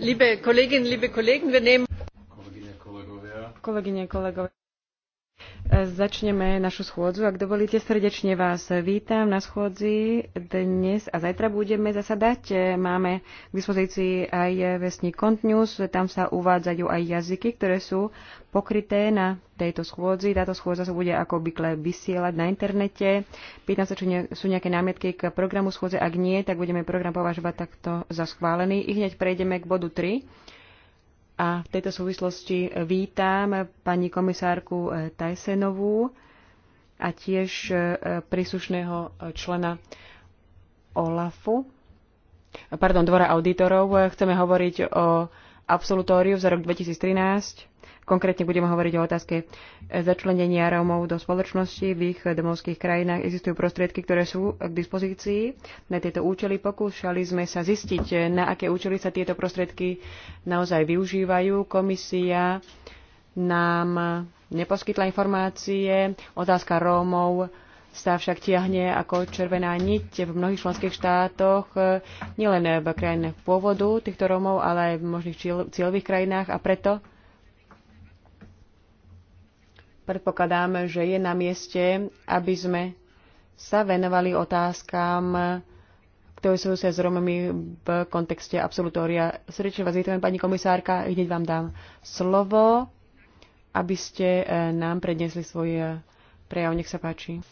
Liebe Kolleginnen, liebe Kollegen, wir nehmen Kolegyne, kolegovia. Kolegyne, kolegovia. Začneme našu schôdzu. Ak dovolíte, srdečne vás vítam na schôdzi. Dnes a zajtra budeme zasadať. Máme k dispozícii aj vesník Kontnews. Tam sa uvádzajú aj jazyky, ktoré sú pokryté na tejto schôdzi. Táto schôdza sa bude ako obvykle vysielať na internete. Pýtam sa, či ne, sú nejaké námietky k programu schôdze. Ak nie, tak budeme program považovať takto za schválený. I hneď prejdeme k bodu 3 a v tejto súvislosti vítam pani komisárku eh, Tajsenovú a tiež eh, príslušného člena OLAFu, pardon, dvora auditorov. Chceme hovoriť o absolutóriu za rok 2013. Konkrétne budeme hovoriť o otázke začlenenia Rómov do spoločnosti. V ich domovských krajinách existujú prostriedky, ktoré sú k dispozícii na tieto účely. Pokúšali sme sa zistiť, na aké účely sa tieto prostriedky naozaj využívajú. Komisia nám neposkytla informácie. Otázka Rómov sa však tiahne ako červená niť v mnohých členských štátoch, e, nielen v krajinách pôvodu týchto Rómov, ale aj v možných cieľových krajinách a preto predpokladám, že je na mieste, aby sme sa venovali otázkam, ktoré sa s Romami v kontexte absolutória. Srdečne vás vítam, pani komisárka, hneď vám dám slovo, aby ste e, nám prednesli svoj e, prejav. Nech sa páči.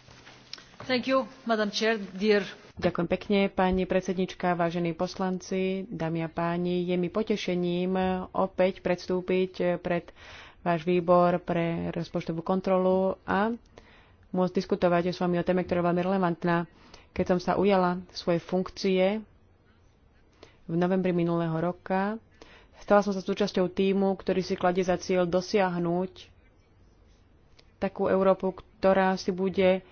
Ďakujem pekne, pani vážení poslanci, dámy a páni. Je mi potešením opäť predstúpiť pred váš výbor pre rozpočtovú kontrolu a môcť diskutovať s vami o téme, ktorá je veľmi relevantná. Keď som sa ujala svoje funkcie v novembri minulého roka, stala som sa súčasťou týmu, ktorý si kladie za cieľ dosiahnuť takú Európu, ktorá si bude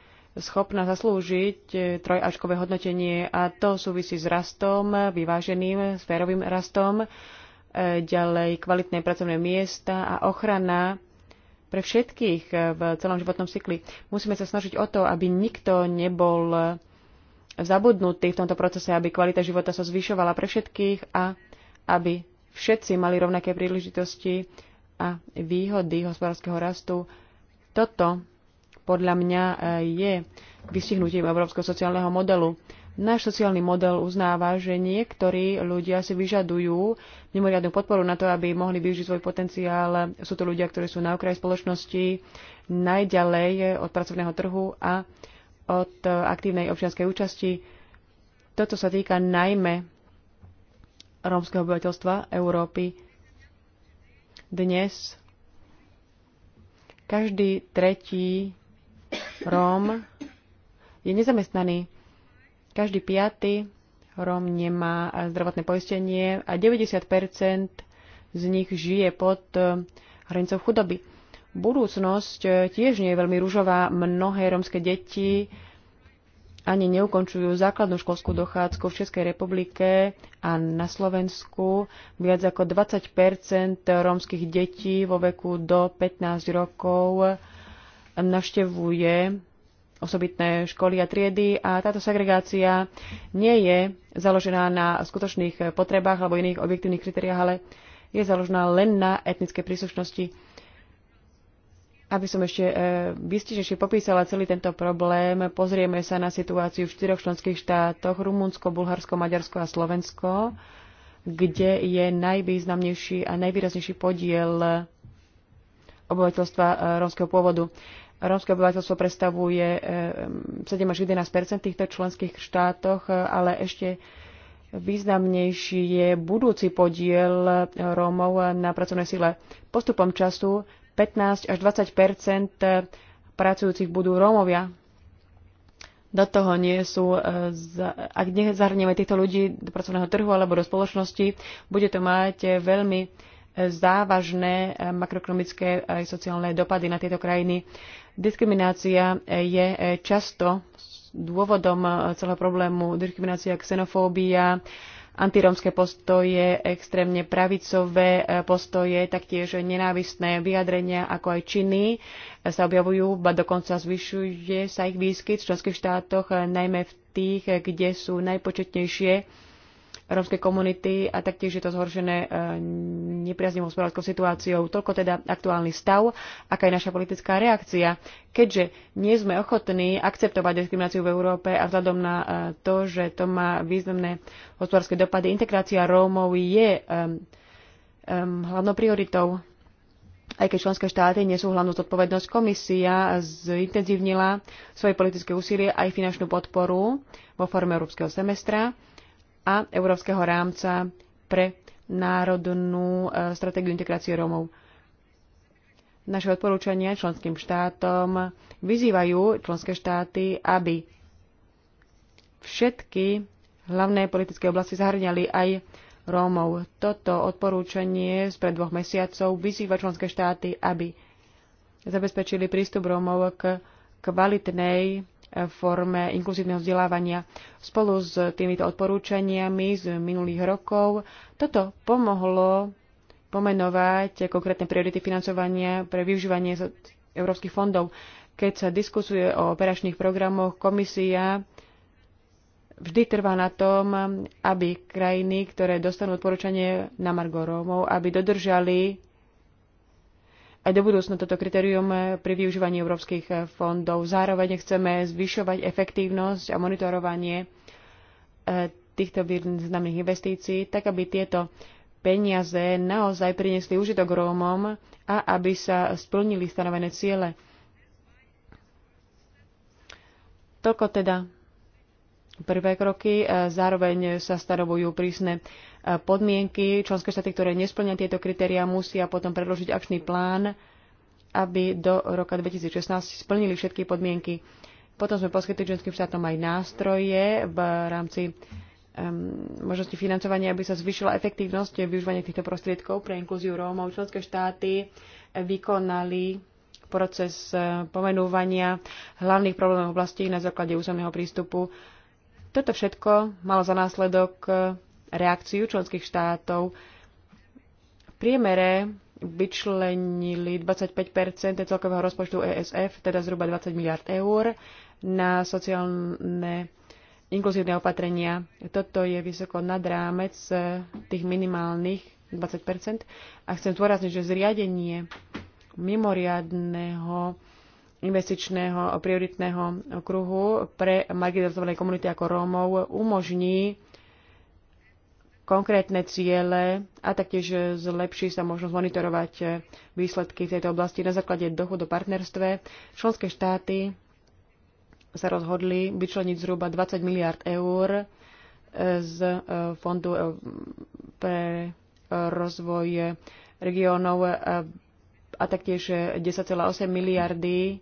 schopná zaslúžiť e, trojačkové hodnotenie a to súvisí s rastom, vyváženým sférovým rastom, e, ďalej kvalitné pracovné miesta a ochrana pre všetkých e, v celom životnom cykli. Musíme sa snažiť o to, aby nikto nebol zabudnutý v tomto procese, aby kvalita života sa zvyšovala pre všetkých a aby všetci mali rovnaké príležitosti a výhody hospodárskeho rastu. Toto podľa mňa e, je vystihnutím európskeho sociálneho modelu. Náš sociálny model uznáva, že niektorí ľudia si vyžadujú mimoriadnu podporu na to, aby mohli využiť svoj potenciál. Sú to ľudia, ktorí sú na okraji spoločnosti, najďalej od pracovného trhu a od aktívnej občianskej účasti. Toto sa týka najmä rómskeho obyvateľstva Európy. Dnes každý tretí Róm je nezamestnaný. Každý piaty Róm nemá zdravotné poistenie a 90 z nich žije pod eh, hranicou chudoby. Budúcnosť eh, tiež nie je veľmi rúžová. Mnohé rómske deti ani neukončujú základnú školskú dochádzku v Českej republike a na Slovensku viac ako 20 rómskych detí vo veku do 15 rokov navštevuje osobitné školy a triedy a táto segregácia nie je založená na skutočných potrebách alebo iných objektívnych kritériách, ale je založená len na etnické príslušnosti. Aby som ešte e, vystižnejšie popísala celý tento problém, pozrieme sa na situáciu v štyroch členských štátoch Rumunsko, Bulharsko, Maďarsko a Slovensko, kde je najvýznamnejší a najvýraznejší podiel obyvateľstva e, rómskeho pôvodu. Rómske obyvateľstvo predstavuje 7 eh, až 11 v týchto členských štátoch, eh, ale ešte významnejší je budúci podiel eh, Rómov na pracovnej sile. Postupom času 15 až 20 pracujúcich budú Rómovia. Do toho nie sú, ak nezahrnieme týchto ľudí do pracovného trhu alebo do spoločnosti, bude to mať veľmi závažné makroekonomické aj sociálne dopady na tieto krajiny. Diskriminácia je často dôvodom celého problému. Diskriminácia, xenofóbia, antiromské postoje, extrémne pravicové postoje, taktiež nenávistné vyjadrenia, ako aj činy sa objavujú, ba dokonca zvyšuje sa ich výskyt v členských štátoch, najmä v tých, kde sú najpočetnejšie rómskej komunity a taktiež je to zhoršené e, nepriaznivou hospodárskou situáciou. Toľko teda aktuálny stav, aká je naša politická reakcia. Keďže nie sme ochotní akceptovať diskrimináciu v Európe a vzhľadom na e, to, že to má významné hospodárske dopady, integrácia Rómov je um, um, hlavnou prioritou aj keď členské štáty nesú hlavnú zodpovednosť, komisia zintenzívnila svoje politické úsilie aj finančnú podporu vo forme európskeho semestra a Európskeho rámca pre národnú e, stratégiu integrácie Rómov. Naše odporúčania členským štátom vyzývajú členské štáty, aby všetky hlavné politické oblasti zahrňali aj Rómov. Toto odporúčanie z pred dvoch mesiacov vyzýva členské štáty, aby zabezpečili prístup Rómov k kvalitnej v forme inkluzívneho vzdelávania. Spolu s týmito odporúčaniami z minulých rokov toto pomohlo pomenovať konkrétne priority financovania pre využívanie európskych fondov. Keď sa diskusuje o operačných programoch, komisia vždy trvá na tom, aby krajiny, ktoré dostanú odporúčanie na Margo Rómov, aby dodržali aj do budúcna toto kritérium eh, pri využívaní európskych eh, fondov. Zároveň chceme zvyšovať efektívnosť a monitorovanie eh, týchto významných investícií, tak aby tieto peniaze naozaj priniesli užitok Rómom a aby sa splnili stanovené ciele. Toľko teda prvé kroky, zároveň sa stanovujú prísne podmienky. Členské štáty, ktoré nesplňa tieto kritéria, musia potom predložiť akčný plán, aby do roka 2016 splnili všetky podmienky. Potom sme poskytli členským štátom aj nástroje v rámci um, možnosti financovania, aby sa zvyšila efektívnosť využívania týchto prostriedkov pre inklúziu Rómov. Členské štáty vykonali proces eh, pomenúvania hlavných problémov oblasti na základe územného prístupu. Toto všetko malo za následok eh, reakciu členských štátov. V priemere vyčlenili 25 celkového rozpočtu ESF, teda zhruba 20 miliard eur, na sociálne inkluzívne opatrenia. Toto je vysoko nad rámec tých minimálnych 20 A chcem zdôrazniť, že zriadenie mimoriadného investičného prioritného kruhu pre marginalizované komunity ako Rómov umožní konkrétne ciele a taktiež zlepší sa možnosť monitorovať výsledky v tejto oblasti na základe dochodu o partnerstve. Členské štáty sa rozhodli vyčleniť zhruba 20 miliard eur e, z e, Fondu e, pre rozvoj regiónov a taktiež 10,8 miliardy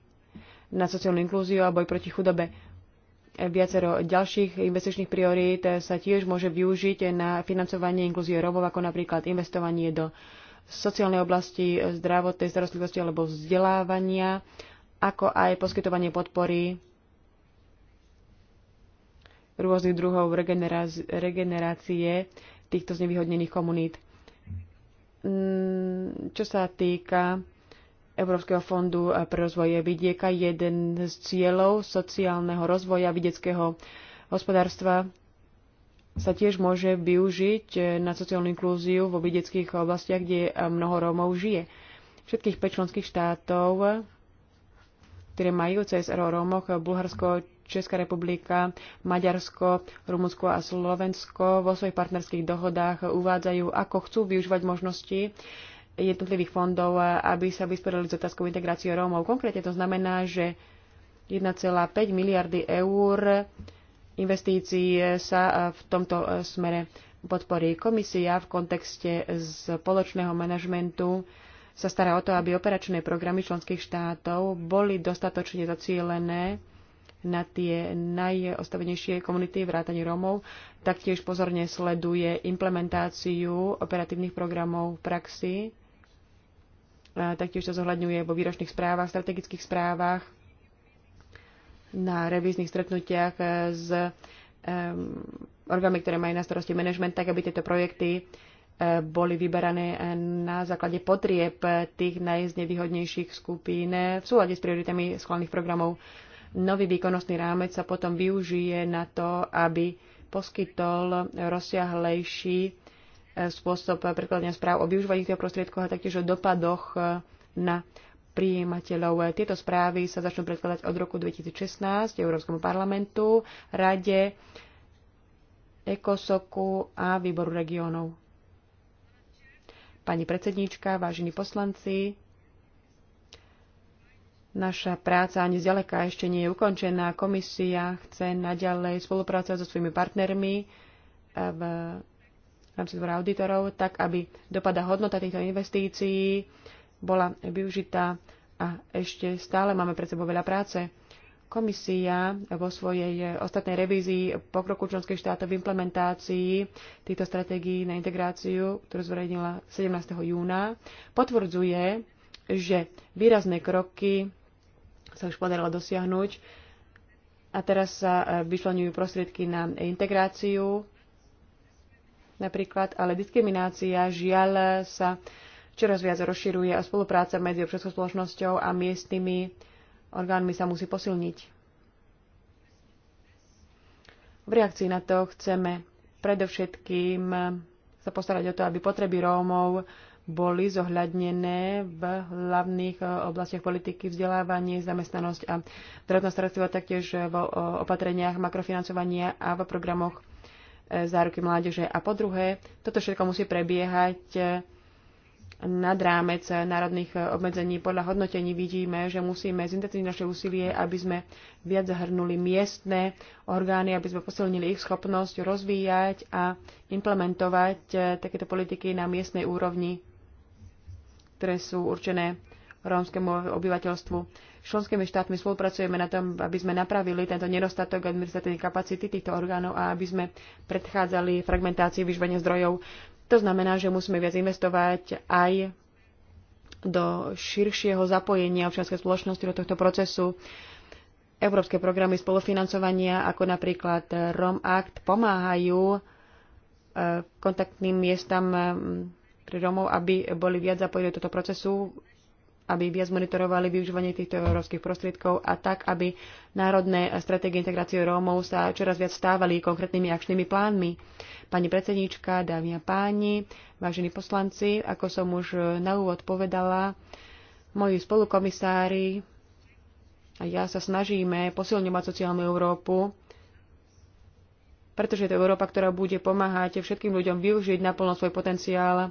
na sociálnu inklúziu a boj proti chudobe Viacero ďalších investičných priorít sa tiež môže využiť na financovanie inklúzie Rómov, ako napríklad investovanie do sociálnej oblasti, zdravotnej starostlivosti alebo vzdelávania, ako aj poskytovanie podpory rôznych druhov regenerácie týchto znevýhodnených komunít. Mm, čo sa týka Európskeho fondu pre rozvoj vidieka jeden z cieľov sociálneho rozvoja vidieckého hospodárstva sa tiež môže využiť na sociálnu inklúziu vo vidieckých oblastiach, kde mnoho Rómov žije. Všetkých 5 členských štátov, ktoré majú CSR o Rómoch, Bulharsko, Česká republika, Maďarsko, Rumunsko a Slovensko vo svojich partnerských dohodách uvádzajú, ako chcú využívať možnosti, jednotlivých fondov, aby sa vysporiadali s otázkou integrácie Rómov. Konkrétne to znamená, že 1,5 miliardy eur investícií sa e, v tomto e, smere podporí. Komisia v kontexte spoločného manažmentu sa stará o to, aby operačné programy členských štátov boli dostatočne zacielené na tie najostavenejšie komunity vrátane Rómov. Taktiež pozorne sleduje implementáciu operatívnych programov v praxi taktiež sa zohľadňuje vo výročných správach, strategických správach, na revíznych stretnutiach e, s e, orgánmi, ktoré majú na starosti management, tak aby tieto projekty e, boli vyberané na základe potrieb tých najznevýhodnejších skupín v súlade s prioritami schválnych programov. Nový výkonnostný rámec sa potom využije na to, aby poskytol rozsiahlejší E, spôsob e, prekladania správ o využívaní týchto prostriedkov a taktiež o dopadoch e, na príjimateľov. Tieto správy sa začnú predkladať od roku 2016 Európskemu parlamentu, Rade, ECOSOKu a Výboru regionov. Pani predsedníčka, vážení poslanci, Naša práca ani zďaleka ešte nie je ukončená. Komisia chce naďalej spolupracovať so svojimi partnermi v v rámci dvora auditorov, tak aby dopada hodnota týchto investícií bola využitá a ešte stále máme pred sebou veľa práce. Komisia vo svojej ostatnej revízii pokroku členských štátov v implementácii týchto stratégií na integráciu, ktorú zverejnila 17. júna, potvrdzuje, že výrazné kroky sa už podarilo dosiahnuť a teraz sa vyčlenujú prostriedky na integráciu napríklad, ale diskriminácia žiaľ sa čoraz viac rozširuje a spolupráca medzi občianskou spoločnosťou a miestnymi orgánmi sa musí posilniť. V reakcii na to chceme predovšetkým sa postarať o to, aby potreby Rómov boli zohľadnené v hlavných e, oblastiach politiky vzdelávanie, zamestnanosť a zdravotná starostlivosť, taktiež v opatreniach makrofinancovania a v programoch E, záruky mládeže. A po druhé, toto všetko musí prebiehať e, nad rámec národných obmedzení. Podľa hodnotení vidíme, že musíme zintenzívniť naše úsilie, aby sme viac zahrnuli miestne orgány, aby sme posilnili ich schopnosť rozvíjať a implementovať e, takéto politiky na miestnej úrovni, ktoré sú určené rómskému obyvateľstvu členskými štátmi spolupracujeme na tom, aby sme napravili tento nedostatok administratívnej kapacity týchto orgánov a aby sme predchádzali fragmentácii vyžvania zdrojov. To znamená, že musíme viac investovať aj do širšieho zapojenia občianskej spoločnosti do tohto procesu. Európske programy spolufinancovania, ako napríklad ROM Act, pomáhajú e, kontaktným miestam pre Romov, aby boli viac zapojení do tohto procesu aby viac monitorovali využívanie týchto európskych prostriedkov a tak, aby národné stratégie integrácie Rómov sa čoraz viac stávali konkrétnymi akčnými plánmi. Pani predsedníčka, dámy a páni, vážení poslanci, ako som už na úvod povedala, moji spolukomisári a ja sa snažíme posilňovať sociálnu Európu, pretože je to Európa, ktorá bude pomáhať všetkým ľuďom využiť naplno svoj potenciál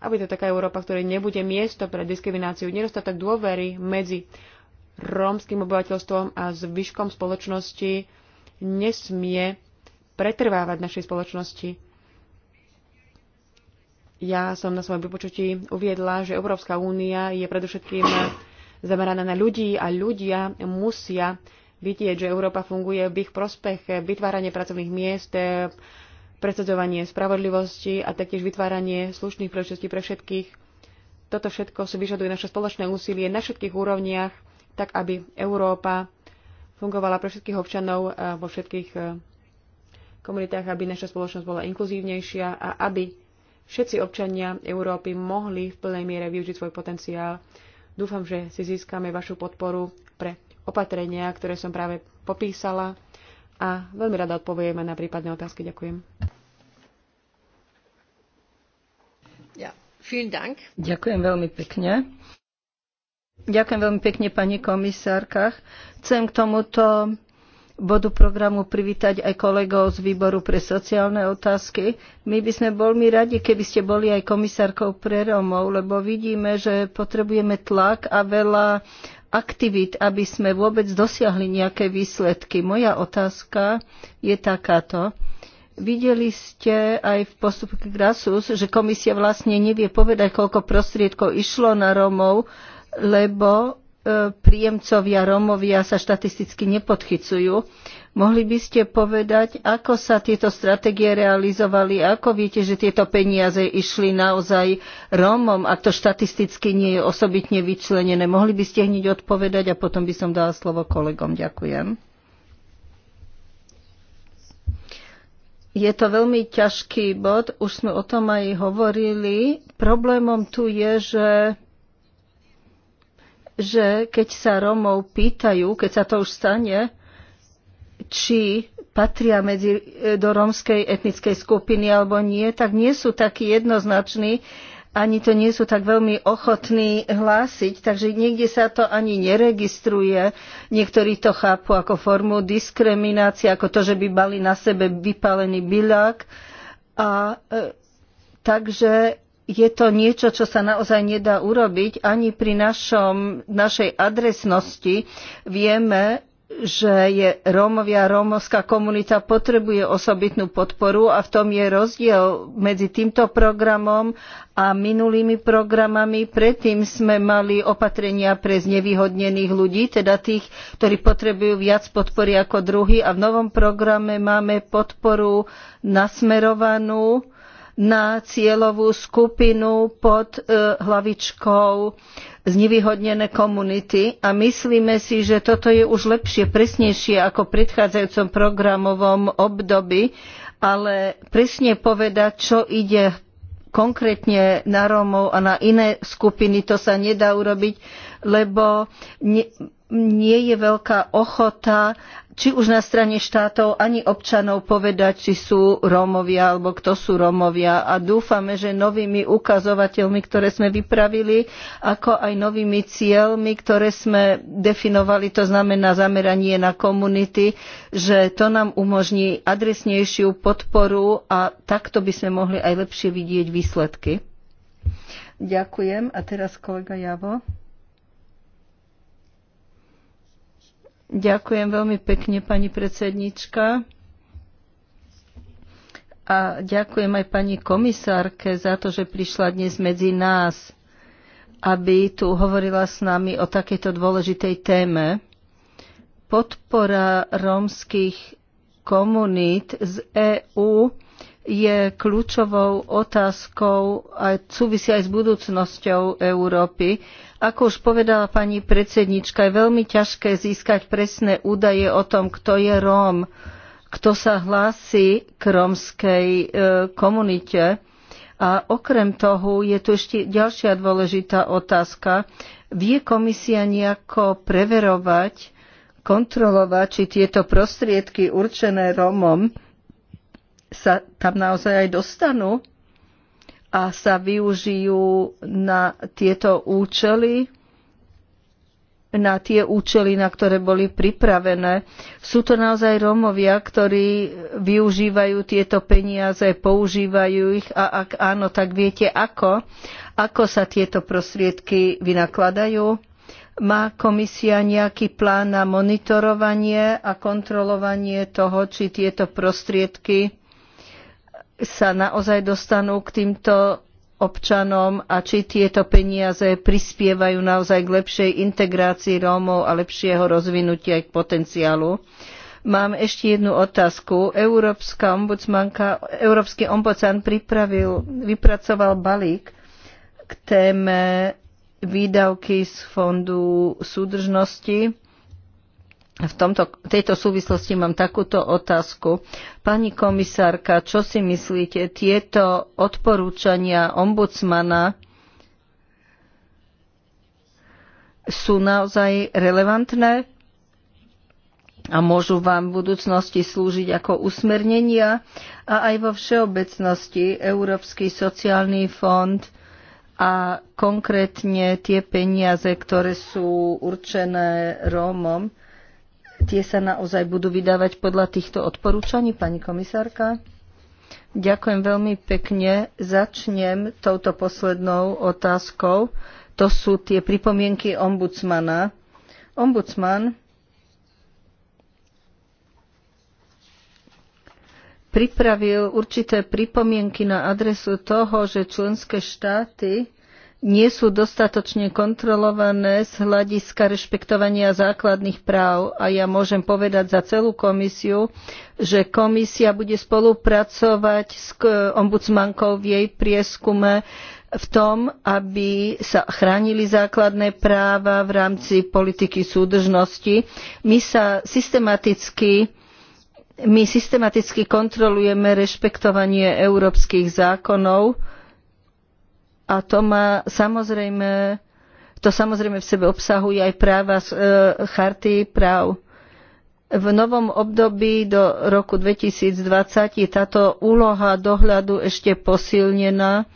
aby to taká Európa, v ktorej nebude miesto pre diskrimináciu, nedostatok dôvery medzi rómskym obyvateľstvom a zvyškom spoločnosti nesmie pretrvávať v našej spoločnosti. Ja som na svojom vypočutí uviedla, že Európska únia je predovšetkým zameraná na ľudí a ľudia musia vidieť, že Európa funguje v ich prospech, vytváranie pracovných miest, presadzovanie spravodlivosti a taktiež vytváranie slušných príležitostí pre všetkých. Toto všetko si vyžaduje naše spoločné úsilie na všetkých úrovniach, tak aby Európa fungovala pre všetkých občanov eh, vo všetkých eh, komunitách, aby naša spoločnosť bola inkluzívnejšia a aby všetci občania Európy mohli v plnej miere využiť svoj potenciál. Dúfam, že si získame vašu podporu pre opatrenia, ktoré som práve popísala a veľmi rada odpovieme na prípadné otázky. Ďakujem. Ďakujem veľmi pekne. Ďakujem veľmi pekne, pani komisárka. Chcem k tomuto bodu programu privítať aj kolegov z výboru pre sociálne otázky. My by sme boli radi, keby ste boli aj komisárkou pre Rómov, lebo vidíme, že potrebujeme tlak a veľa aktivít, aby sme vôbec dosiahli nejaké výsledky. Moja otázka je takáto Videli ste aj v postupke Grasus, že komisia vlastne nevie povedať, koľko prostriedkov išlo na Rómov, lebo e, príjemcovia Rómovia sa štatisticky nepodchycujú. Mohli by ste povedať, ako sa tieto stratégie realizovali, ako viete, že tieto peniaze išli naozaj Rómom, ak to štatisticky nie je osobitne vyčlenené. Mohli by ste hneď odpovedať a potom by som dala slovo kolegom. Ďakujem. Je to veľmi ťažký bod, už sme o tom aj hovorili. Problémom tu je, že že keď sa Romov pýtajú, keď sa to už stane, či patria medzi, e, do romskej etnickej skupiny alebo nie, tak nie sú takí jednoznační, ani to nie sú tak veľmi ochotní hlásiť, takže niekde sa to ani neregistruje. Niektorí to chápu ako formu diskriminácie, ako to, že by mali na sebe vypálený byľak. A e, takže je to niečo, čo sa naozaj nedá urobiť. Ani pri našom, našej adresnosti vieme, že je Rómovia, rómovská komunita potrebuje osobitnú podporu a v tom je rozdiel medzi týmto programom a minulými programami. Predtým sme mali opatrenia pre znevýhodnených ľudí, teda tých, ktorí potrebujú viac podpory ako druhý a v novom programe máme podporu nasmerovanú na cieľovú skupinu pod e, hlavičkou znevýhodnené komunity a myslíme si, že toto je už lepšie, presnejšie ako v predchádzajúcom programovom období, ale presne povedať, čo ide konkrétne na Rómov a na iné skupiny, to sa nedá urobiť, lebo nie je veľká ochota či už na strane štátov ani občanov povedať, či sú Rómovia alebo kto sú Rómovia. A dúfame, že novými ukazovateľmi, ktoré sme vypravili, ako aj novými cieľmi, ktoré sme definovali, to znamená zameranie na komunity, že to nám umožní adresnejšiu podporu a takto by sme mohli aj lepšie vidieť výsledky. Ďakujem. A teraz kolega Javo. Ďakujem veľmi pekne, pani predsednička. A ďakujem aj pani komisárke za to, že prišla dnes medzi nás, aby tu hovorila s nami o takejto dôležitej téme. Podpora rómskych komunít z EÚ je kľúčovou otázkou a súvisia aj s budúcnosťou Európy ako už povedala pani predsednička, je veľmi ťažké získať presné údaje o tom, kto je Róm, kto sa hlási k rómskej e, komunite. A okrem toho je tu ešte ďalšia dôležitá otázka. Vie komisia nejako preverovať, kontrolovať, či tieto prostriedky určené Rómom sa tam naozaj aj dostanú? a sa využijú na tieto účely, na tie účely, na ktoré boli pripravené. Sú to naozaj Rómovia, ktorí využívajú tieto peniaze, používajú ich a ak áno, tak viete ako, ako sa tieto prostriedky vynakladajú. Má komisia nejaký plán na monitorovanie a kontrolovanie toho, či tieto prostriedky sa naozaj dostanú k týmto občanom a či tieto peniaze prispievajú naozaj k lepšej integrácii Rómov a lepšieho rozvinutia ich potenciálu. Mám ešte jednu otázku. Európska ombudsmanka, Európsky ombudsman pripravil, vypracoval balík k téme výdavky z fondu súdržnosti v tomto, tejto súvislosti mám takúto otázku. Pani komisárka, čo si myslíte, tieto odporúčania ombudsmana sú naozaj relevantné a môžu vám v budúcnosti slúžiť ako usmernenia a aj vo všeobecnosti Európsky sociálny fond a konkrétne tie peniaze, ktoré sú určené Rómom tie sa naozaj budú vydávať podľa týchto odporúčaní, pani komisárka? Ďakujem veľmi pekne. Začnem touto poslednou otázkou. To sú tie pripomienky ombudsmana. Ombudsman pripravil určité pripomienky na adresu toho, že členské štáty nie sú dostatočne kontrolované z hľadiska rešpektovania základných práv. A ja môžem povedať za celú komisiu, že komisia bude spolupracovať s ombudsmankou v jej prieskume v tom, aby sa chránili základné práva v rámci politiky súdržnosti. My sa systematicky my systematicky kontrolujeme rešpektovanie európskych zákonov, a to má samozrejme, to samozrejme v sebe obsahuje aj práva z e, charty práv. V novom období do roku 2020 je táto úloha dohľadu ešte posilnená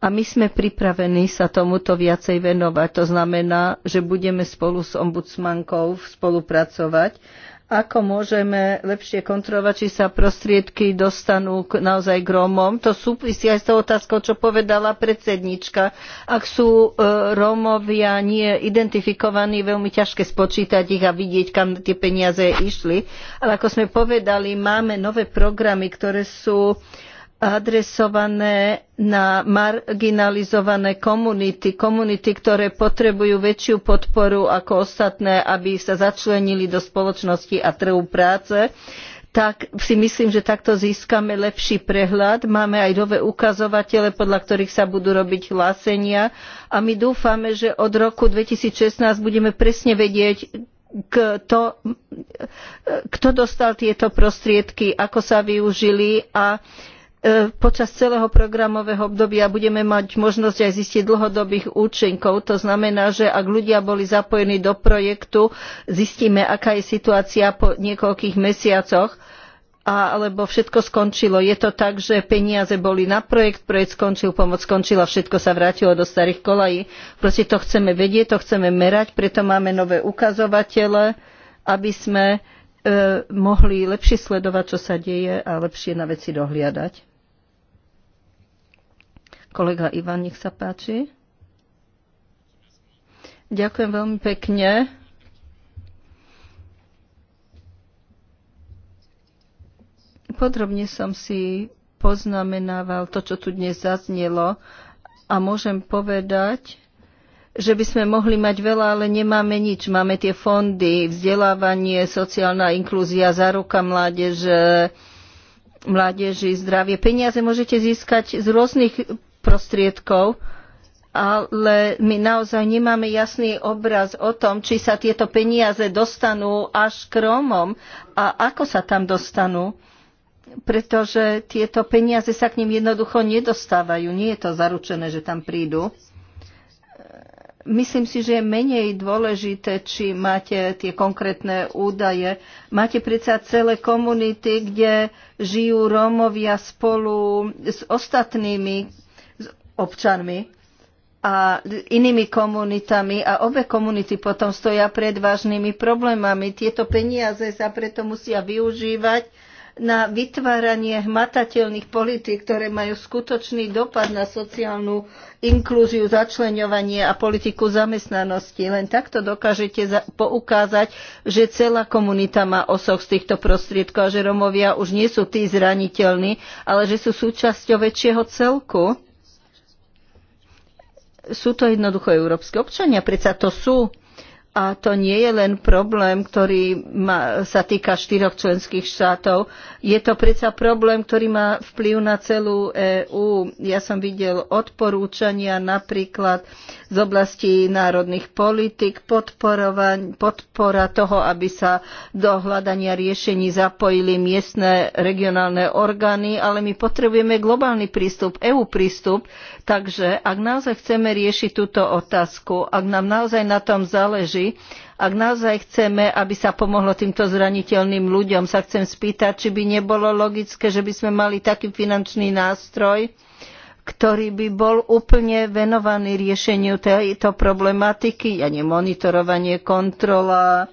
a my sme pripravení sa tomuto viacej venovať. To znamená, že budeme spolu s ombudsmankou spolupracovať ako môžeme lepšie kontrolovať, či sa prostriedky dostanú naozaj k Rómom. To súvisí aj s tou otázkou, čo povedala predsednička. Ak sú e, Rómovia nie identifikovaní, veľmi ťažké spočítať ich a vidieť, kam tie peniaze išli. Ale ako sme povedali, máme nové programy, ktoré sú e, adresované na marginalizované komunity, komunity, ktoré potrebujú väčšiu podporu ako ostatné, aby sa začlenili do spoločnosti a trhu práce tak si myslím, že takto získame lepší prehľad. Máme aj nové ukazovatele, podľa ktorých sa budú robiť hlásenia a my dúfame, že od roku 2016 budeme presne vedieť, kto, kto dostal tieto prostriedky, ako sa využili a E, počas celého programového obdobia budeme mať možnosť aj zistiť dlhodobých účinkov. To znamená, že ak ľudia boli zapojení do projektu, zistíme, aká je situácia po niekoľkých mesiacoch alebo všetko skončilo. Je to tak, že peniaze boli na projekt, projekt skončil, pomoc skončila, všetko sa vrátilo do starých kolají. Proste to chceme vedieť, to chceme merať, preto máme nové ukazovatele, aby sme e, mohli lepšie sledovať, čo sa deje a lepšie na veci dohliadať. Kolega Ivan, nech sa páči. Ďakujem veľmi pekne. Podrobne som si poznamenával to, čo tu dnes zaznelo a môžem povedať, že by sme mohli mať veľa, ale nemáme nič. Máme tie fondy, vzdelávanie, sociálna inklúzia, záruka mládeže, mládeži, zdravie. Peniaze môžete získať z rôznych prostriedkov, ale my naozaj nemáme jasný obraz o tom, či sa tieto peniaze dostanú až k Rómom a ako sa tam dostanú, pretože tieto peniaze sa k ním jednoducho nedostávajú. Nie je to zaručené, že tam prídu. Myslím si, že je menej dôležité, či máte tie konkrétne údaje. Máte predsa celé komunity, kde žijú Rómovia spolu s ostatnými občanmi a inými komunitami a obe komunity potom stoja pred vážnymi problémami. Tieto peniaze sa preto musia využívať na vytváranie hmatateľných politík, ktoré majú skutočný dopad na sociálnu inklúziu, začleňovanie a politiku zamestnanosti. Len takto dokážete poukázať, že celá komunita má osoch z týchto prostriedkov a že Romovia už nie sú tí zraniteľní, ale že sú súčasťou väčšieho celku sú to jednoducho európske občania, predsa to sú. A to nie je len problém, ktorý ma, sa týka štyroch členských štátov. Je to predsa problém, ktorý má vplyv na celú EÚ. Ja som videl odporúčania napríklad z oblasti národných politik, podpora toho, aby sa do hľadania riešení zapojili miestne regionálne orgány, ale my potrebujeme globálny prístup, EU prístup, takže ak naozaj chceme riešiť túto otázku, ak nám naozaj na tom záleží, ak naozaj chceme, aby sa pomohlo týmto zraniteľným ľuďom, sa chcem spýtať, či by nebolo logické, že by sme mali taký finančný nástroj, ktorý by bol úplne venovaný riešeniu tejto problematiky, ja nie monitorovanie, kontrola,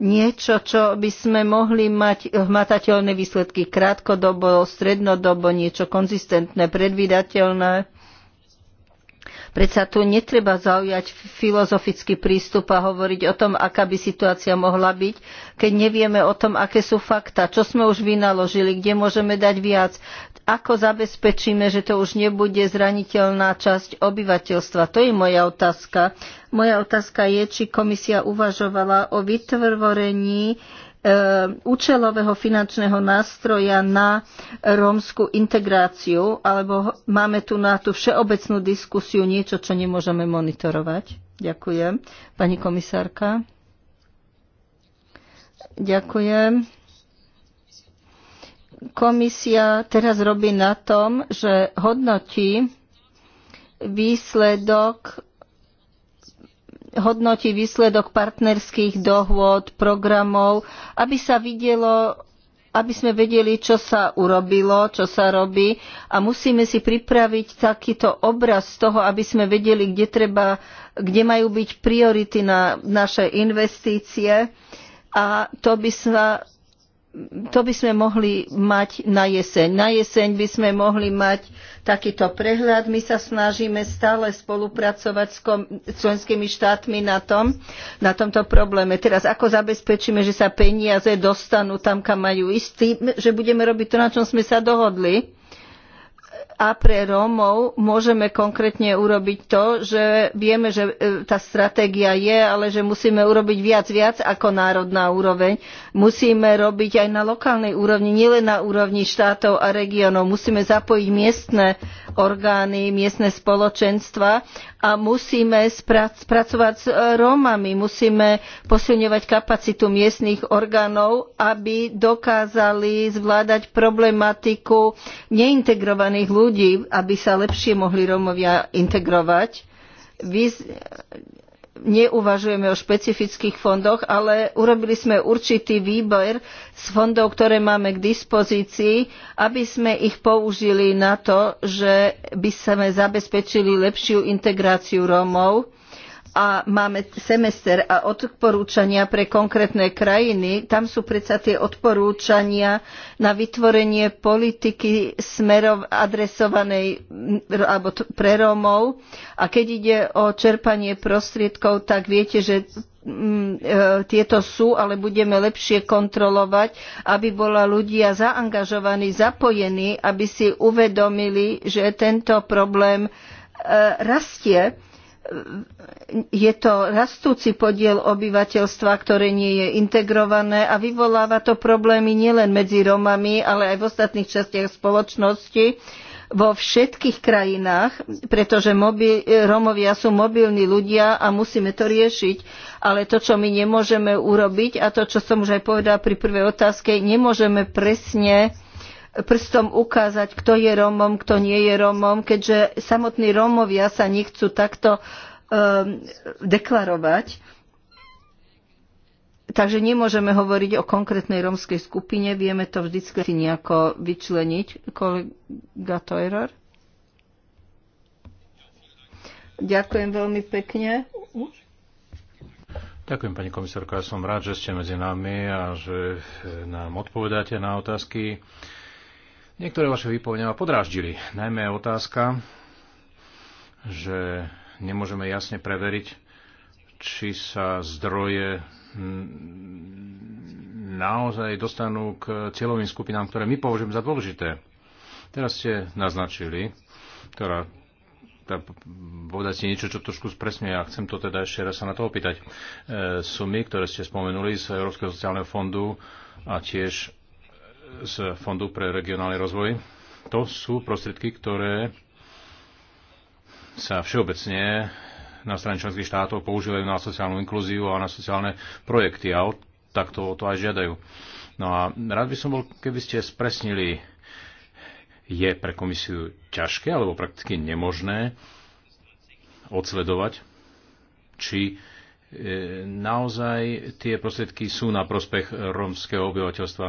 niečo, čo by sme mohli mať hmatateľné výsledky krátkodobo, strednodobo, niečo konzistentné, predvídateľné. Predsa tu netreba zaujať filozofický prístup a hovoriť o tom, aká by situácia mohla byť, keď nevieme o tom, aké sú fakta, čo sme už vynaložili, kde môžeme dať viac, ako zabezpečíme, že to už nebude zraniteľná časť obyvateľstva. To je moja otázka. Moja otázka je, či komisia uvažovala o vytvorení E, účelového finančného nástroja na rómsku integráciu, alebo máme tu na tú všeobecnú diskusiu niečo, čo nemôžeme monitorovať? Ďakujem. Pani komisárka. Ďakujem. Komisia teraz robí na tom, že hodnotí výsledok hodnotí výsledok partnerských dohôd, programov, aby sa videlo, aby sme vedeli, čo sa urobilo, čo sa robí a musíme si pripraviť takýto obraz z toho, aby sme vedeli, kde, treba, kde majú byť priority na naše investície a to by sa to by sme mohli mať na jeseň. Na jeseň by sme mohli mať takýto prehľad. My sa snažíme stále spolupracovať s členskými štátmi na, tom, na tomto probléme. Teraz ako zabezpečíme, že sa peniaze dostanú tam, kam majú ísť, že budeme robiť to, na čom sme sa dohodli. A pre Rómov môžeme konkrétne urobiť to, že vieme, že e, tá stratégia je, ale že musíme urobiť viac, viac ako národná úroveň musíme robiť aj na lokálnej úrovni, nielen na úrovni štátov a regiónov. Musíme zapojiť miestne orgány, miestne spoločenstva a musíme spracovať s e, Rómami, musíme posilňovať kapacitu miestnych orgánov, aby dokázali zvládať problematiku neintegrovaných ľudí, aby sa lepšie mohli Rómovia integrovať neuvažujeme o špecifických fondoch, ale urobili sme určitý výber z fondov, ktoré máme k dispozícii, aby sme ich použili na to, že by sme zabezpečili lepšiu integráciu Rómov a máme semester a odporúčania pre konkrétne krajiny, tam sú predsa tie odporúčania na vytvorenie politiky smerov adresovanej alebo pre Rómov. A keď ide o čerpanie prostriedkov, tak viete, že e, tieto sú, ale budeme lepšie kontrolovať, aby bola ľudia zaangažovaní, zapojení, aby si uvedomili, že tento problém e, rastie je to rastúci podiel obyvateľstva, ktoré nie je integrované a vyvoláva to problémy nielen medzi Romami, ale aj v ostatných častiach spoločnosti vo všetkých krajinách, pretože mobil, Romovia sú mobilní ľudia a musíme to riešiť. Ale to, čo my nemôžeme urobiť a to, čo som už aj povedala pri prvej otázke, nemôžeme presne prstom ukázať, kto je Rómom, kto nie je Rómom, keďže samotní Rómovia sa nechcú takto um, deklarovať. Takže nemôžeme hovoriť o konkrétnej rómskej skupine, vieme to vždycky nejako vyčleniť. Kolega Toerer? Ďakujem veľmi pekne. Ďakujem, pani komisárka. Ja som rád, že ste medzi nami a že nám odpovedáte na otázky. Niektoré vaše výpovne ma podráždili. Najmä otázka, že nemôžeme jasne preveriť, či sa zdroje mm, naozaj dostanú k cieľovým skupinám, ktoré my považujeme za dôležité. Teraz ste naznačili, ktorá povedať si niečo, čo trošku spresňuje a chcem to teda ešte raz sa na to opýtať. E, sumy, ktoré ste spomenuli z Európskeho sociálneho fondu a tiež z Fondu pre regionálny rozvoj. To sú prostriedky, ktoré sa všeobecne na strane členských štátov používajú na sociálnu inklúziu a na sociálne projekty a takto o to aj žiadajú. No a rád by som bol, keby ste spresnili, je pre komisiu ťažké alebo prakticky nemožné odsledovať, či e, naozaj tie prostriedky sú na prospech rómskeho obyvateľstva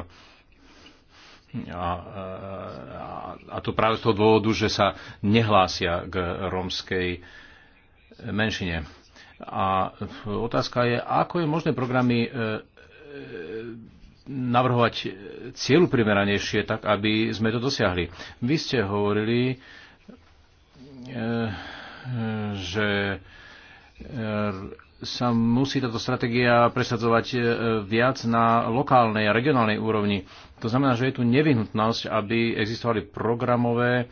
a, a, a to práve z toho dôvodu, že sa nehlásia k rómskej menšine. A otázka je, ako je možné programy e, e, navrhovať cieľu primeranejšie, tak aby sme to dosiahli. Vy ste hovorili, e, že sa musí táto stratégia presadzovať e, viac na lokálnej a regionálnej úrovni. To znamená, že je tu nevyhnutnosť, aby existovali programové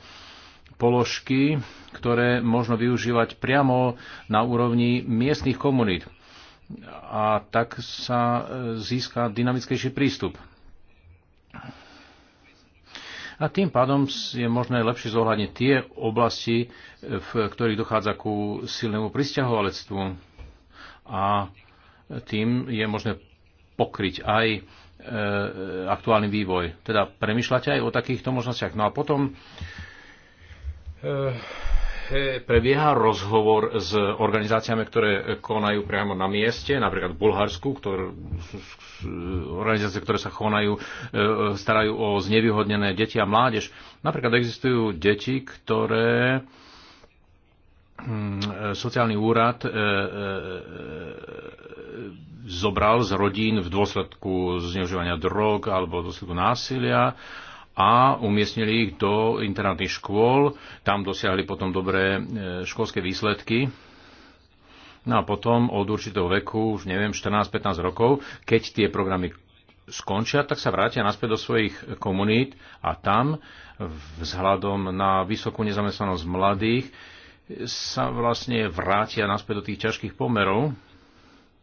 položky, ktoré možno využívať priamo na úrovni miestnych komunít. A tak sa e, získa dynamickejší prístup. A tým pádom je možné lepšie zohľadniť tie oblasti, e, v ktorých dochádza ku silnému pristahovalectvu a tým je možné pokryť aj e, aktuálny vývoj. Teda premyšľate aj o takýchto možnostiach. No a potom e, e prebieha rozhovor s organizáciami, ktoré konajú priamo na mieste, napríklad v Bulharsku, ktoré, organizácie, ktoré sa konajú, e, starajú o znevýhodnené deti a mládež. Napríklad existujú deti, ktoré e, Mm, e, sociálny úrad e, e, zobral z rodín v dôsledku zneužívania drog alebo v dôsledku násilia a umiestnili ich do internátnych škôl. Tam dosiahli potom dobré školské výsledky. No a potom od určitého veku, už neviem, 14-15 rokov, keď tie programy skončia, tak sa vrátia naspäť do svojich komunít a tam vzhľadom na vysokú nezamestnanosť mladých sa vlastne vrátia naspäť do tých ťažkých pomerov.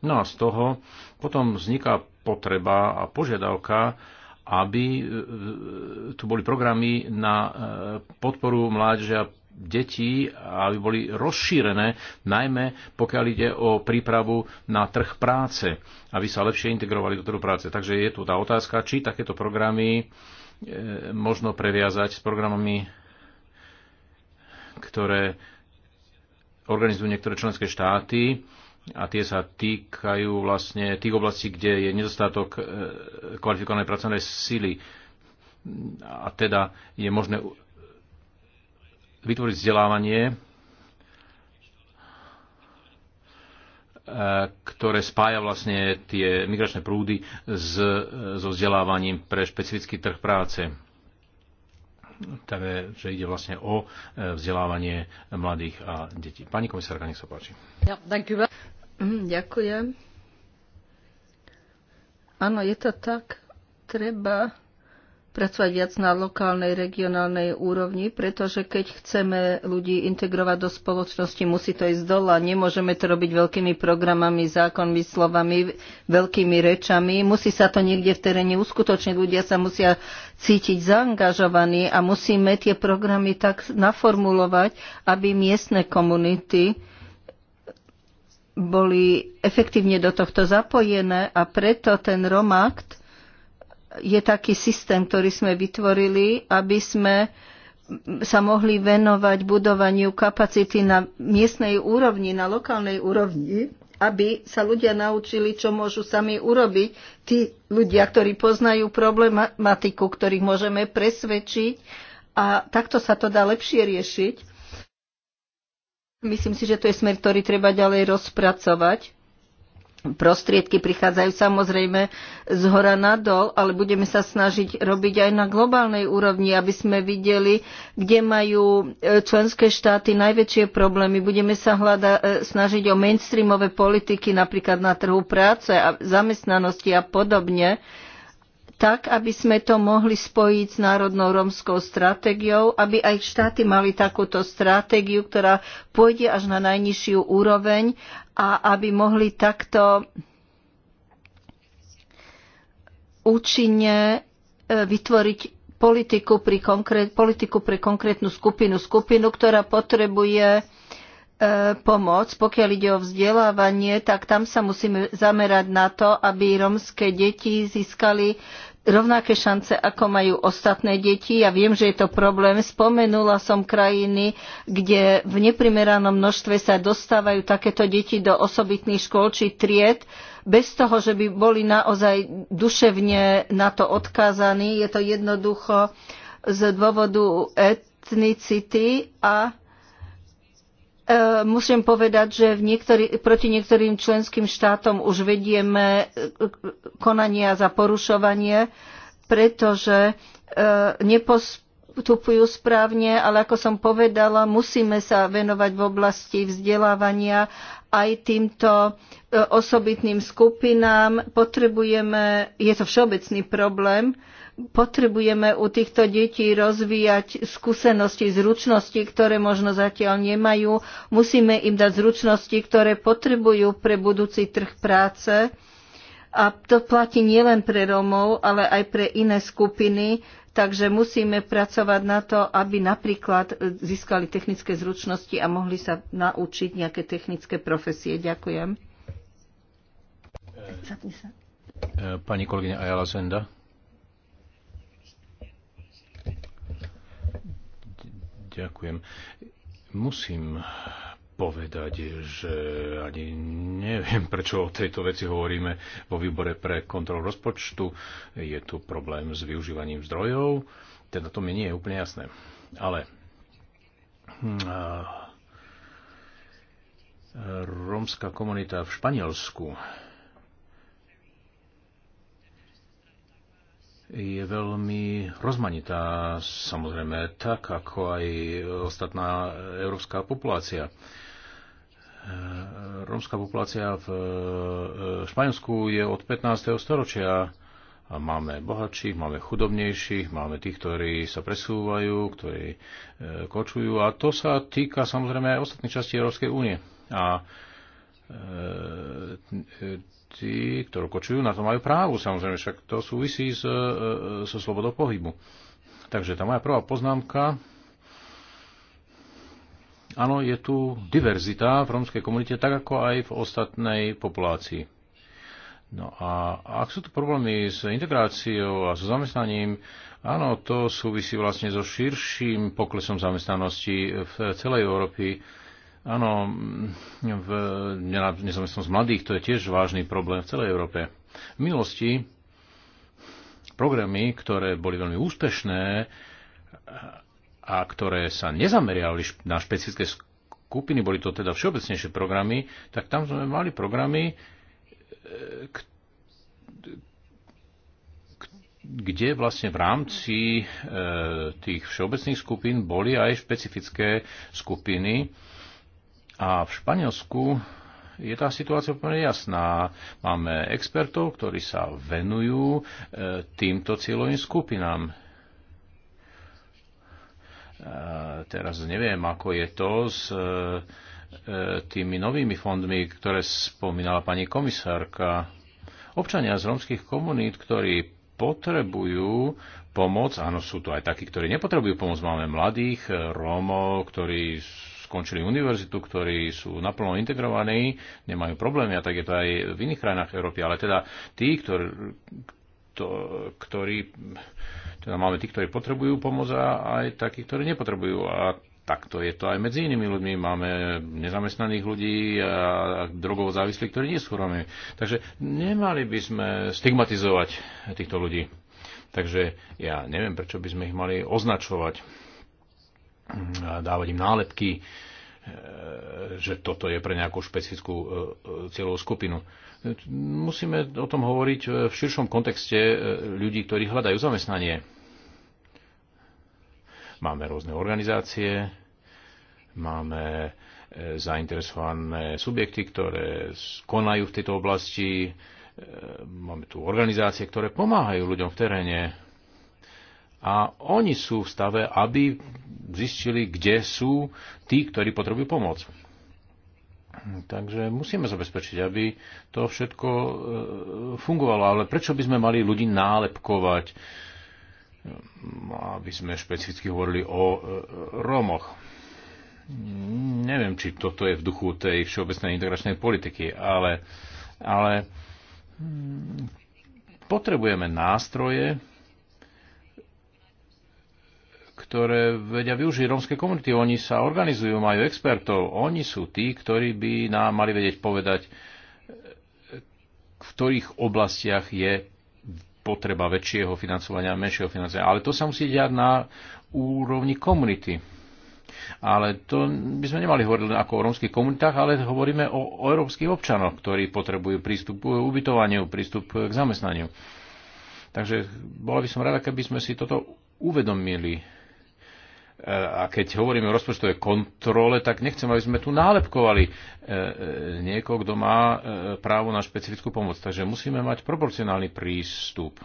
No a z toho potom vzniká potreba a požiadavka, aby e, e, tu boli programy na e, podporu mládeže a detí, aby boli rozšírené, najmä pokiaľ ide o prípravu na trh práce, aby sa lepšie integrovali do trhu práce. Takže je tu tá otázka, či takéto programy možno previazať s programami, ktoré organizujú niektoré členské štáty a tie sa týkajú vlastne tých oblastí, kde je nedostatok e, kvalifikovanej pracovnej sily. A teda je možné vytvoriť vzdelávanie, e, ktoré spája vlastne tie migračné prúdy s, e, so vzdelávaním pre špecifický trh práce. Teda, že ide vlastne o e, vzdelávanie mladých a detí. Pani komisárka, nech sa páči. Ja, mhm, Ďakujem. Áno, je to tak. Treba pracovať viac na lokálnej, regionálnej úrovni, pretože keď chceme ľudí integrovať do spoločnosti, musí to ísť dola. Nemôžeme to robiť veľkými programami, zákonmi, slovami, veľkými rečami. Musí sa to niekde v teréne uskutočniť. Ľudia sa musia cítiť zaangažovaní a musíme tie programy tak naformulovať, aby miestne komunity boli efektívne do tohto zapojené a preto ten Romakt je taký systém, ktorý sme vytvorili, aby sme sa mohli venovať budovaniu kapacity na miestnej úrovni, na lokálnej úrovni, aby sa ľudia naučili, čo môžu sami urobiť. Tí ľudia, ktorí poznajú problematiku, ktorých môžeme presvedčiť a takto sa to dá lepšie riešiť. Myslím si, že to je smer, ktorý treba ďalej rozpracovať Prostriedky prichádzajú samozrejme z hora nadol, ale budeme sa snažiť robiť aj na globálnej úrovni, aby sme videli, kde majú e, členské štáty najväčšie problémy. Budeme sa hľada, e, snažiť o mainstreamové politiky, napríklad na trhu práce a zamestnanosti a podobne, tak, aby sme to mohli spojiť s národnou romskou stratégiou, aby aj štáty mali takúto stratégiu, ktorá pôjde až na najnižšiu úroveň a aby mohli takto účinne e, vytvoriť politiku pre, konkrét, politiku pre konkrétnu skupinu, skupinu, ktorá potrebuje e, pomoc. Pokiaľ ide o vzdelávanie, tak tam sa musíme zamerať na to, aby romské deti získali rovnaké šance, ako majú ostatné deti. Ja viem, že je to problém. Spomenula som krajiny, kde v neprimeranom množstve sa dostávajú takéto deti do osobitných škôl či tried, bez toho, že by boli naozaj duševne na to odkázaní. Je to jednoducho z dôvodu etnicity a E, musím povedať, že v niektorý, proti niektorým členským štátom už vedieme e, konania za porušovanie, pretože e, nepostupujú správne, ale ako som povedala, musíme sa venovať v oblasti vzdelávania aj týmto osobitným skupinám. Potrebujeme, je to všeobecný problém, Potrebujeme u týchto detí rozvíjať skúsenosti, zručnosti, ktoré možno zatiaľ nemajú. Musíme im dať zručnosti, ktoré potrebujú pre budúci trh práce. A to platí nielen pre Rómov, ale aj pre iné skupiny, takže musíme pracovať na to, aby napríklad získali technické zručnosti a mohli sa naučiť nejaké technické profesie. Ďakujem. Pani kolegyňa Ajala Zenda. Ďakujem. Musím povedať, že ani neviem, prečo o tejto veci hovoríme vo výbore pre kontrol rozpočtu. Je tu problém s využívaním zdrojov, teda to mi nie je úplne jasné. Ale hm, rómska komunita v Španielsku je veľmi rozmanitá, samozrejme, tak ako aj ostatná európska populácia. E, rómska populácia v e, Španielsku je od 15. storočia máme bohatších, máme chudobnejších, máme tých, ktorí sa presúvajú, ktorí e, kočujú a to sa týka samozrejme aj ostatných častí Európskej únie. A tí, ktorí kočujú, na to majú právo, samozrejme, však to súvisí so, e, e, so slobodou pohybu. Takže tá moja prvá poznámka, áno, je tu diverzita v rómskej komunite, tak ako aj v ostatnej populácii. No a ak sú tu problémy s integráciou a so zamestnaním, áno, to súvisí vlastne so širším poklesom zamestnanosti v celej Európy Áno, mm, v nezamestnanosť mladých to je tiež vážny problém v celej Európe. V minulosti programy, ktoré boli veľmi úspešné a ktoré sa nezameriali na špecifické skupiny, boli to teda všeobecnejšie programy, tak tam sme mali programy, e, kde vlastne v rámci e, tých všeobecných skupín boli aj špecifické skupiny, a v Španielsku je tá situácia úplne jasná. Máme expertov, ktorí sa venujú e, týmto cieľovým skupinám. E, teraz neviem, ako je to s e, tými novými fondmi, ktoré spomínala pani komisárka. Občania z romských komunít, ktorí potrebujú pomoc, áno, sú to aj takí, ktorí nepotrebujú pomoc. Máme mladých Rómov, ktorí skončili univerzitu, ktorí sú naplno integrovaní, nemajú problémy a tak je to aj v iných krajinách Európy, ale teda tí, ktorí, to, ktorí teda máme tí, ktorí potrebujú pomoc a aj takí, ktorí nepotrebujú. A takto je to aj medzi inými ľuďmi. Máme nezamestnaných ľudí a drogovo závislých, ktorí nie sú chorobní. Takže nemali by sme stigmatizovať týchto ľudí. Takže ja neviem, prečo by sme ich mali označovať dávať im nálepky, e, že toto je pre nejakú špecifickú e, e, cieľovú skupinu. Musíme o tom hovoriť v širšom kontexte ľudí, ktorí hľadajú zamestnanie. Máme rôzne organizácie, máme zainteresované subjekty, ktoré konajú v tejto oblasti, máme tu organizácie, ktoré pomáhajú ľuďom v teréne, a oni sú v stave, aby zistili, kde sú tí, ktorí potrebujú pomoc. Takže musíme zabezpečiť, aby to všetko e, fungovalo. Ale prečo by sme mali ľudí nálepkovať, aby sme špecificky hovorili o e, Rómoch? Neviem, či toto je v duchu tej všeobecnej integračnej politiky, ale, ale hm, potrebujeme nástroje, ktoré vedia využiť rómske komunity. Oni sa organizujú, majú expertov. Oni sú tí, ktorí by nám mali vedieť povedať, v ktorých oblastiach je potreba väčšieho financovania a menšieho financovania. Ale to sa musí diať na úrovni komunity. Ale to by sme nemali hovoriť len ako o rómskych komunitách, ale hovoríme o, o európskych občanoch, ktorí potrebujú prístup k ubytovaniu, prístup k zamestnaniu. Takže bola by som rada, keby sme si toto uvedomili a keď hovoríme o rozpočtovej kontrole, tak nechcem, aby sme tu nálepkovali e, e, niekoho, kto má e, právo na špecifickú pomoc. Takže musíme mať proporcionálny prístup.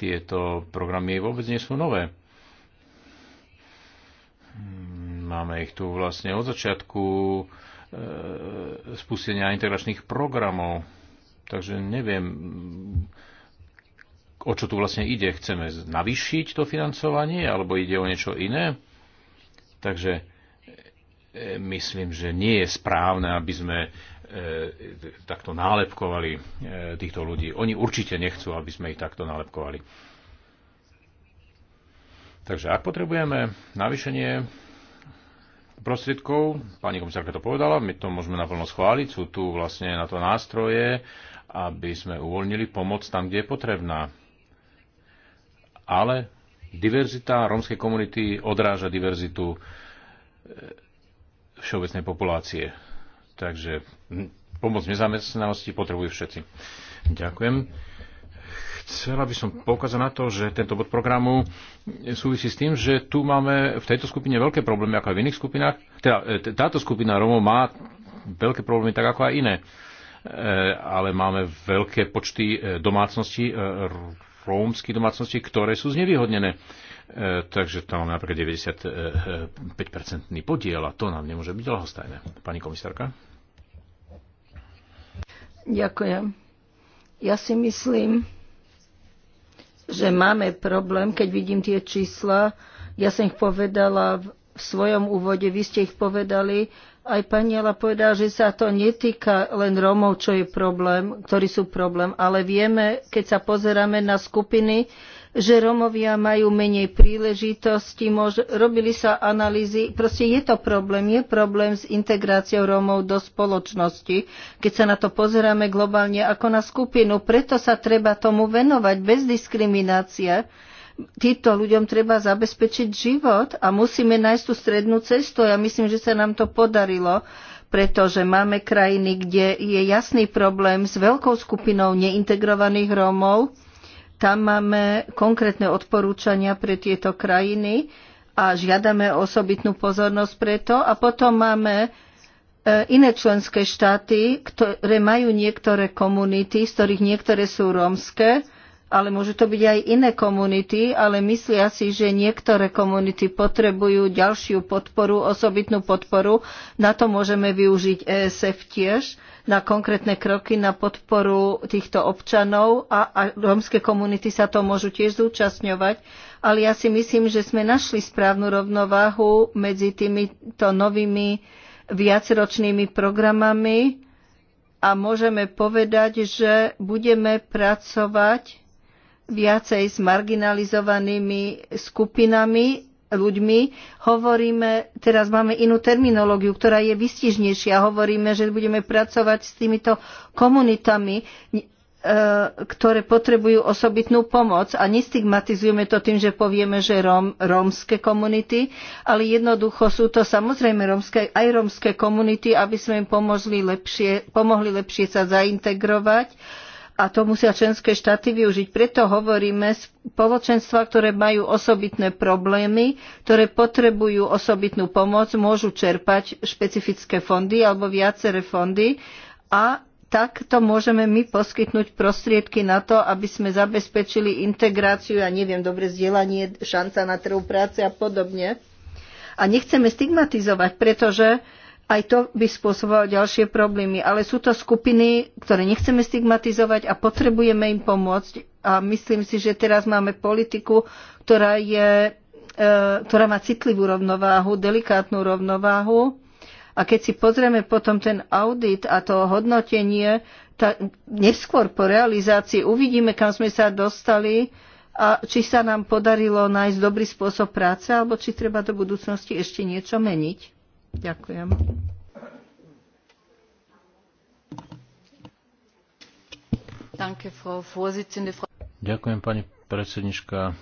Tieto programy vôbec nie sú nové. Máme ich tu vlastne od začiatku spustenia integračných programov. Takže neviem, o čo tu vlastne ide? Chceme navýšiť to financovanie alebo ide o niečo iné? Takže e, myslím, že nie je správne, aby sme e, takto nálepkovali e, týchto ľudí. Oni určite nechcú, aby sme ich takto nálepkovali. Takže ak potrebujeme navýšenie prostriedkov, pani komisárka to povedala, my to môžeme naplno schváliť, sú tu vlastne na to nástroje, aby sme uvoľnili pomoc tam, kde je potrebná ale diverzita rómskej komunity odráža diverzitu e, všeobecnej populácie. Takže pomoc v nezamestnanosti potrebujú všetci. Ďakujem. Chcela by som poukázať na to, že tento bod programu súvisí s tým, že tu máme v tejto skupine veľké problémy, ako aj v iných skupinách. Teda, e, táto skupina Romov má veľké problémy, tak ako aj iné. E, ale máme veľké počty domácností rómskych domácností, ktoré sú znevýhodnené. E, takže tam máme napríklad 95-percentný podiel a to nám nemôže byť ľahostajné. Pani komisárka? Ďakujem. Ja si myslím, že máme problém, keď vidím tie čísla. Ja som ich povedala v svojom úvode, vy ste ich povedali, aj paniela povedala, že sa to netýka len Rómov, čo je problém, ktorí sú problém, ale vieme, keď sa pozeráme na skupiny, že Romovia majú menej príležitosti, mož, robili sa analýzy, proste je to problém, je problém s integráciou Romov do spoločnosti, keď sa na to pozeráme globálne ako na skupinu, preto sa treba tomu venovať bez diskriminácie týmto ľuďom treba zabezpečiť život a musíme nájsť tú strednú cestu. Ja myslím, že sa nám to podarilo, pretože máme krajiny, kde je jasný problém s veľkou skupinou neintegrovaných Rómov. Tam máme konkrétne odporúčania pre tieto krajiny a žiadame osobitnú pozornosť preto. A potom máme e, iné členské štáty, ktoré majú niektoré komunity, z ktorých niektoré sú rómske ale môžu to byť aj iné komunity, ale myslia si, že niektoré komunity potrebujú ďalšiu podporu, osobitnú podporu. Na to môžeme využiť ESF tiež, na konkrétne kroky na podporu týchto občanov a, a rómske komunity sa to môžu tiež zúčastňovať. Ale ja si myslím, že sme našli správnu rovnováhu medzi týmito novými viacročnými programami a môžeme povedať, že budeme pracovať viacej s marginalizovanými skupinami, ľuďmi. Hovoríme, teraz máme inú terminológiu, ktorá je vystižnejšia. Hovoríme, že budeme pracovať s týmito komunitami, e, ktoré potrebujú osobitnú pomoc a nestigmatizujeme to tým, že povieme, že rom, rómske komunity, ale jednoducho sú to samozrejme romské, aj rómske komunity, aby sme im pomohli lepšie, pomohli lepšie sa zaintegrovať a to musia členské štáty využiť. Preto hovoríme spoločenstva, ktoré majú osobitné problémy, ktoré potrebujú osobitnú pomoc, môžu čerpať špecifické fondy alebo viaceré fondy a takto môžeme my poskytnúť prostriedky na to, aby sme zabezpečili integráciu, ja neviem, dobre vzdelanie, šanca na trhu práce a podobne. A nechceme stigmatizovať, pretože aj to by spôsobovalo ďalšie problémy. Ale sú to skupiny, ktoré nechceme stigmatizovať a potrebujeme im pomôcť. A myslím si, že teraz máme politiku, ktorá, je, e, ktorá má citlivú rovnováhu, delikátnu rovnováhu. A keď si pozrieme potom ten audit a to hodnotenie, tak neskôr po realizácii uvidíme, kam sme sa dostali a či sa nám podarilo nájsť dobrý spôsob práce, alebo či treba do budúcnosti ešte niečo meniť. Ďakujem. Ďakujem, pani predsednička.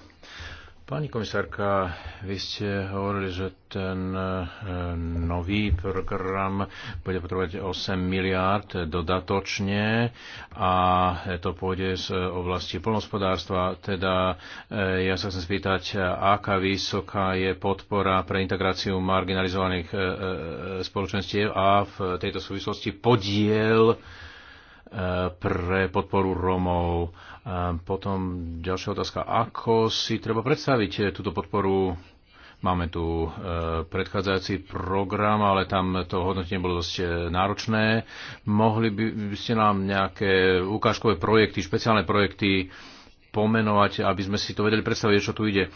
Pani komisárka, vy ste hovorili, že ten e, nový program bude potrebovať 8 miliárd dodatočne a to pôjde z oblasti polnospodárstva. Teda e, ja sa chcem spýtať, aká vysoká je podpora pre integráciu marginalizovaných e, spoločenstiev a v tejto súvislosti podiel pre podporu Romov potom ďalšia otázka. Ako si treba predstaviť eh, túto podporu? Máme tu eh, predchádzajúci program, ale tam to hodnotenie bolo dosť eh, náročné. Mohli by, by ste nám nejaké ukážkové projekty, špeciálne projekty pomenovať, aby sme si to vedeli predstaviť, čo tu ide.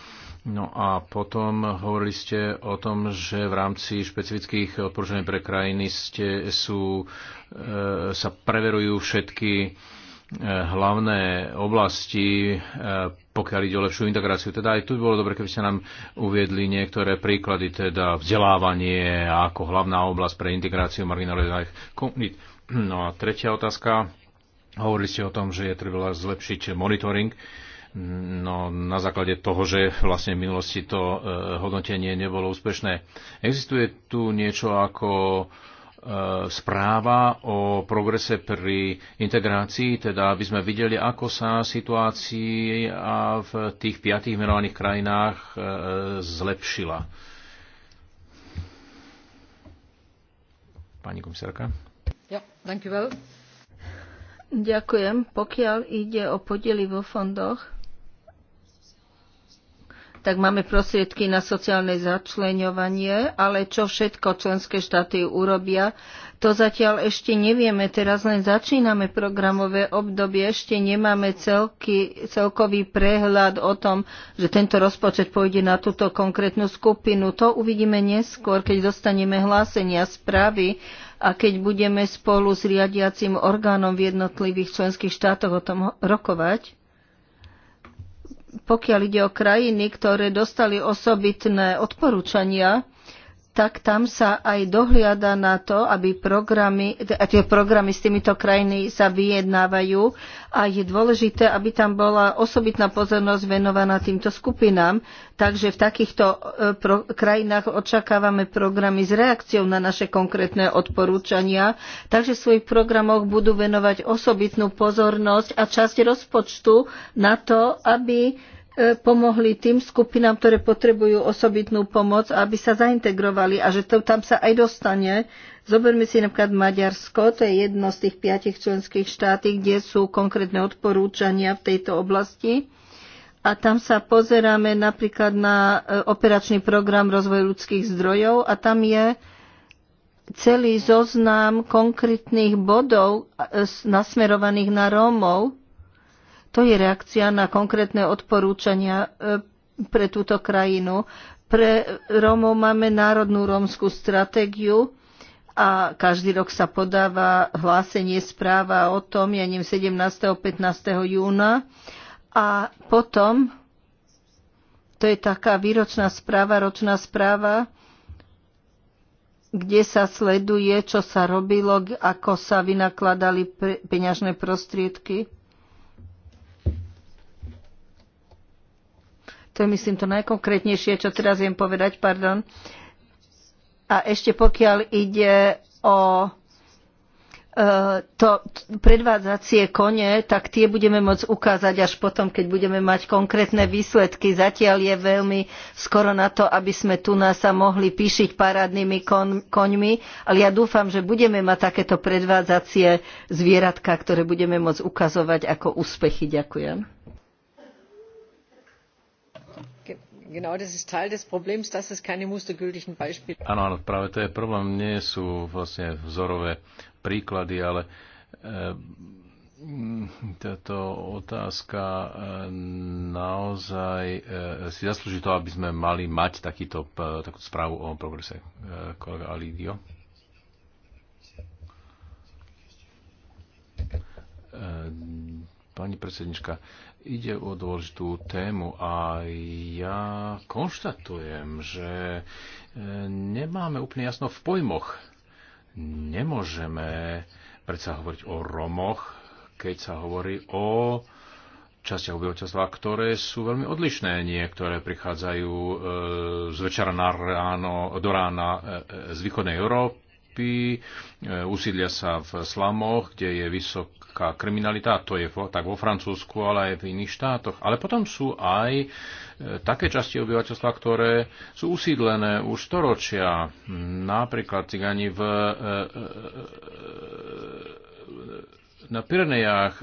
No a potom hovorili ste o tom, že v rámci špecifických odporúčaní pre krajiny ste, sú, e, sa preverujú všetky hlavné oblasti, eh, pokiaľ ide o lepšiu integráciu. Teda aj tu by bolo dobre, keby ste nám uviedli niektoré príklady, teda vzdelávanie ako hlavná oblasť pre integráciu marginalizovaných komunít. No a tretia otázka. Hovorili ste o tom, že je treba zlepšiť monitoring. No, na základe toho, že vlastne v minulosti to eh, hodnotenie nebolo úspešné. Existuje tu niečo ako E, správa o progrese pri integrácii, teda aby sme videli, ako sa situácia v tých piatých menovaných krajinách e, zlepšila. Pani komisárka. Ja, thank you well. Ďakujem. Pokiaľ ide o podiely vo fondoch, tak máme prostriedky na sociálne začleňovanie, ale čo všetko členské štáty urobia, to zatiaľ ešte nevieme. Teraz len začíname programové obdobie, ešte nemáme celky, celkový prehľad o tom, že tento rozpočet pôjde na túto konkrétnu skupinu. To uvidíme neskôr, keď dostaneme hlásenia správy a keď budeme spolu s riadiacim orgánom v jednotlivých členských štátoch o tom rokovať pokiaľ ide o krajiny, ktoré dostali osobitné odporúčania, tak tam sa aj dohliada na to, aby programy, a tie programy s týmito krajiny sa vyjednávajú a je dôležité, aby tam bola osobitná pozornosť venovaná týmto skupinám. Takže v takýchto e, pro, krajinách očakávame programy s reakciou na naše konkrétne odporúčania, takže v svojich programoch budú venovať osobitnú pozornosť a časť rozpočtu na to, aby E, pomohli tým skupinám, ktoré potrebujú osobitnú pomoc, aby sa zaintegrovali a že to tam sa aj dostane. Zoberme si napríklad Maďarsko, to je jedno z tých piatich členských štátov, kde sú konkrétne odporúčania v tejto oblasti. A tam sa pozeráme napríklad na e, operačný program rozvoj ľudských zdrojov a tam je celý zoznam konkrétnych bodov e, nasmerovaných na Rómov, to je reakcia na konkrétne odporúčania e, pre túto krajinu. Pre Rómov máme národnú rómskú stratégiu a každý rok sa podáva hlásenie správa o tom, ja neviem, 17. 15. júna. A potom, to je taká výročná správa, ročná správa, kde sa sleduje, čo sa robilo, ako sa vynakladali peňažné prostriedky. To je, myslím, to najkonkrétnejšie, čo teraz viem povedať, pardon. A ešte pokiaľ ide o e, to predvádzacie kone, tak tie budeme môcť ukázať až potom, keď budeme mať konkrétne výsledky. Zatiaľ je veľmi skoro na to, aby sme tu nás sa mohli píšiť parádnymi kon, koňmi, ale ja dúfam, že budeme mať takéto predvádzacie zvieratka, ktoré budeme môcť ukazovať ako úspechy. Ďakujem. Genau, das ist Teil des Problems, dass es keine mustergültigen Beispiele. Áno, ano, práve to je problém. Nie sú vlastne vzorové príklady, ale e, táto otázka ehm, naozaj ehm, si zaslúži to, aby sme mali mať takýto, takúto správu o progrese. Kolega Alidio. Pani predsednička, ide o dôležitú tému a ja konštatujem, že e, nemáme úplne jasno v pojmoch. Nemôžeme predsa hovoriť o Romoch, keď sa hovorí o častiach obyvateľstva, ktoré sú veľmi odlišné. Niektoré prichádzajú e, z večera na ráno, do rána e, z východnej Európy, Európy, e, usídlia sa v slamoch, kde je vysoká kriminalita, to je tak vo Francúzsku, ale aj v iných štátoch. Ale potom sú aj e, také časti obyvateľstva, ktoré sú usídlené už storočia. Napríklad cigáni v, e, na Pirenejach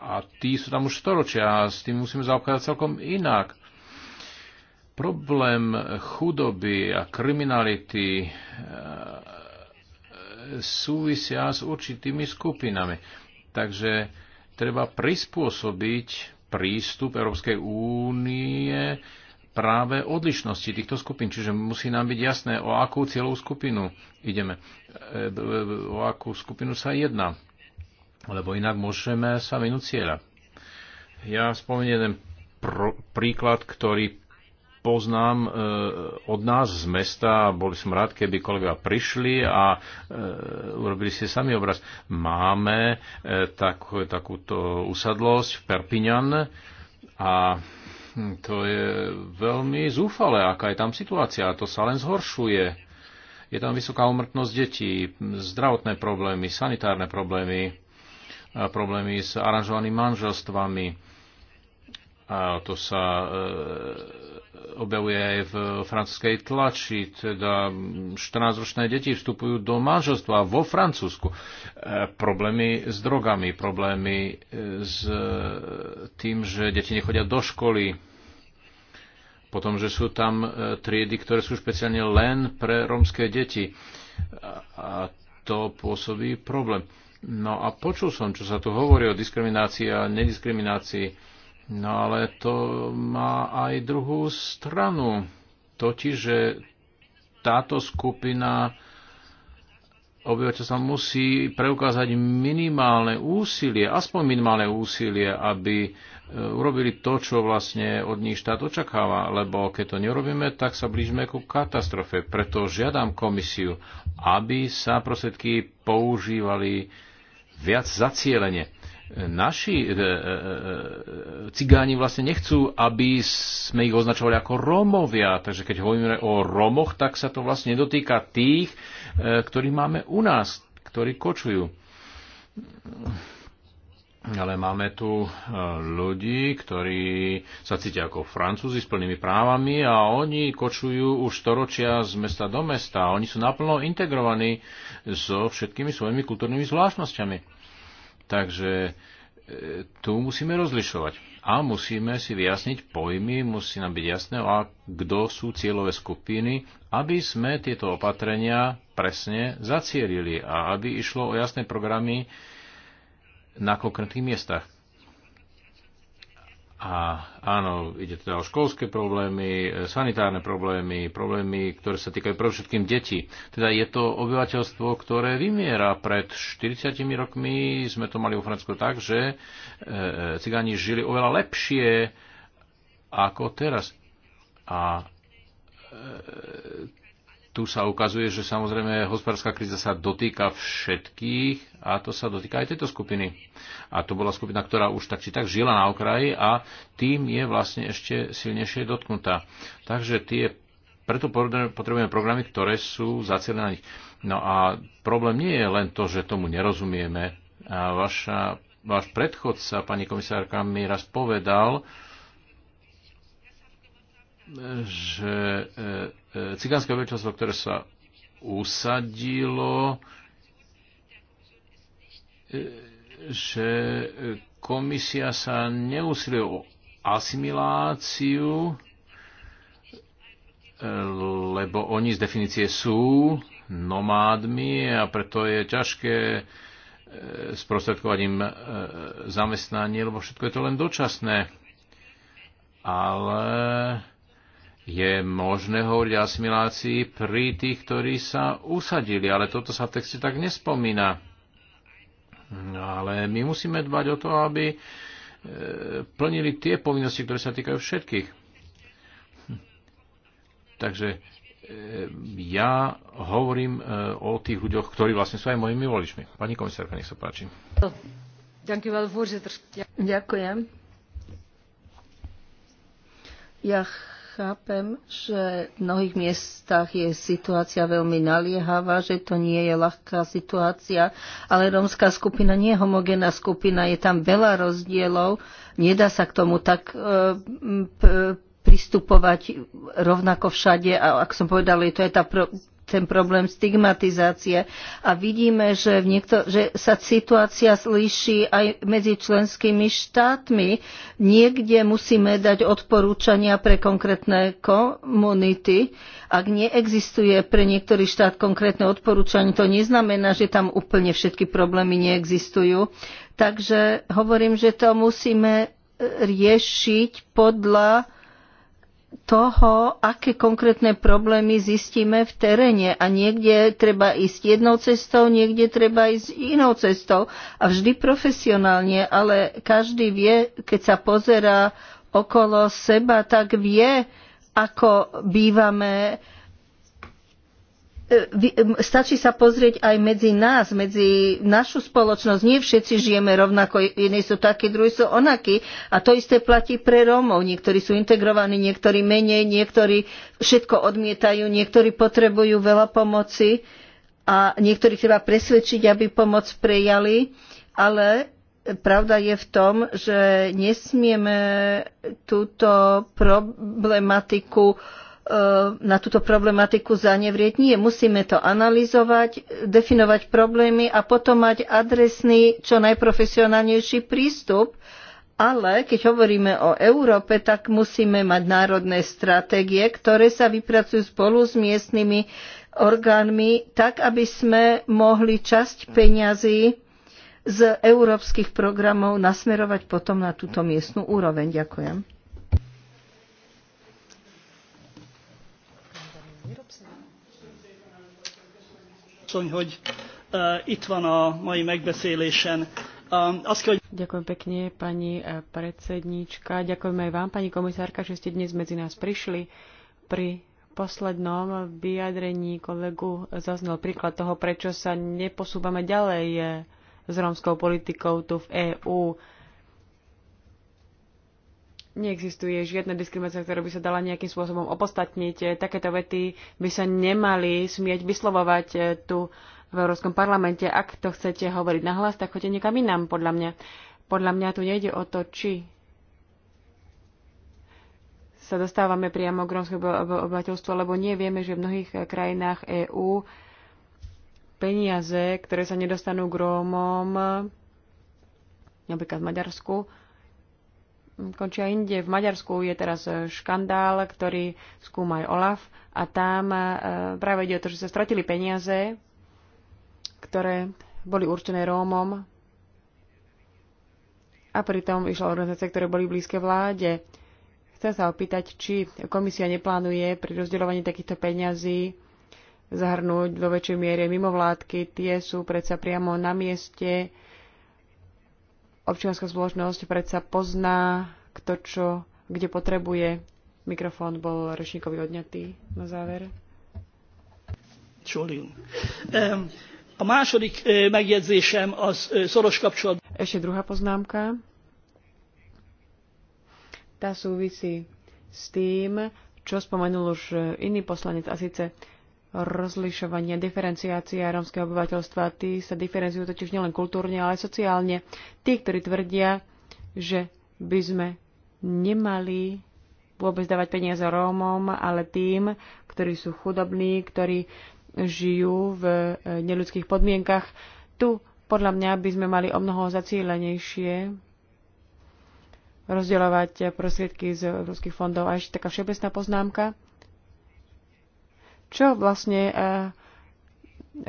a tí sú tam už storočia a s tým musíme zaobchádzať celkom inak. Problém chudoby a kriminality e, súvisia s určitými skupinami. Takže treba prispôsobiť prístup Európskej únie práve odlišnosti týchto skupín. Čiže musí nám byť jasné, o akú cieľovú skupinu ideme, e, o akú skupinu sa jedná. Lebo inak môžeme sa minúť cieľa. Ja spomeniem jeden príklad, ktorý poznám e, od nás z mesta a boli som rád, keby kolega prišli a e, urobili ste sami obraz. Máme e, tak, takúto usadlosť v Perpiňan a hm, to je veľmi zúfale, aká je tam situácia. a To sa len zhoršuje. Je tam vysoká umrtnosť detí, zdravotné problémy, sanitárne problémy, problémy s aranžovanými manželstvami. A to sa objavuje aj v francúzskej tlači, teda 14-ročné deti vstupujú do manželstva vo Francúzsku. E, problémy s drogami, problémy e, s e, tým, že deti nechodia do školy, potom, že sú tam e, triedy, ktoré sú špeciálne len pre romské deti. A to pôsobí problém. No a počul som, čo sa tu hovorí o diskriminácii a nediskriminácii No ale to má aj druhú stranu. Totiž, že táto skupina obyvateľstva musí preukázať minimálne úsilie, aspoň minimálne úsilie, aby e, urobili to, čo vlastne od nich štát očakáva, lebo keď to nerobíme, tak sa blížime ku katastrofe. Preto žiadam komisiu, aby sa prostriedky používali viac zacielenie naši e e, e, e, cigáni vlastne nechcú, aby sme ich označovali ako Rómovia. Takže keď hovoríme o Rómoch, tak sa to vlastne nedotýka tých, e, ktorých máme u nás, ktorí kočujú. Ale máme tu e, ľudí, ktorí sa cítia ako Francúzi s plnými právami a oni kočujú už storočia z mesta do mesta. Oni sú naplno integrovaní so všetkými svojimi kultúrnymi zvláštnosťami Takže e, tu musíme rozlišovať a musíme si vyjasniť pojmy, musí nám byť jasné, a kto sú cieľové skupiny, aby sme tieto opatrenia presne zacielili a aby išlo o jasné programy na konkrétnych miestach. A áno, ide teda o školské problémy, e, sanitárne problémy, problémy, ktoré sa týkajú pre všetkým detí. Teda je to obyvateľstvo, ktoré vymiera. Pred 40 rokmi sme to mali vo Francku tak, že e, e, cigáni žili oveľa lepšie ako teraz. A tu sa ukazuje, že samozrejme hospodárska kríza sa dotýka všetkých a to sa dotýka aj tejto skupiny. A to bola skupina, ktorá už tak či tak žila na okraji a tým je vlastne ešte silnejšie dotknutá. Takže tie, preto potrebujeme programy, ktoré sú zacielené na nich. No a problém nie je len to, že tomu nerozumieme. A vaša, váš predchodca, pani komisárka, mi raz povedal, že e, e, cigánske obyvateľstvo, ktoré sa usadilo, e, že komisia sa neusiluje o asimiláciu, lebo oni z definície sú nomádmi a preto je ťažké sprostredkovať im zamestnanie, lebo všetko je to len dočasné. Ale je možné hovoriť o asimilácii pri tých, ktorí sa usadili, ale toto sa v texte tak nespomína. No, ale my musíme dbať o to, aby e, plnili tie povinnosti, ktoré sa týkajú všetkých. Hm. Takže e, ja hovorím e, o tých ľuďoch, ktorí vlastne sú aj mojimi voličmi. Pani komisárka, nech sa páči. Ďakujem. Ja Chápem, že v mnohých miestach je situácia veľmi naliehavá, že to nie je ľahká situácia, ale rómska skupina nie je homogénna skupina, je tam veľa rozdielov, nedá sa k tomu tak e, pristupovať rovnako všade a ak som povedala, to je tá ten problém stigmatizácie. A vidíme, že, v niekto, že sa situácia slíši aj medzi členskými štátmi. Niekde musíme dať odporúčania pre konkrétne komunity. Ak neexistuje pre niektorý štát konkrétne odporúčanie, to neznamená, že tam úplne všetky problémy neexistujú. Takže hovorím, že to musíme riešiť podľa toho, aké konkrétne problémy zistíme v teréne. A niekde treba ísť jednou cestou, niekde treba ísť inou cestou. A vždy profesionálne, ale každý vie, keď sa pozerá okolo seba, tak vie, ako bývame E, e, stačí sa pozrieť aj medzi nás, medzi našu spoločnosť. Nie všetci žijeme rovnako, jedni sú takí, druhí sú onakí. A to isté platí pre Rómov. Niektorí sú integrovaní, niektorí menej, niektorí všetko odmietajú, niektorí potrebujú veľa pomoci a niektorí treba presvedčiť, aby pomoc prejali. Ale pravda je v tom, že nesmieme túto problematiku uh, E, na túto problematiku zanevrieť. Nie, musíme to analyzovať, definovať problémy a potom mať adresný, čo najprofesionálnejší prístup. Ale keď hovoríme o Európe, tak musíme mať národné stratégie, ktoré sa vypracujú spolu s miestnymi orgánmi, tak aby sme mohli časť peňazí z európskych programov nasmerovať potom na túto miestnu úroveň. Ďakujem. asszony, hogy e, itt van a mai megbeszélésen. Ďakujem pekne, pani e, predsedníčka. Ďakujem aj vám, pani komisárka, že ste dnes medzi nás prišli. Pri poslednom vyjadrení kolegu zaznel príklad toho, prečo sa neposúvame ďalej e, s romskou politikou tu v EÚ neexistuje žiadna diskriminácia, ktorá by sa dala nejakým spôsobom opostatniť. Takéto vety by sa nemali smieť vyslovovať eh, tu v Európskom parlamente. Ak to chcete hovoriť nahlas, tak choďte niekam inám, podľa mňa. Podľa mňa tu nejde o to, či sa dostávame priamo k rómskému obyvateľstvu, lebo nie vieme, že v mnohých eh, krajinách EÚ peniaze, ktoré sa nedostanú k Rómom, eh, napríklad v Maďarsku, končia inde. V Maďarsku je teraz e, škandál, ktorý skúma aj OLAF a tam e, práve ide o to, že sa stratili peniaze, ktoré boli určené Rómom a pritom išla organizácie, ktoré boli blízke vláde. Chcem sa opýtať, či komisia neplánuje pri rozdeľovaní takýchto peňazí zahrnúť vo väčšej miere mimovládky. Tie sú predsa priamo na mieste, Občianská spoločnosť predsa pozná, kto čo, kde potrebuje. Mikrofón bol rečníkovi odňatý na záver. Čulím. Ähm, um, a második äh, megjegyzésem az äh, szoros kapcsolat. Ešte druhá poznámka. Tá súvisí s tým, čo spomenul už iný poslanec, a síce rozlišovanie, diferenciácia rómskeho obyvateľstva. Tí sa diferenciujú totiž nielen kultúrne, ale aj sociálne. Tí, ktorí tvrdia, že by sme nemali vôbec dávať peniaze Rómom, ale tým, ktorí sú chudobní, ktorí žijú v e, neľudských podmienkach. Tu podľa mňa by sme mali o mnoho zacielenejšie rozdielovať prostriedky z európskych fondov. A ešte taká všeobecná poznámka čo vlastne eh,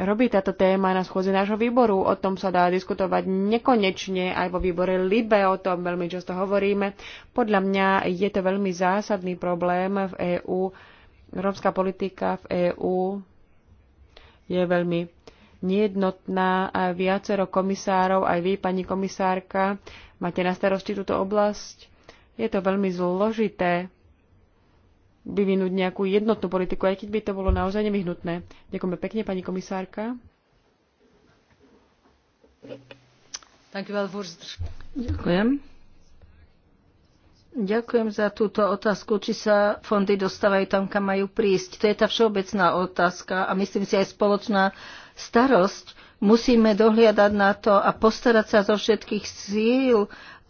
robí táto téma na schôdzi nášho výboru. O tom sa dá diskutovať nekonečne aj vo výbore LIBE, o tom veľmi často hovoríme. Podľa mňa je to veľmi zásadný problém v EÚ. Európska politika v EÚ je veľmi nejednotná a viacero komisárov, aj vy, pani komisárka, máte na starosti túto oblasť. Je to veľmi zložité vyvinúť nejakú jednotnú politiku, aj keď by to bolo naozaj nevyhnutné. Ďakujeme pekne, pani komisárka. Ďakujem. Ďakujem za túto otázku, či sa fondy dostávajú tam, kam majú prísť. To je tá všeobecná otázka a myslím si aj spoločná starosť. Musíme dohliadať na to a postarať sa zo všetkých síl,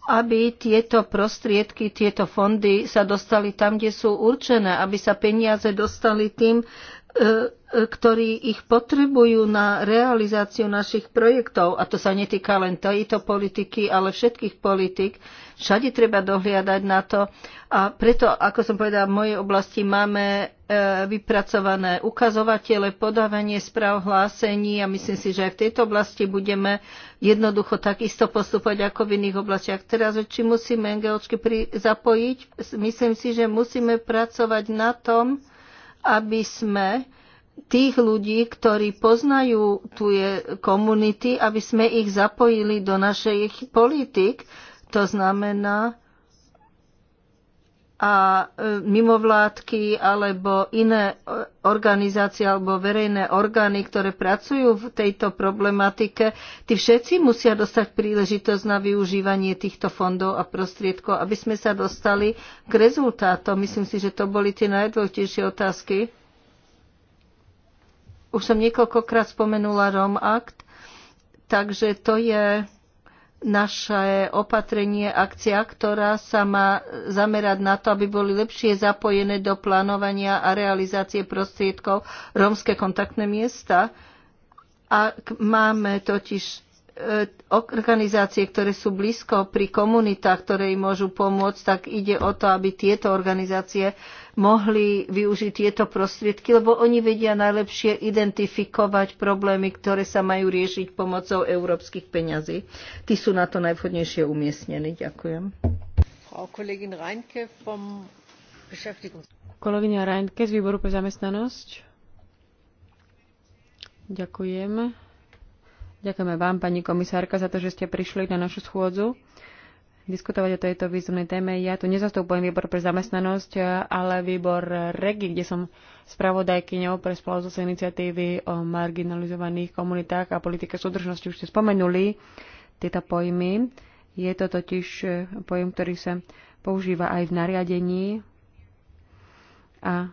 aby tieto prostriedky, tieto fondy sa dostali tam, kde sú určené, aby sa peniaze dostali tým, E, e, ktorí ich potrebujú na realizáciu našich projektov. A to sa netýka len tejto politiky, ale všetkých politik. Všade treba dohliadať na to. A preto, ako som povedala, v mojej oblasti máme e, vypracované ukazovatele, podávanie správ, hlásení a myslím si, že aj v tejto oblasti budeme jednoducho takisto postupovať ako v iných oblastiach. Teraz, či musíme NGOčky zapojiť, myslím si, že musíme pracovať na tom, aby sme tých ľudí, ktorí poznajú tu je komunity, aby sme ich zapojili do našej politik. To znamená, a e, mimovládky alebo iné organizácie alebo verejné orgány, ktoré pracujú v tejto problematike, tí všetci musia dostať príležitosť na využívanie týchto fondov a prostriedkov, aby sme sa dostali k rezultátom. Myslím si, že to boli tie najdôležitejšie otázky. Už som niekoľkokrát spomenula ROM Act, takže to je naše opatrenie, akcia, ktorá sa má zamerať na to, aby boli lepšie zapojené do plánovania a realizácie prostriedkov rómske kontaktné miesta. A máme totiž e, organizácie, ktoré sú blízko pri komunitách, ktoré im môžu pomôcť, tak ide o to, aby tieto organizácie mohli využiť tieto prostriedky, lebo oni vedia najlepšie identifikovať problémy, ktoré sa majú riešiť pomocou európskych peňazí. Tí sú na to najvhodnejšie umiestnení. Ďakujem. Kolegyňa Reinke z výboru pre zamestnanosť. Ďakujem. Ďakujeme vám, pani komisárka, za to, že ste prišli na našu schôdzu diskutovať o tejto výzumnej téme. Ja tu nezastupujem výbor pre zamestnanosť, ale výbor REGI, kde som spravodajkyňou pre spoločnosť iniciatívy o marginalizovaných komunitách a politike súdržnosti. Už ste spomenuli tieto pojmy. Je to totiž eh, pojem, ktorý sa používa aj v nariadení a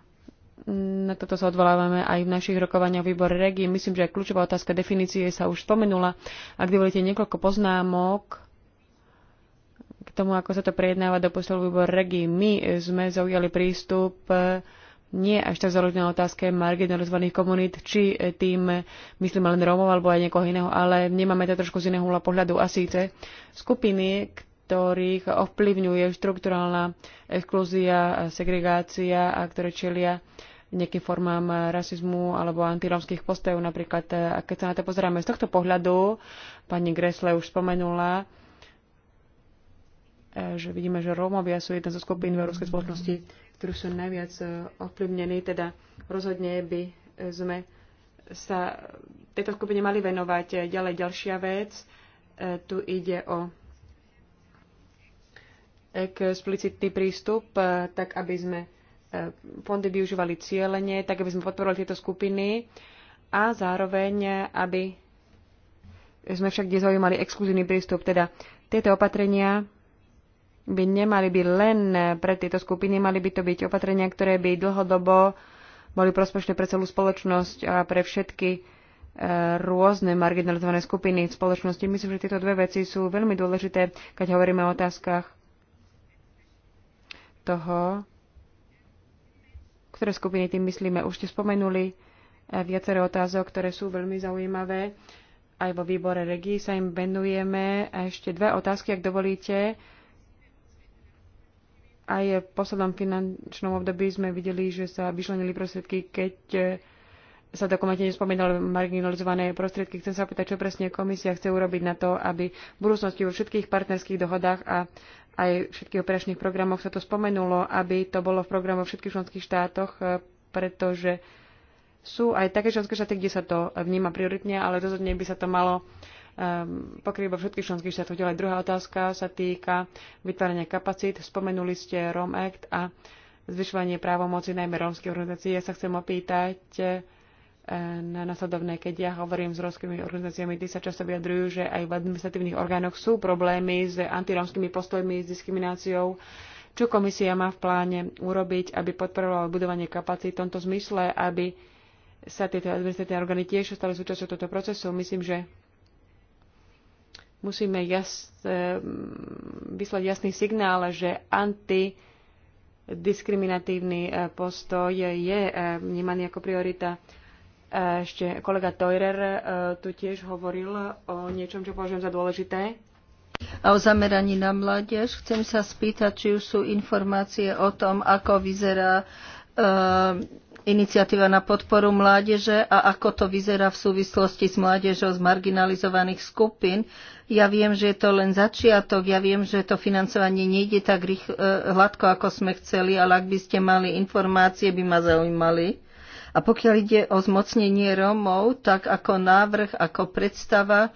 na toto sa odvolávame aj v našich rokovaniach výbor regie. Myslím, že aj kľúčová otázka definície sa už spomenula. Ak dovolíte niekoľko poznámok k tomu, ako sa to prejednáva do posol výbor Regi, my sme zaujali prístup nie až tak založené otázke marginalizovaných komunít, či tým myslím len Rómov alebo aj niekoho iného, ale nemáme to trošku z iného hľa pohľadu a síce skupiny, ktorých ovplyvňuje štrukturálna exklúzia, segregácia a ktoré čelia nejakým formám rasizmu alebo antiromských postojov napríklad. A keď sa na to pozeráme z tohto pohľadu, pani Gresle už spomenula, E, že vidíme, že Rómovia sú jedna zo skupín v európskej spoločnosti, ktorú sú najviac e, ovplyvnení, teda rozhodne by e, sme sa tejto skupine mali venovať. Ďalej ďalšia vec, tu ide o explicitný prístup, tak aby sme fondy využívali cieľene, tak aby sme podporovali tieto skupiny a zároveň, aby sme však nezaujímali exkluzívny prístup. Teda tieto opatrenia by nemali byť len eh, pre tieto skupiny, mali by to byť opatrenia, ktoré by dlhodobo boli prospešné pre celú spoločnosť a pre všetky eh, rôzne marginalizované skupiny v spoločnosti. Myslím, že tieto dve veci sú veľmi dôležité, keď hovoríme o otázkach toho, ktoré skupiny tým myslíme. Už ste spomenuli eh, viaceré otázok, ktoré sú veľmi zaujímavé. Aj vo výbore regí sa im venujeme. A ešte dve otázky, ak dovolíte aj v poslednom finančnom období sme videli, že sa vyšlenili prostriedky, keď e, sa v dokumente nespomínali marginalizované prostriedky. Chcem sa opýtať, čo presne komisia chce urobiť na to, aby v budúcnosti vo všetkých partnerských dohodách a aj v všetkých operačných programoch sa to spomenulo, aby to bolo v programoch všetkých členských štátoch, e, pretože sú aj také členské štáty, kde sa to vníma prioritne, ale rozhodne by sa to malo Ehm, pokrýva všetkých členské štátov. Ďalej druhá otázka sa týka vytvárania kapacít. Spomenuli ste Rome Act a zvyšovanie právomoci najmä romských organizácií. Ja sa chcem opýtať eh, na nasledovné, keď ja hovorím s rómskymi organizáciami, tí sa často vyjadrujú, že aj v administratívnych orgánoch sú problémy s antirómskymi postojmi, s diskrimináciou. Čo komisia má v pláne urobiť, aby podporovala budovanie kapacít v tomto zmysle, aby sa tieto administratívne orgány tiež stali súčasťou tohto procesu? Myslím, že Musíme jas, e, vyslať jasný signál, že antidiskriminatívny e, postoj je e, vnímaný ako priorita. Ešte kolega Teurer tu tiež hovoril o niečom, čo považujem za dôležité a o zameraní na mládež. Chcem sa spýtať, či už sú informácie o tom, ako vyzerá iniciatíva na podporu mládeže a ako to vyzerá v súvislosti s mládežou z marginalizovaných skupín. Ja viem, že je to len začiatok, ja viem, že to financovanie nejde tak rýchlo e, hladko, ako sme chceli, ale ak by ste mali informácie, by ma zaujímali. A pokiaľ ide o zmocnenie Rómov, tak ako návrh, ako predstava,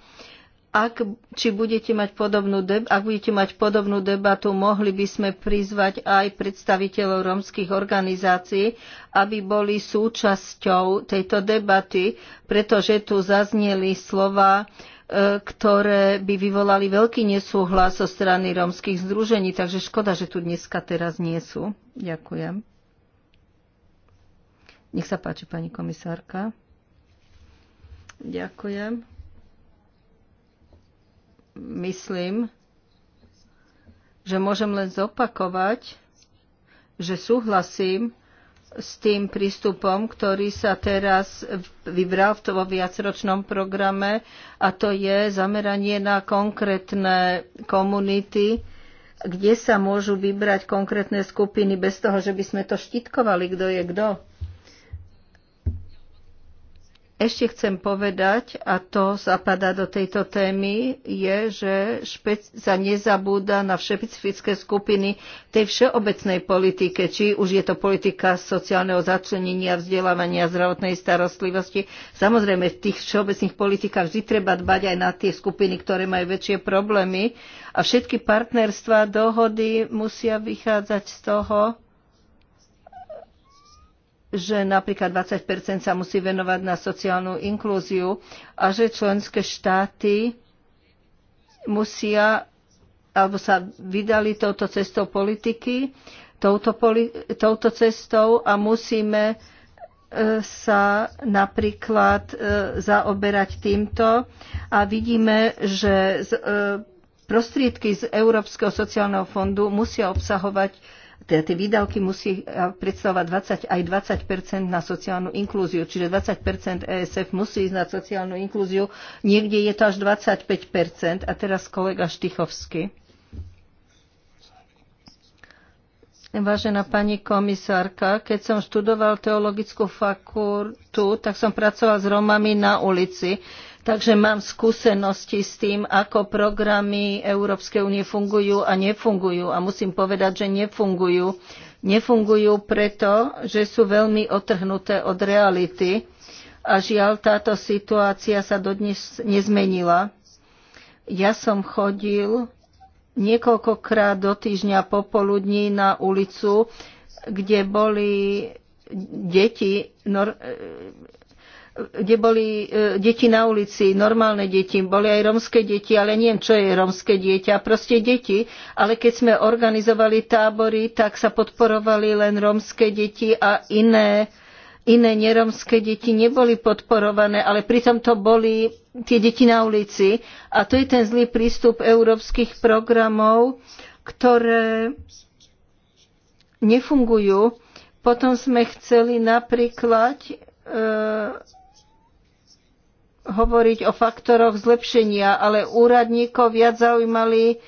ak, či budete mať podobnú deb- ak budete mať podobnú debatu, mohli by sme prizvať aj predstaviteľov rómskych organizácií, aby boli súčasťou tejto debaty, pretože tu zazneli slova, e, ktoré by vyvolali veľký nesúhlas zo strany rómskych združení, takže škoda, že tu dneska teraz nie sú. Ďakujem. Nech sa páči, pani komisárka. Ďakujem myslím, že môžem len zopakovať, že súhlasím s tým prístupom, ktorý sa teraz vybral vo viacročnom programe a to je zameranie na konkrétne komunity, kde sa môžu vybrať konkrétne skupiny bez toho, že by sme to štítkovali, kto je kto. Ešte chcem povedať, a to zapadá do tejto témy, je, že špec- sa nezabúda na všepecifické skupiny tej všeobecnej politike, či už je to politika sociálneho začlenenia, vzdelávania, zdravotnej starostlivosti. Samozrejme, v tých všeobecných politikách vždy treba dbať aj na tie skupiny, ktoré majú väčšie problémy a všetky partnerstva, dohody musia vychádzať z toho, že napríklad 20 sa musí venovať na sociálnu inklúziu a že členské štáty musia alebo sa vydali touto cestou politiky, touto, poli, touto cestou a musíme e, sa napríklad e, zaoberať týmto a vidíme, že e, prostriedky z Európskeho sociálneho fondu musia obsahovať teda tie výdavky musí eh, predstavovať 20, aj 20 na sociálnu inklúziu, čiže 20 ESF musí ísť na sociálnu inklúziu, niekde je to až 25 A teraz kolega Štichovský. Vážená pani komisárka, keď som študoval teologickú fakultu, tak som pracoval s Romami na ulici. Takže mám skúsenosti s tým, ako programy Európskej únie fungujú a nefungujú. A musím povedať, že nefungujú. Nefungujú preto, že sú veľmi otrhnuté od reality. A žiaľ, táto situácia sa dodnes nezmenila. Ja som chodil niekoľkokrát do týždňa popoludní na ulicu, kde boli deti nor- kde boli e, deti na ulici, normálne deti, boli aj romské deti, ale neviem, čo je romské dieťa, proste deti. Ale keď sme organizovali tábory, tak sa podporovali len romské deti a iné, iné neromské deti neboli podporované, ale pritom to boli tie deti na ulici. A to je ten zlý prístup európskych programov, ktoré nefungujú. Potom sme chceli napríklad e, hovoriť o faktoroch zlepšenia, ale úradníkov viac zaujímali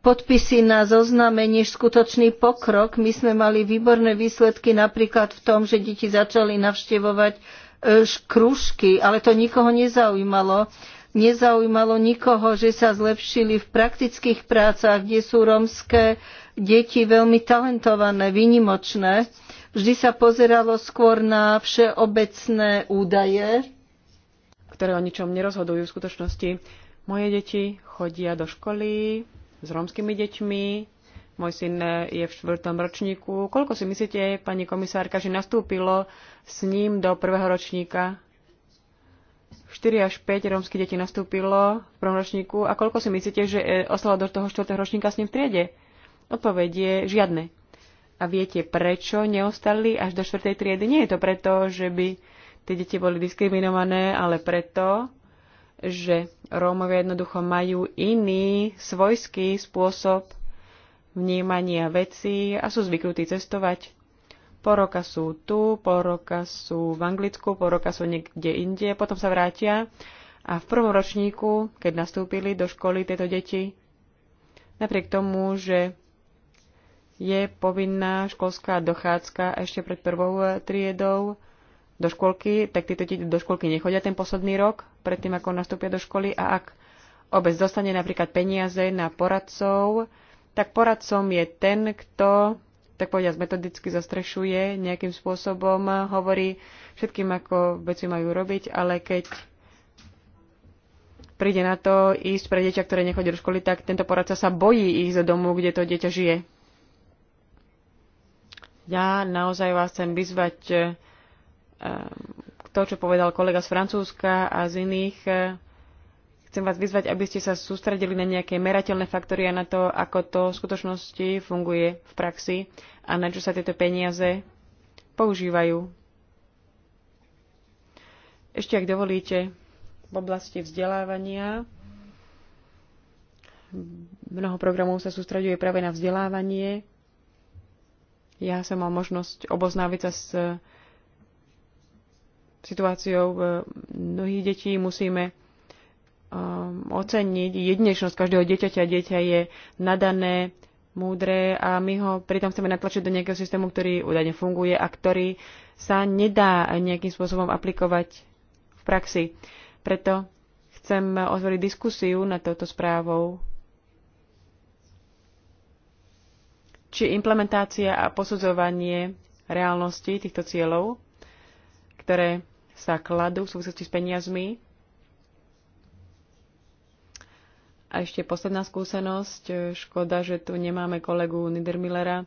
podpisy na zozname než skutočný pokrok. My sme mali výborné výsledky napríklad v tom, že deti začali navštevovať e, krúžky, ale to nikoho nezaujímalo. Nezaujímalo nikoho, že sa zlepšili v praktických prácach, kde sú rómske deti veľmi talentované, výnimočné. Vždy sa pozeralo skôr na všeobecné údaje ktoré o ničom nerozhodujú v skutočnosti. Moje deti chodia do školy s rómskymi deťmi, môj syn e, je v štvrtom ročníku. Koľko si myslíte, pani komisárka, že nastúpilo s ním do prvého ročníka? 4 až 5 rómskych detí nastúpilo v prvom ročníku. A koľko si myslíte, že e, ostalo do toho štvrtého ročníka s ním v triede? Odpoveď je žiadne. A viete, prečo neostali až do štvrtej triedy? Nie je to preto, že by tie deti boli diskriminované, ale preto, že Rómovia jednoducho majú iný svojský spôsob vnímania vecí a sú zvyknutí cestovať. Po roka sú tu, po roka sú v Anglicku, po roka sú niekde inde, potom sa vrátia a v prvom ročníku, keď nastúpili do školy tieto deti, napriek tomu, že je povinná školská dochádzka ešte pred prvou triedou, do školky, tak títo deti do školky nechodia ten posledný rok, predtým ako nastúpia do školy a ak obec dostane napríklad peniaze na poradcov, tak poradcom je ten, kto tak povediať metodicky zastrešuje, nejakým spôsobom hovorí všetkým, ako veci majú robiť, ale keď príde na to ísť pre dieťa, ktoré nechodí do školy, tak tento poradca sa bojí ísť do domu, kde to dieťa žije. Ja naozaj vás chcem vyzvať, Ehm, to, čo povedal kolega z Francúzska a z iných, e, chcem vás vyzvať, aby ste sa sústredili na nejaké merateľné faktory a na to, ako to v skutočnosti funguje v praxi a na čo sa tieto peniaze používajú. Ešte, ak dovolíte, v oblasti vzdelávania mnoho programov sa sústreďuje práve na vzdelávanie. Ja som mal možnosť oboznáviť sa s situáciou mnohých detí musíme um, oceniť jedinečnosť každého dieťaťa. Dieťa je nadané, múdre a my ho pritom chceme natlačiť do nejakého systému, ktorý údajne funguje a ktorý sa nedá nejakým spôsobom aplikovať v praxi. Preto chcem otvoriť diskusiu nad touto správou, či implementácia a posudzovanie reálnosti týchto cieľov, ktoré sa kladú v súvislosti s peniazmi. A ešte posledná skúsenosť. Škoda, že tu nemáme kolegu Niedermillera.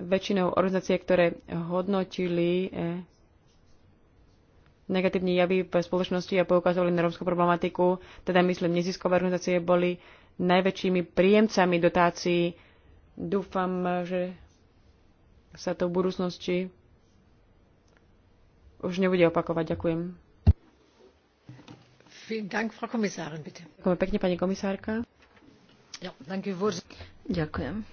Väčšinou organizácie, ktoré hodnotili eh, negatívne javy v spoločnosti a poukazovali na rómskú problematiku, teda myslím, neziskové organizácie boli najväčšími príjemcami dotácií. Dúfam, že sa to v budúcnosti už nebude opakovať. Ďakujem. Ďakujem pekne, pani komisárka. Ďakujem.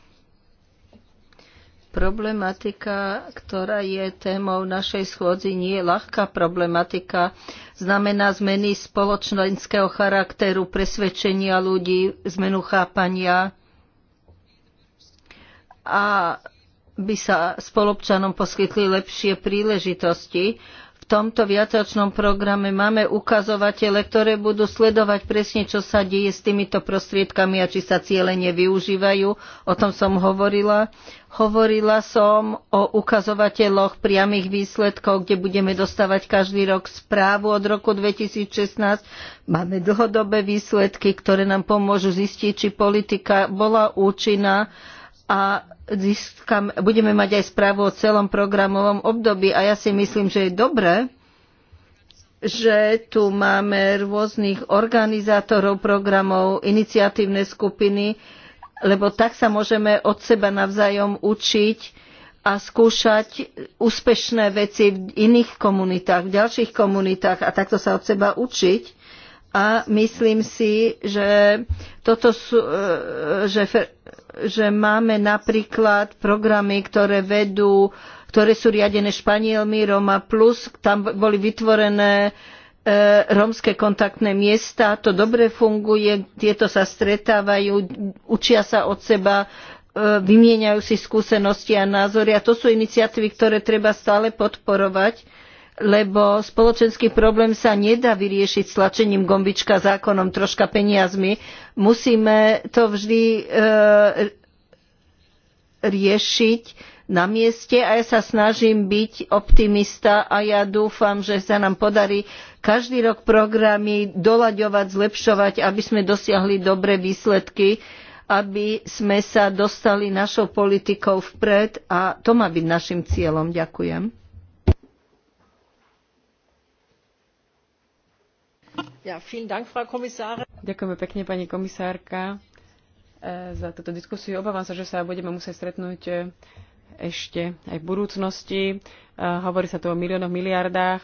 Problematika, ktorá je témou našej schôdzi, nie je ľahká problematika. Znamená zmeny spoločenského charakteru, presvedčenia ľudí, zmenu chápania a by sa spolobčanom poskytli lepšie príležitosti. V tomto viacročnom programe máme ukazovatele, ktoré budú sledovať presne, čo sa deje s týmito prostriedkami a či sa ciele nevyužívajú. O tom som hovorila. Hovorila som o ukazovateľoch priamých výsledkov, kde budeme dostávať každý rok správu od roku 2016. Máme dlhodobé výsledky, ktoré nám pomôžu zistiť, či politika bola účinná a získam, budeme mať aj správu o celom programovom období a ja si myslím, že je dobré, že tu máme rôznych organizátorov programov, iniciatívne skupiny, lebo tak sa môžeme od seba navzájom učiť a skúšať úspešné veci v iných komunitách, v ďalších komunitách a takto sa od seba učiť. A myslím si, že, toto sú, e, že že máme napríklad programy, ktoré vedú, ktoré sú riadené Španielmi, Roma Plus, tam boli vytvorené e, rómske kontaktné miesta, to dobre funguje, tieto sa stretávajú, učia sa od seba, e, vymieňajú si skúsenosti a názory a to sú iniciatívy, ktoré treba stále podporovať lebo spoločenský problém sa nedá vyriešiť stlačením gombička zákonom, troška peniazmi. Musíme to vždy e, riešiť na mieste a ja sa snažím byť optimista a ja dúfam, že sa nám podarí každý rok programy dolaďovať, zlepšovať, aby sme dosiahli dobré výsledky, aby sme sa dostali našou politikou vpred a to má byť našim cieľom. Ďakujem. Ďakujeme pekne, pani komisárka, e, za túto diskusiu. Obávam sa, že sa budeme musieť stretnúť e, ešte aj v budúcnosti. E, hovorí sa tu o miliónoch, miliardách.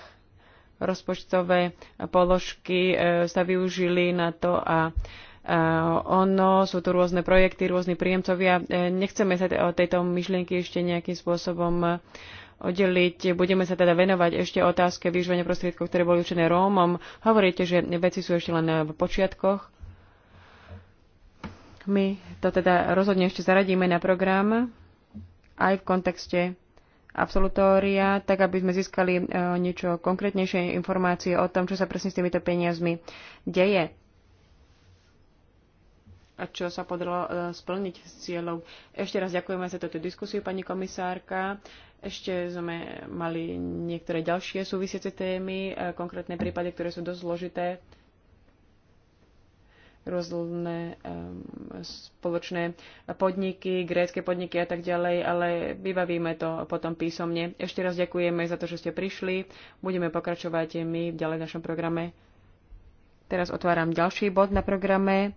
Rozpočtové položky sa využili na to a ono, sú tu rôzne projekty, rôzni príjemcovia. Nechceme sa o tejto myšlienky ešte nejakým spôsobom oddeliť. Budeme sa teda venovať ešte otázke výžovania prostriedkov, ktoré boli určené Rómom. Hovoríte, že veci sú ešte len v počiatkoch. My to teda rozhodne ešte zaradíme na program aj v kontexte absolutória, tak aby sme získali e, niečo konkrétnejšie informácie o tom, čo sa presne s týmito peniazmi deje a čo sa podarilo e, splniť s cieľou. Ešte raz ďakujeme za túto diskusiu, pani komisárka. Ešte sme mali niektoré ďalšie súvisiace témy, e, konkrétne prípady, ktoré sú dosť zložité, rôzne um, e, spoločné podniky, grécké podniky a tak ďalej, ale vybavíme to potom písomne. Ešte raz ďakujeme za to, že ste prišli. Budeme pokračovať my v ďalej našom programe. Teraz otváram ďalší bod na programe,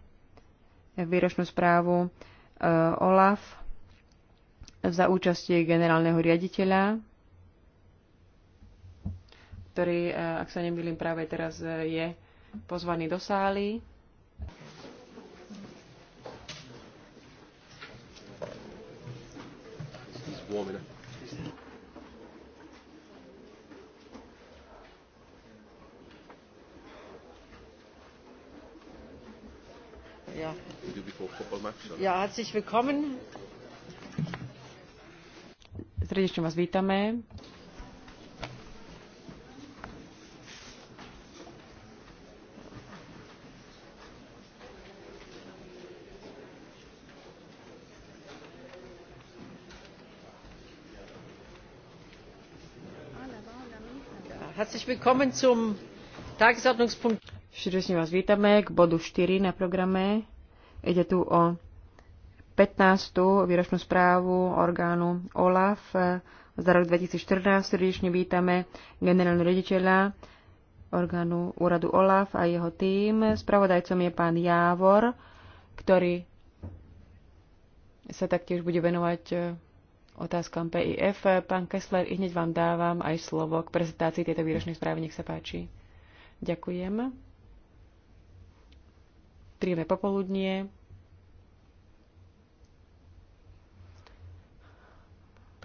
výročnú správu uh, OLAF za účastie generálneho riaditeľa, ktorý, eh, ak sa nemýlim, práve teraz eh, je pozvaný do sály. Ja. Ja. Herzlich willkommen. Srdečne vás vítame. Herzlich willkommen zum Tagesordnungspunkt. Srdečne vás vítame k bodu 4 na programe. Ide tu o 15. výročnú správu orgánu OLAF za rok 2014. Srdečne vítame generálnu rediteľa orgánu úradu OLAF a jeho tým. Spravodajcom je pán Jávor, ktorý sa taktiež bude venovať e, otázkam PIF. Pán Kessler, i hneď vám dávam aj slovo k prezentácii tejto výročnej správy. Nech sa páči. Ďakujem. Príjemné popoludnie.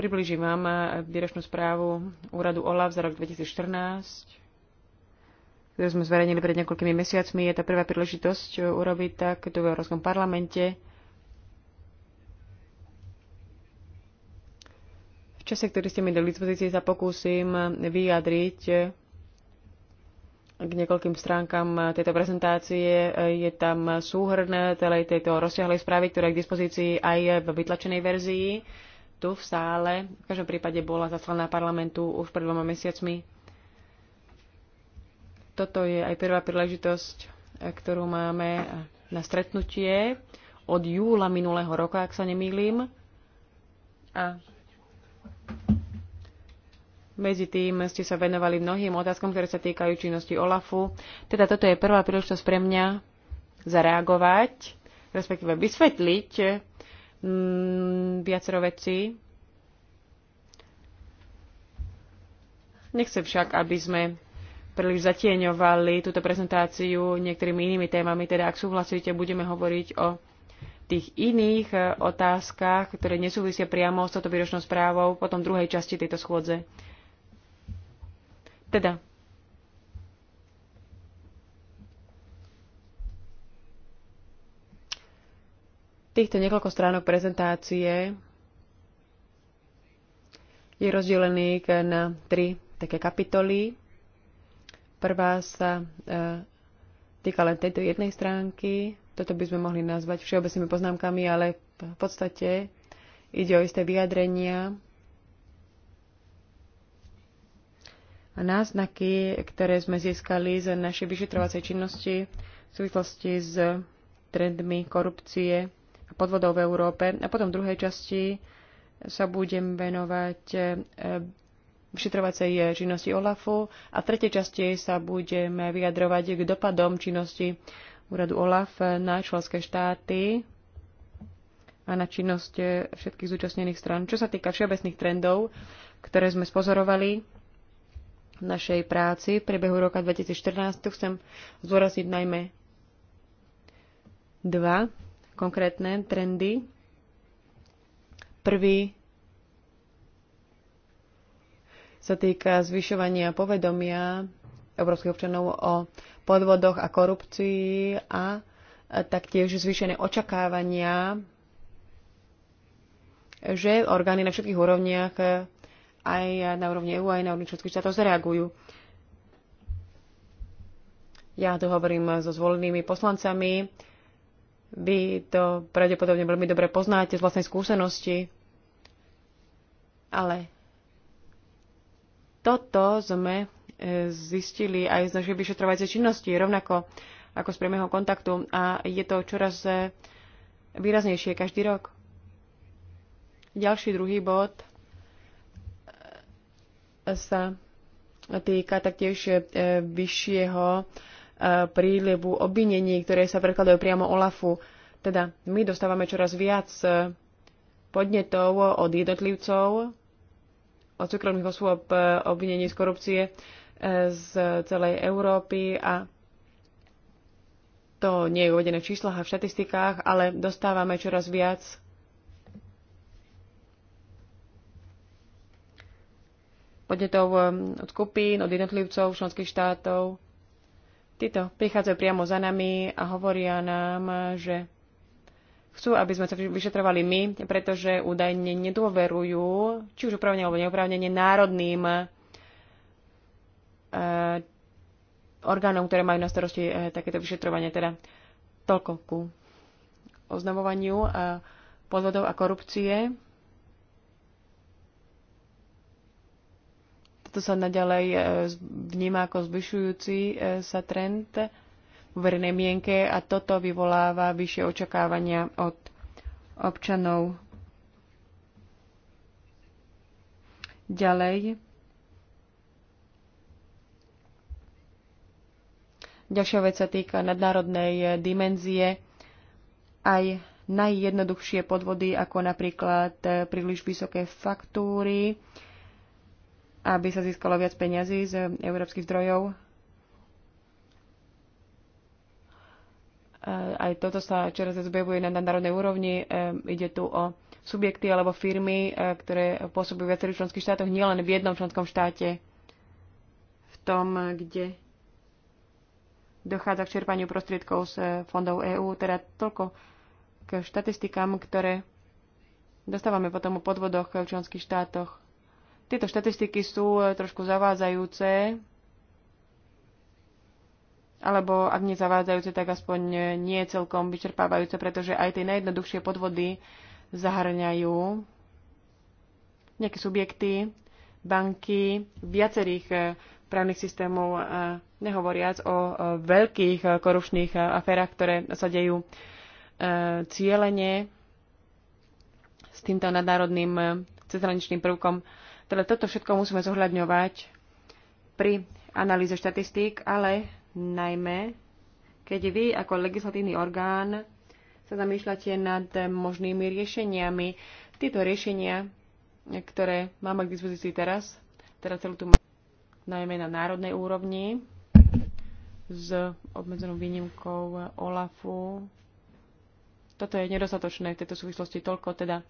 Približím vám e, výročnú správu úradu OLAF za rok 2014, ktorú sme zverejnili pred niekoľkými mesiacmi. Je to prvá príležitosť e, urobiť tak tu v Európskom parlamente. V čase, ktorý ste mi do dispozície, sa pokúsim vyjadriť e, k niekoľkým stránkam tejto prezentácie. Je tam súhrn celej tejto rozsiahlej správy, ktorá je k dispozícii aj v vytlačenej verzii tu v sále. V každom prípade bola zaslaná parlamentu už pred dvoma mesiacmi. Toto je aj prvá príležitosť, eh, ktorú máme na stretnutie od júla minulého roka, ak sa nemýlim. A medzi tým ste sa venovali mnohým otázkom, ktoré sa týkajú činnosti OLAFu. Teda toto je prvá príležitosť pre mňa zareagovať, respektíve vysvetliť Mm, viacero vecí. Nechcem však, aby sme príliš zatieňovali túto prezentáciu niektorými inými témami, teda ak súhlasíte, budeme hovoriť o tých iných e, otázkach, ktoré nesúvisia priamo s touto výročnou správou potom druhej časti tejto schôdze. Teda, Týchto niekoľko stránok prezentácie je rozdelených na tri také kapitoly. Prvá sa e, týka len tejto jednej stránky. Toto by sme mohli nazvať všeobecnými poznámkami, ale v podstate ide o isté vyjadrenia a náznaky, ktoré sme získali z našej vyšetrovacej činnosti v súvislosti s trendmi korupcie podvodov v Európe. A potom v druhej časti sa budem venovať e, vyšetrovacej činnosti OLAFu a v tretej časti sa budeme vyjadrovať k dopadom činnosti úradu OLAF na členské štáty a na činnosť všetkých zúčastnených stran. Čo sa týka všeobecných trendov, ktoré sme spozorovali v našej práci v priebehu roka 2014, tu chcem zdôrazniť najmä dva konkrétne trendy. Prvý sa týka zvyšovania povedomia európskych občanov o podvodoch a korupcii a taktiež zvýšené očakávania, že orgány na všetkých úrovniach aj na úrovni EU, aj na úrovni členských štátov zareagujú. Ja tu hovorím so zvolenými poslancami vy to pravdepodobne veľmi dobre poznáte z vlastnej skúsenosti, ale toto sme e, zistili aj z našej vyšetrovacej činnosti, rovnako ako z priamého kontaktu a je to čoraz e, výraznejšie každý rok. Ďalší druhý bod e, sa týka taktiež vyššieho prílivu obvinení, ktoré sa prekladajú priamo Olafu. Teda my dostávame čoraz viac e, podnetov od jednotlivcov, od súkromných osôb e, obvinení z korupcie e, z celej Európy a to nie je uvedené v číslach a v štatistikách, ale dostávame čoraz viac podnetov od skupín, od jednotlivcov, členských štátov, Títo prichádzajú priamo za nami a hovoria nám, že chcú, aby sme sa vyšetrovali my, pretože údajne nedôverujú, či už upravne alebo neupravnene, národným e, orgánom, ktoré majú na starosti e, takéto vyšetrovanie. Teda toľko ku oznamovaniu e, podvodov a korupcie. To sa naďalej e, vníma ako zvyšujúci e, sa trend v verejnej mienke a toto vyvoláva vyššie očakávania od občanov. Ďalej. Ďalšia vec sa týka nadnárodnej e, dimenzie. Aj najjednoduchšie podvody, ako napríklad príliš vysoké faktúry, aby sa získalo viac peňazí z európskych zdrojov. Aj toto sa čoraz zbevuje na národnej úrovni. E, ide tu o subjekty alebo firmy, e, ktoré pôsobujú v viacerých členských štátoch, nielen v jednom členskom štáte, v tom, kde dochádza k čerpaniu prostriedkov z e, fondov EÚ. Teda toľko k štatistikám, ktoré dostávame potom o podvodoch v členských štátoch. Tieto štatistiky sú eh, trošku zavádzajúce, alebo ak nie zavádzajúce, tak aspoň eh, nie celkom vyčerpávajúce, pretože aj tie najjednoduchšie podvody zahrňajú nejaké subjekty, banky, viacerých eh, právnych systémov, nehovoriac o veľkých korupčných aférach, ktoré sa dejú cieľene s týmto nadnárodným cezhraničným prvkom teda toto všetko musíme zohľadňovať pri analýze štatistík, ale najmä, keď vy ako legislatívny orgán sa zamýšľate nad možnými riešeniami. Tieto riešenia, ktoré máme k dispozícii teraz, teda celú tú najmä na národnej úrovni, s obmedzenou výnimkou OLAFu. Toto je nedostatočné v tejto súvislosti toľko teda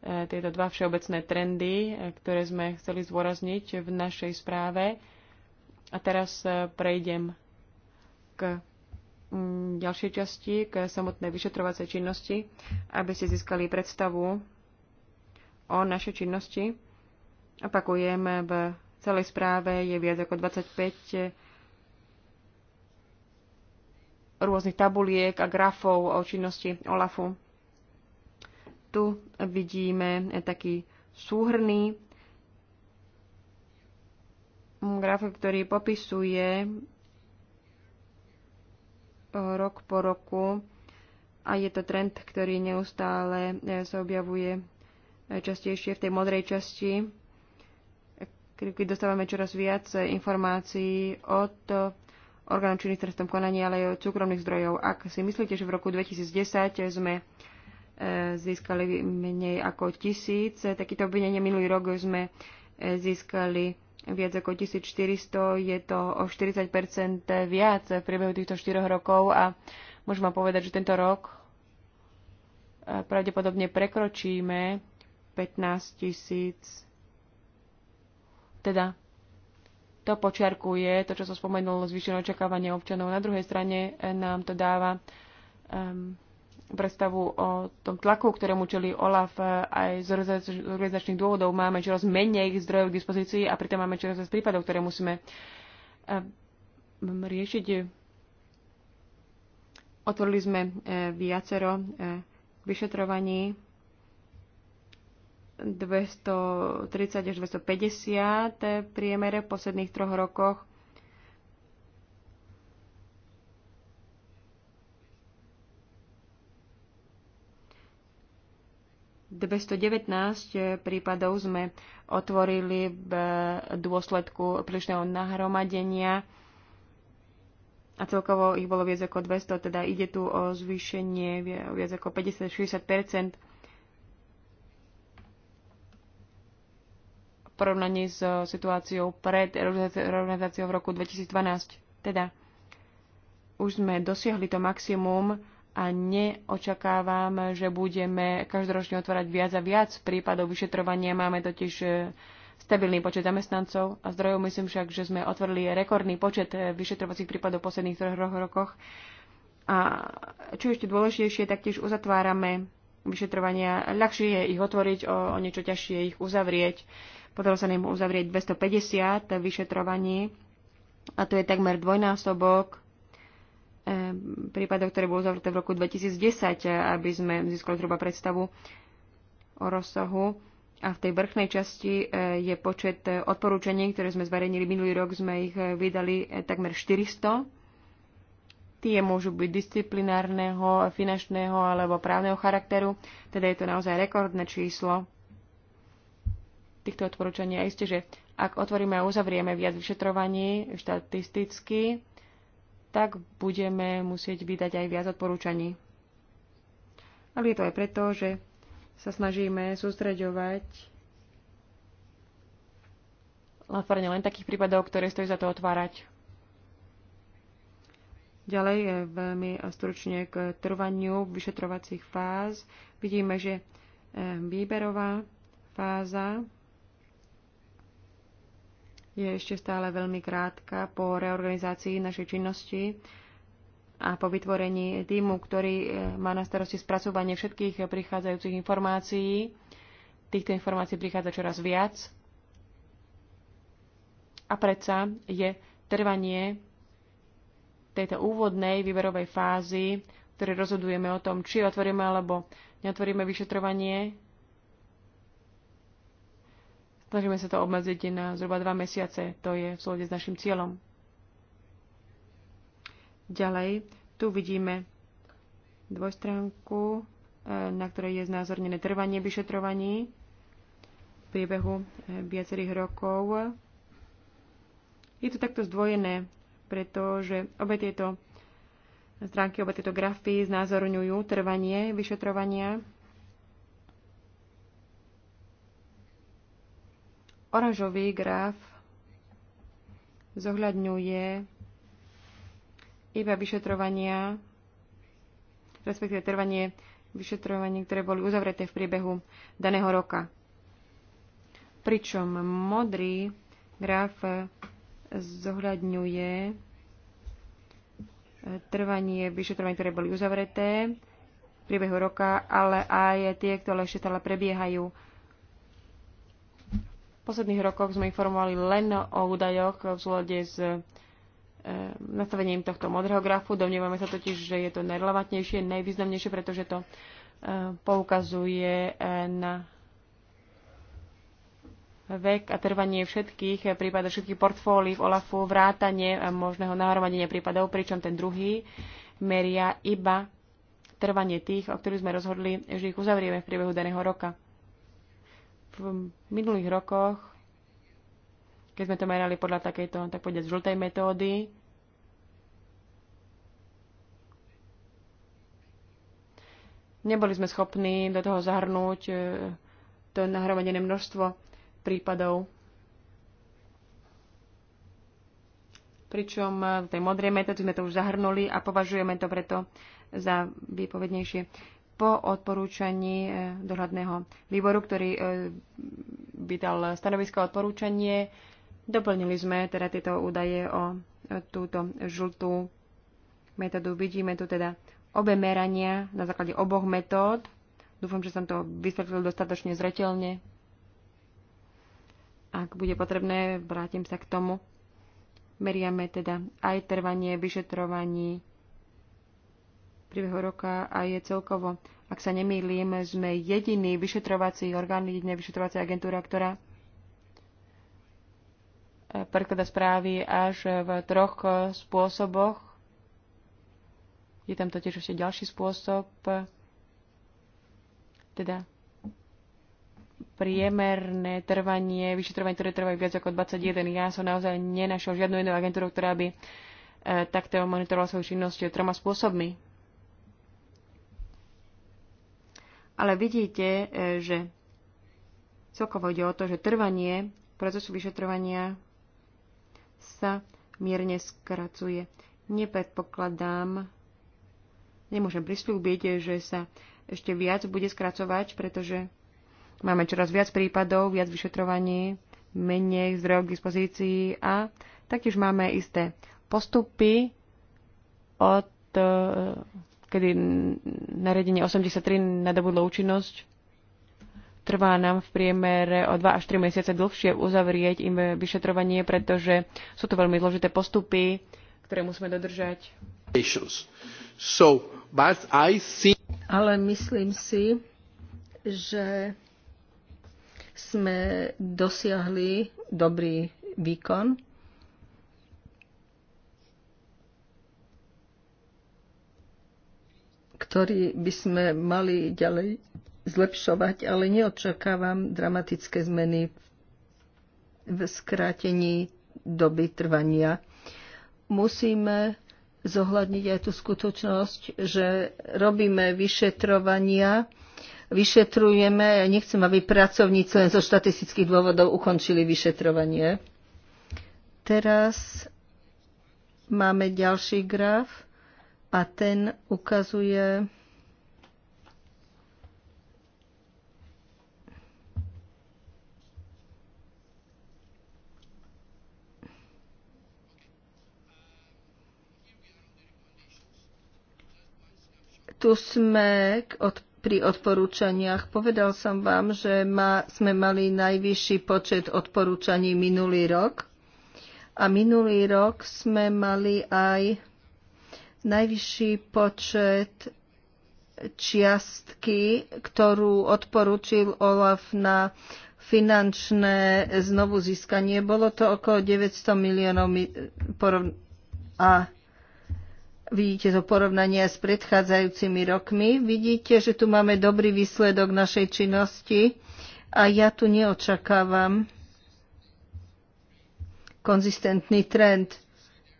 E, tieto dva všeobecné trendy, e, ktoré sme chceli zdôrazniť v našej správe. A teraz e, prejdem k mm, ďalšej časti, k samotnej vyšetrovacej činnosti, aby ste získali predstavu o našej činnosti. Opakujem, v celej správe je viac ako 25 rôznych tabuliek a grafov o činnosti OLAFu tu vidíme taký súhrný graf, ktorý popisuje rok po roku a je to trend, ktorý neustále sa objavuje častejšie v tej modrej časti, keď dostávame čoraz viac informácií od orgánov činných trestom konania, ale aj od súkromných zdrojov. Ak si myslíte, že v roku 2010 sme získali menej ako tisíc. Takýto obvinenie minulý rok sme získali viac ako 1400, je to o 40 viac v priebehu týchto 4 rokov a môžem vám povedať, že tento rok eh, pravdepodobne prekročíme 15 tisíc. Teda to počiarkuje to, čo som spomenul, zvýšené očakávanie občanov. Na druhej strane eh, nám to dáva um, predstavu o tom tlaku, ktorému čeli OLAF eh, aj z organizačných dôvodov. Máme čoraz menej zdrojov k dispozícii a pritom máme čoraz prípadov, ktoré musíme eh, riešiť. Otvorili sme eh, viacero vyšetrovaní 230 až 250 priemere v posledných troch rokoch 219 prípadov sme otvorili v dôsledku prílišného nahromadenia a celkovo ich bolo viac ako 200, teda ide tu o zvýšenie viac ako 50-60 v porovnaní s situáciou pred reorganizáciou v roku 2012. Teda už sme dosiahli to maximum, a neočakávam, že budeme každoročne otvárať viac a viac prípadov vyšetrovania. Máme totiž e, stabilný počet zamestnancov a zdrojov. Myslím však, že sme otvorili rekordný počet e, vyšetrovacích prípadov v posledných troch rokoch. A čo ešte dôležitejšie, taktiež uzatvárame vyšetrovania. Ľahšie je ich otvoriť, o, o niečo ťažšie ich uzavrieť. Podarilo sa nám uzavrieť 250 vyšetrovaní a to je takmer dvojnásobok E, prípadoch, ktoré bolo zavreté v roku 2010, e, aby sme získali zhruba predstavu o rozsahu. A v tej vrchnej časti e, je počet odporúčaní, ktoré sme zverejnili minulý rok, sme ich vydali takmer 400. Tie môžu byť disciplinárneho, finančného alebo právneho charakteru, teda je to naozaj rekordné číslo týchto odporúčaní. A isté, že ak otvoríme a uzavrieme viac vyšetrovaní štatisticky, tak budeme musieť vydať aj viac odporúčaní. Ale je to aj preto, že sa snažíme sústreďovať len len takých prípadov, ktoré stojí za to otvárať. Ďalej veľmi stručne k trvaniu vyšetrovacích fáz. Vidíme, že eh, výberová fáza je ešte stále veľmi krátka po reorganizácii našej činnosti a po vytvorení týmu, ktorý eh, má na starosti spracovanie všetkých prichádzajúcich informácií. Týchto informácií prichádza čoraz viac. A predsa je trvanie tejto úvodnej výberovej fázy, v ktorej rozhodujeme o tom, či otvoríme alebo neotvoríme vyšetrovanie, Snažíme sa to obmedziť na zhruba dva mesiace. To je v súlade s našim cieľom. Ďalej, tu vidíme dvojstránku, e, na ktorej je znázornené trvanie vyšetrovaní v priebehu e, viacerých rokov. Je to takto zdvojené, pretože obe tieto stránky, obe tieto grafy znázorňujú trvanie vyšetrovania Oranžový graf zohľadňuje iba vyšetrovania, respektíve trvanie vyšetrovaní, ktoré boli uzavreté v priebehu daného roka. Pričom modrý graf zohľadňuje eh, trvanie vyšetrovaní, ktoré boli uzavreté v priebehu roka, ale aj tie, ktoré ešte stále prebiehajú posledných rokoch sme informovali len o údajoch v zlode s e, nastavením tohto modrého grafu. Domnievame sa totiž, že je to najrelevantnejšie, najvýznamnejšie, pretože to e, poukazuje e, na vek a trvanie všetkých prípadov, všetkých portfólií v OLAFu, vrátanie možného nahromadenia prípadov, pričom ten druhý meria iba trvanie tých, o ktorých sme rozhodli, že ich uzavrieme v priebehu daného roka v minulých rokoch, keď sme to merali podľa takejto, tak povedať, žltej metódy, neboli sme schopní do toho zahrnúť e, to nahromadené množstvo prípadov. Pričom v e, tej modrej metóde sme to už zahrnuli a považujeme to preto za výpovednejšie po odporúčaní e, dohľadného výboru, ktorý e, vydal stanovisko odporúčanie. Doplnili sme teda tieto údaje o e, túto žltú metódu. Vidíme tu teda obe merania na základe oboch metód. Dúfam, že som to vysvetlil dostatočne zretelne. Ak bude potrebné, vrátim sa k tomu. Meriame teda aj trvanie vyšetrovaní priebehu roka a je celkovo, ak sa nemýlim, sme jediný vyšetrovací orgán, jediná vyšetrovacia agentúra, ktorá e, predkladá správy až v troch spôsoboch. Je tam totiž ešte ďalší spôsob, teda priemerné trvanie, vyšetrovanie, ktoré trvajú viac ako 21. Ja som naozaj nenašiel žiadnu jednu agentúru, ktorá by e, takto monitorovala svoju činnosť troma spôsobmi. ale vidíte, e, že celkovo ide o to, že trvanie procesu vyšetrovania sa mierne skracuje. Nepredpokladám, nemôžem prislúbiť, že sa ešte viac bude skracovať, pretože máme čoraz viac prípadov, viac vyšetrovaní, menej zdrojov k dispozícii a taktiež máme isté postupy od e, kedy nariadenie 83 nadobudlo účinnosť, trvá nám v priemere o 2 až 3 mesiace dlhšie uzavrieť im vyšetrovanie, pretože sú to veľmi zložité postupy, ktoré musíme dodržať. Ale myslím si, že sme dosiahli dobrý výkon ktorý by sme mali ďalej zlepšovať, ale neočakávam dramatické zmeny v skrátení doby trvania. Musíme zohľadniť aj tú skutočnosť, že robíme vyšetrovania, vyšetrujeme, ja nechcem, aby pracovníci len zo štatistických dôvodov ukončili vyšetrovanie. Teraz máme ďalší graf a ten ukazuje tu sme od, pri odporúčaniach. Povedal som vám, že ma, sme mali najvyšší počet odporúčaní minulý rok. A minulý rok sme mali aj Najvyšší počet čiastky, ktorú odporučil Olaf na finančné znovu získanie. Bolo to okolo 900 miliónov a vidíte to porovnanie s predchádzajúcimi rokmi. Vidíte, že tu máme dobrý výsledok našej činnosti a ja tu neočakávam konzistentný trend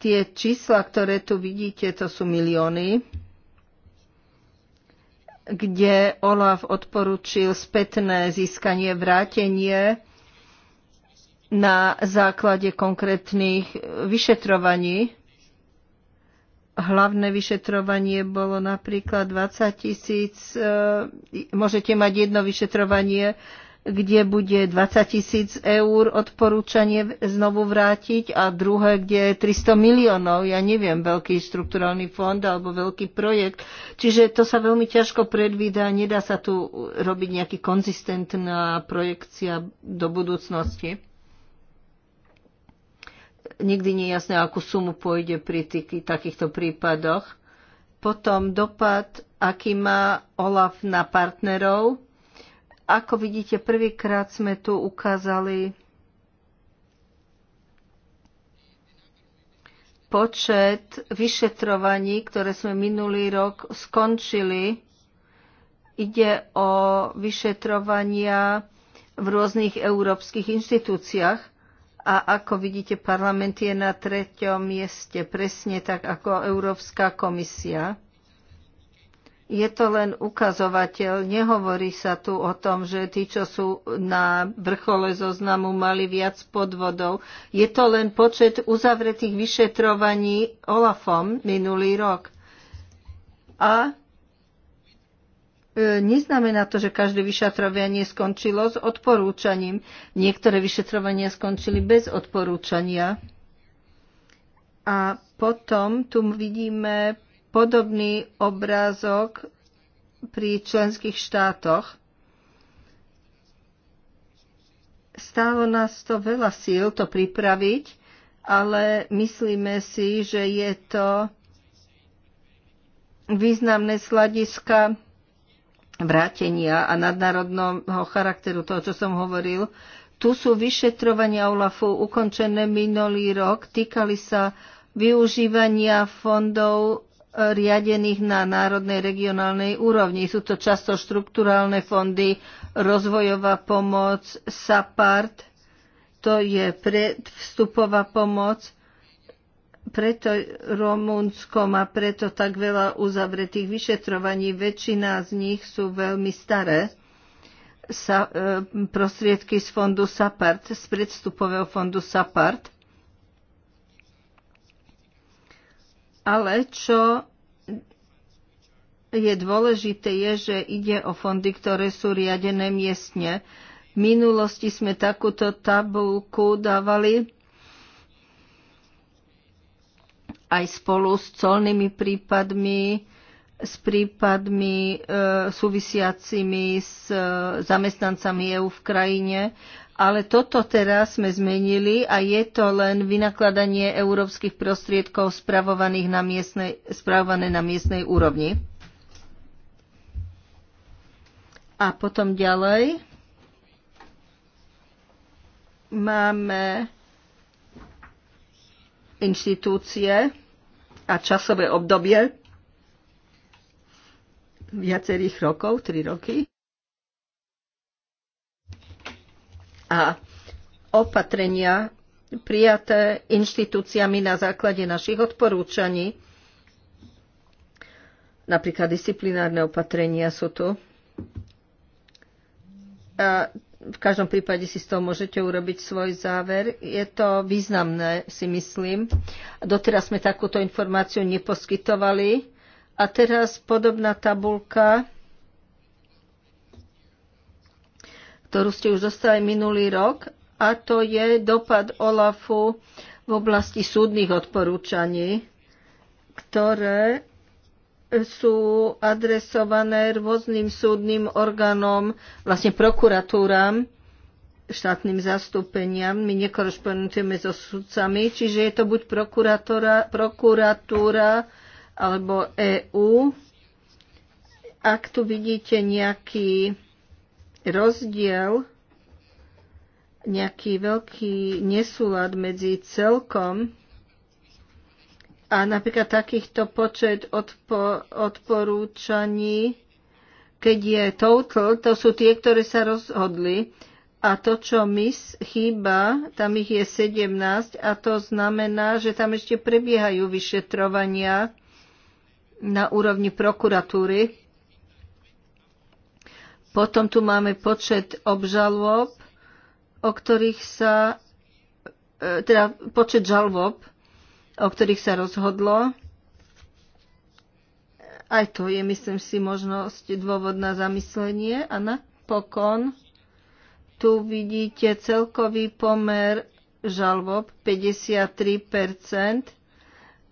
Tie čísla, ktoré tu vidíte, to sú milióny, kde Olaf odporučil spätné získanie, vrátenie na základe konkrétnych vyšetrovaní. Hlavné vyšetrovanie bolo napríklad 20 tisíc, e, môžete mať jedno vyšetrovanie kde bude 20 tisíc eur odporúčanie znovu vrátiť a druhé, kde je 300 miliónov, ja neviem, veľký štrukturálny fond alebo veľký projekt. Čiže to sa veľmi ťažko predvída, nedá sa tu robiť nejaký konzistentná projekcia do budúcnosti. Nikdy nie je jasné, akú sumu pôjde pri tých, takýchto prípadoch. Potom dopad, aký má OLAF na partnerov, ako vidíte, prvýkrát sme tu ukázali počet vyšetrovaní, ktoré sme minulý rok skončili. Ide o vyšetrovania v rôznych európskych inštitúciách a ako vidíte, parlament je na treťom mieste, presne tak ako Európska komisia je to len ukazovateľ. Nehovorí sa tu o tom, že tí, čo sú na vrchole zoznamu, mali viac podvodov. Je to len počet uzavretých vyšetrovaní Olafom minulý rok. A e, neznamená to, že každé vyšetrovanie skončilo s odporúčaním. Niektoré vyšetrovania skončili bez odporúčania. A potom tu vidíme podobný obrázok pri členských štátoch. Stálo nás to veľa síl to pripraviť, ale myslíme si, že je to významné sladiska vrátenia a nadnárodného charakteru toho, čo som hovoril. Tu sú vyšetrovania OLAFu ukončené minulý rok, týkali sa využívania fondov riadených na národnej regionálnej úrovni. Sú to často štrukturálne fondy, rozvojová pomoc, SAPART, to je predvstupová pomoc, preto Rumunsko má preto tak veľa uzavretých vyšetrovaní. Väčšina z nich sú veľmi staré. E, prostriedky z fondu SAPART, z predstupového fondu SAPART. Ale čo je dôležité, je, že ide o fondy, ktoré sú riadené miestne. V minulosti sme takúto tabulku dávali aj spolu s colnými prípadmi, s prípadmi e, súvisiacimi s e, zamestnancami EU v krajine ale toto teraz sme zmenili a je to len vynakladanie európskych prostriedkov spravovaných na miestnej, spravované na miestnej úrovni. A potom ďalej máme inštitúcie a časové obdobie viacerých rokov, 3 roky. a opatrenia prijaté inštitúciami na základe našich odporúčaní. Napríklad disciplinárne opatrenia sú tu. A v každom prípade si z toho môžete urobiť svoj záver. Je to významné, si myslím. Doteraz sme takúto informáciu neposkytovali. A teraz podobná tabulka ktorú ste už dostali minulý rok, a to je dopad OLAFu v oblasti súdnych odporúčaní, ktoré sú adresované rôznym súdnym orgánom, vlastne prokuratúram, štátnym zastúpeniam. My nekorešponujeme so súdcami, čiže je to buď prokuratúra alebo EÚ. Ak tu vidíte nejaký rozdiel, nejaký veľký nesúlad medzi celkom a napríklad takýchto počet odpo- odporúčaní, keď je total, to sú tie, ktoré sa rozhodli. A to, čo mis chýba, tam ich je 17 a to znamená, že tam ešte prebiehajú vyšetrovania na úrovni prokuratúry potom tu máme počet obžalob o ktorých sa, e, teda počet žalob, o ktorých sa rozhodlo. Aj to je, myslím si, možnosť dôvod na zamyslenie. A napokon tu vidíte celkový pomer žalob 53%,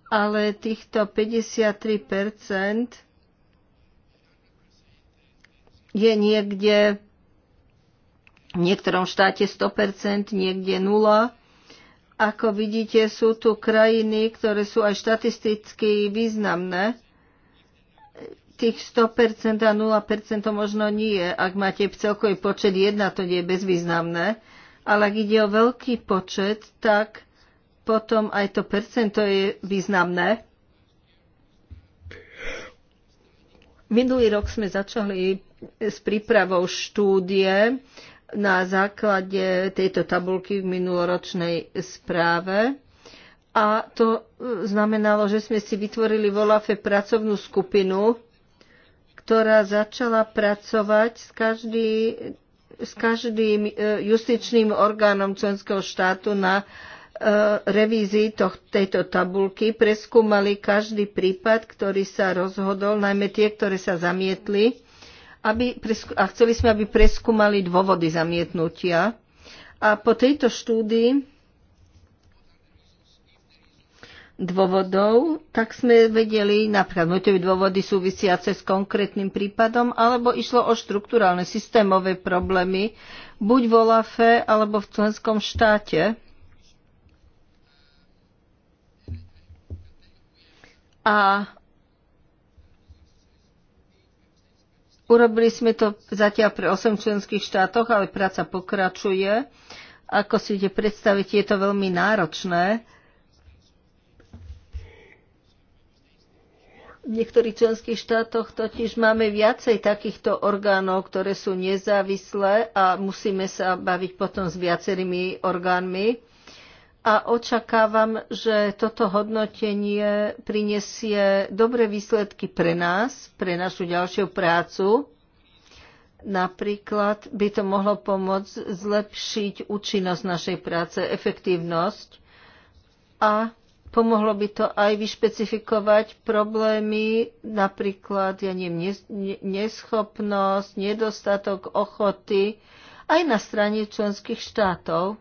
ale týchto 53% je niekde v niektorom štáte 100%, niekde 0. Ako vidíte, sú tu krajiny, ktoré sú aj štatisticky významné. Tých 100% a 0% to možno nie. Ak máte celkový počet 1, to nie je bezvýznamné. Ale ak ide o veľký počet, tak potom aj to percento je významné. Minulý rok sme začali s prípravou štúdie na základe tejto tabulky v minuloročnej správe. A to e, znamenalo, že sme si vytvorili volafe pracovnú skupinu, ktorá začala pracovať s, každý, s každým e, justičným orgánom členského štátu na e, revízii tejto tabulky preskúmali každý prípad, ktorý sa rozhodol, najmä tie, ktoré sa zamietli aby, a chceli sme, aby preskúmali dôvody zamietnutia. A po tejto štúdii dôvodov, tak sme vedeli napríklad motivy dôvody súvisiace s konkrétnym prípadom, alebo išlo o štruktúralne systémové problémy, buď v OLAFE, alebo v členskom štáte. A Urobili sme to zatiaľ pre 8 členských štátoch, ale práca pokračuje. Ako si ide predstaviť, je to veľmi náročné. V niektorých členských štátoch totiž máme viacej takýchto orgánov, ktoré sú nezávislé a musíme sa baviť potom s viacerými orgánmi a očakávam, že toto hodnotenie prinesie dobré výsledky pre nás, pre našu ďalšiu prácu. Napríklad by to mohlo pomôcť zlepšiť účinnosť našej práce, efektívnosť a pomohlo by to aj vyšpecifikovať problémy, napríklad ja neviem, neschopnosť, nedostatok ochoty aj na strane členských štátov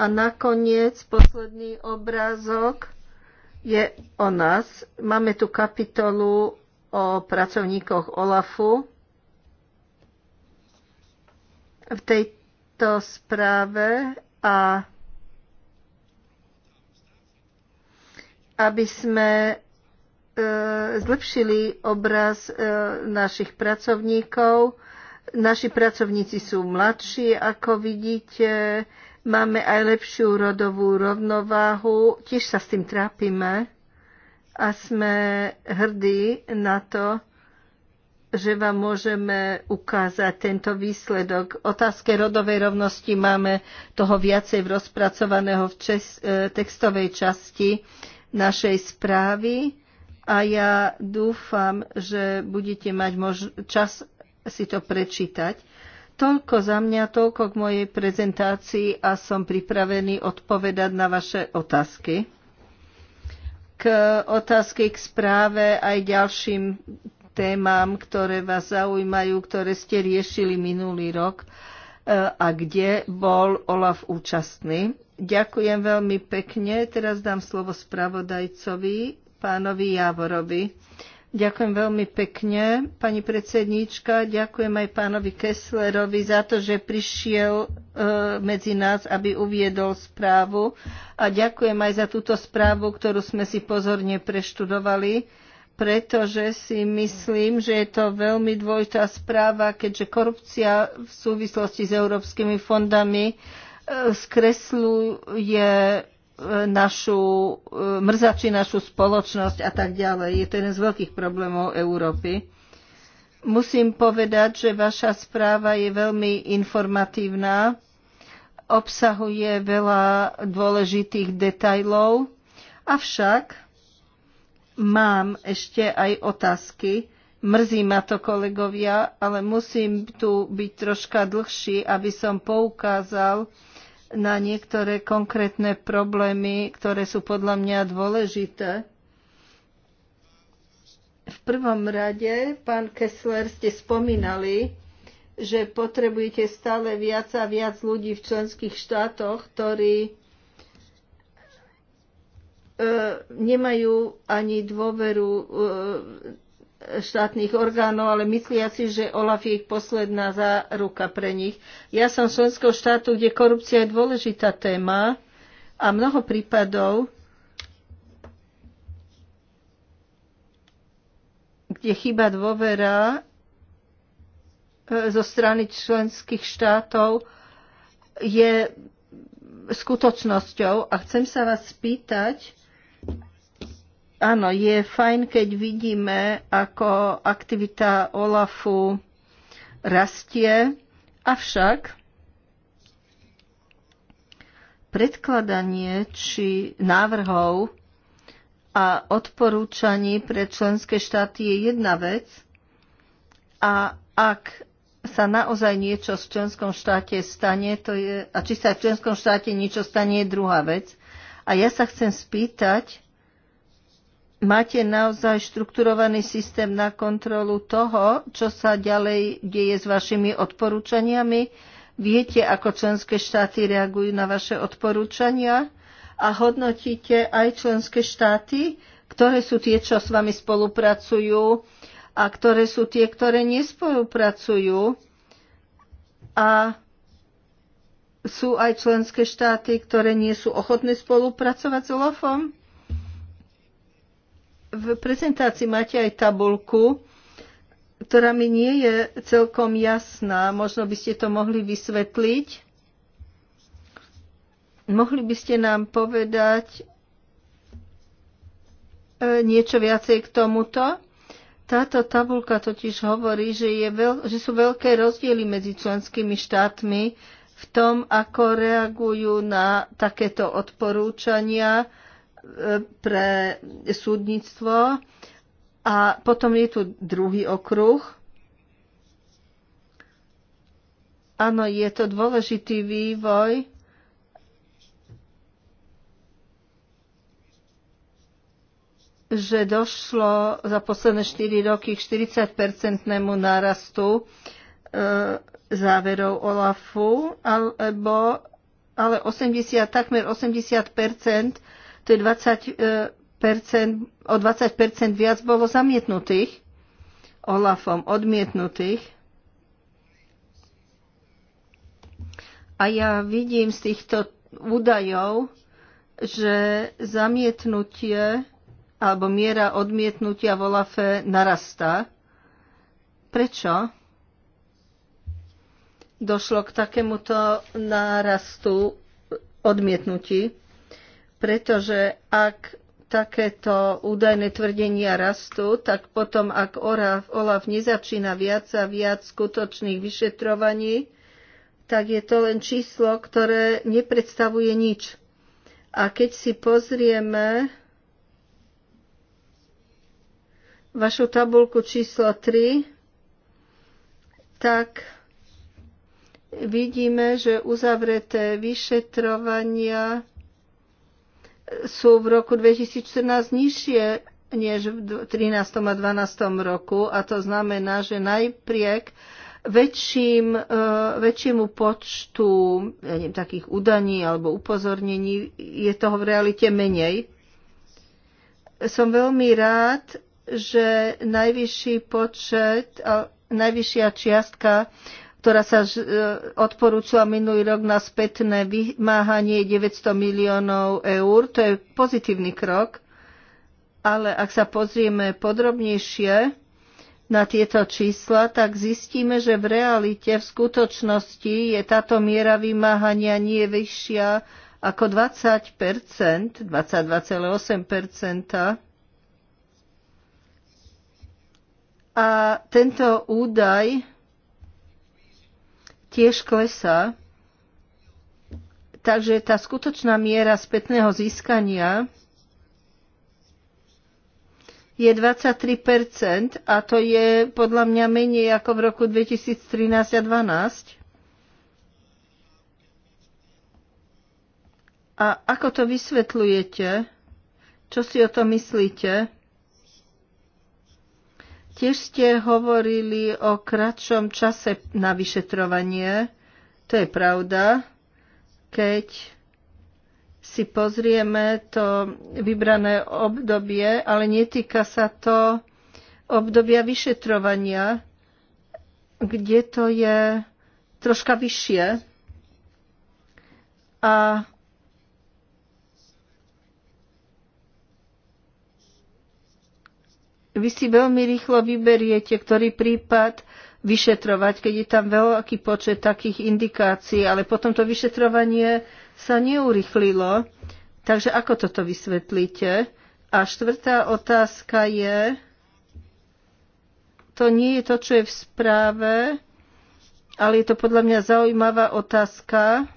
a nakoniec posledný obrázok je o nás. Máme tu kapitolu o pracovníkoch OLAFu. V tejto správe a aby sme e, zlepšili obraz e, našich pracovníkov. Naši pracovníci sú mladší, ako vidíte Máme aj lepšiu rodovú rovnováhu, tiež sa s tým trápime a sme hrdí na to, že vám môžeme ukázať tento výsledok. Otázke rodovej rovnosti máme toho viacej rozpracovaného v čes- e, textovej časti našej správy a ja dúfam, že budete mať mož- čas si to prečítať. Toľko za mňa, toľko k mojej prezentácii a som pripravený odpovedať na vaše otázky. K otázky k správe aj ďalším témam, ktoré vás zaujímajú, ktoré ste riešili minulý rok e, a kde bol Olaf účastný. Ďakujem veľmi pekne. Teraz dám slovo spravodajcovi, pánovi Javorovi. Ďakujem veľmi pekne, pani predsedníčka. Ďakujem aj pánovi Kesslerovi za to, že prišiel e, medzi nás, aby uviedol správu. A ďakujem aj za túto správu, ktorú sme si pozorne preštudovali, pretože si myslím, že je to veľmi dôležitá správa, keďže korupcia v súvislosti s európskymi fondami e, skresluje našu, e, mrzačí našu spoločnosť a tak ďalej. Je to jeden z veľkých problémov Európy. Musím povedať, že vaša správa je veľmi informatívna, obsahuje veľa dôležitých detajlov, avšak mám ešte aj otázky. Mrzí ma to, kolegovia, ale musím tu byť troška dlhší, aby som poukázal, na niektoré konkrétne problémy, ktoré sú podľa mňa dôležité. V prvom rade, pán Kessler, ste spomínali, že potrebujete stále viac a viac ľudí v členských štátoch, ktorí e, nemajú ani dôveru e, štátnych orgánov, ale myslia si, že OLAF je ich posledná záruka pre nich. Ja som z členského štátu, kde korupcia je dôležitá téma a mnoho prípadov, kde chyba dôvera e, zo strany členských štátov je skutočnosťou. A chcem sa vás spýtať, áno, je fajn, keď vidíme, ako aktivita OLAFu rastie, avšak predkladanie či návrhov a odporúčaní pre členské štáty je jedna vec a ak sa naozaj niečo v členskom štáte stane, to je, a či sa v členskom štáte niečo stane, je druhá vec. A ja sa chcem spýtať, máte naozaj štrukturovaný systém na kontrolu toho, čo sa ďalej deje s vašimi odporúčaniami? Viete, ako členské štáty reagujú na vaše odporúčania? A hodnotíte aj členské štáty, ktoré sú tie, čo s vami spolupracujú a ktoré sú tie, ktoré nespolupracujú. A sú aj členské štáty, ktoré nie sú ochotné spolupracovať s LOFom? V prezentácii máte aj tabulku, ktorá mi nie je celkom jasná. Možno by ste to mohli vysvetliť. Mohli by ste nám povedať e, niečo viacej k tomuto? Táto tabulka totiž hovorí, že, je veľ, že sú veľké rozdiely medzi členskými štátmi v tom, ako reagujú na takéto odporúčania pre súdnictvo a potom je tu druhý okruh. Áno, je to dôležitý vývoj. že došlo za posledné 4 roky k 40-percentnému nárastu e, záverov OLAFu, alebo, ale 80, takmer 80 to je 20 o 20 viac bolo zamietnutých, Olafom odmietnutých. A ja vidím z týchto údajov, že zamietnutie alebo miera odmietnutia v Olafe narastá. Prečo? Došlo k takémuto nárastu odmietnutí pretože ak takéto údajné tvrdenia rastú, tak potom, ak OLAF, OLAF nezačína viac a viac skutočných vyšetrovaní, tak je to len číslo, ktoré nepredstavuje nič. A keď si pozrieme vašu tabulku číslo 3, tak vidíme, že uzavreté vyšetrovania sú v roku 2014 nižšie než v 13. a 12. roku a to znamená, že najpriek väčším, e, väčšiemu počtu neviem, takých udaní alebo upozornení je toho v realite menej. Som veľmi rád, že najvyšší počet, najvyššia čiastka ktorá sa e, odporúčila minulý rok na spätné vymáhanie 900 miliónov eur. To je pozitívny krok, ale ak sa pozrieme podrobnejšie na tieto čísla, tak zistíme, že v realite, v skutočnosti je táto miera vymáhania nie vyššia ako 20 22,8 A tento údaj tiež klesá. Takže tá skutočná miera spätného získania je 23 a to je podľa mňa menej ako v roku 2013 a 2012. A ako to vysvetľujete? Čo si o to myslíte? Tiež ste hovorili o kratšom čase na vyšetrovanie. To je pravda. Keď si pozrieme to vybrané obdobie, ale netýka sa to obdobia vyšetrovania, kde to je troška vyššie. A Vy si veľmi rýchlo vyberiete, ktorý prípad vyšetrovať, keď je tam veľký počet takých indikácií, ale potom to vyšetrovanie sa neurychlilo. Takže ako toto vysvetlíte? A štvrtá otázka je, to nie je to, čo je v správe, ale je to podľa mňa zaujímavá otázka,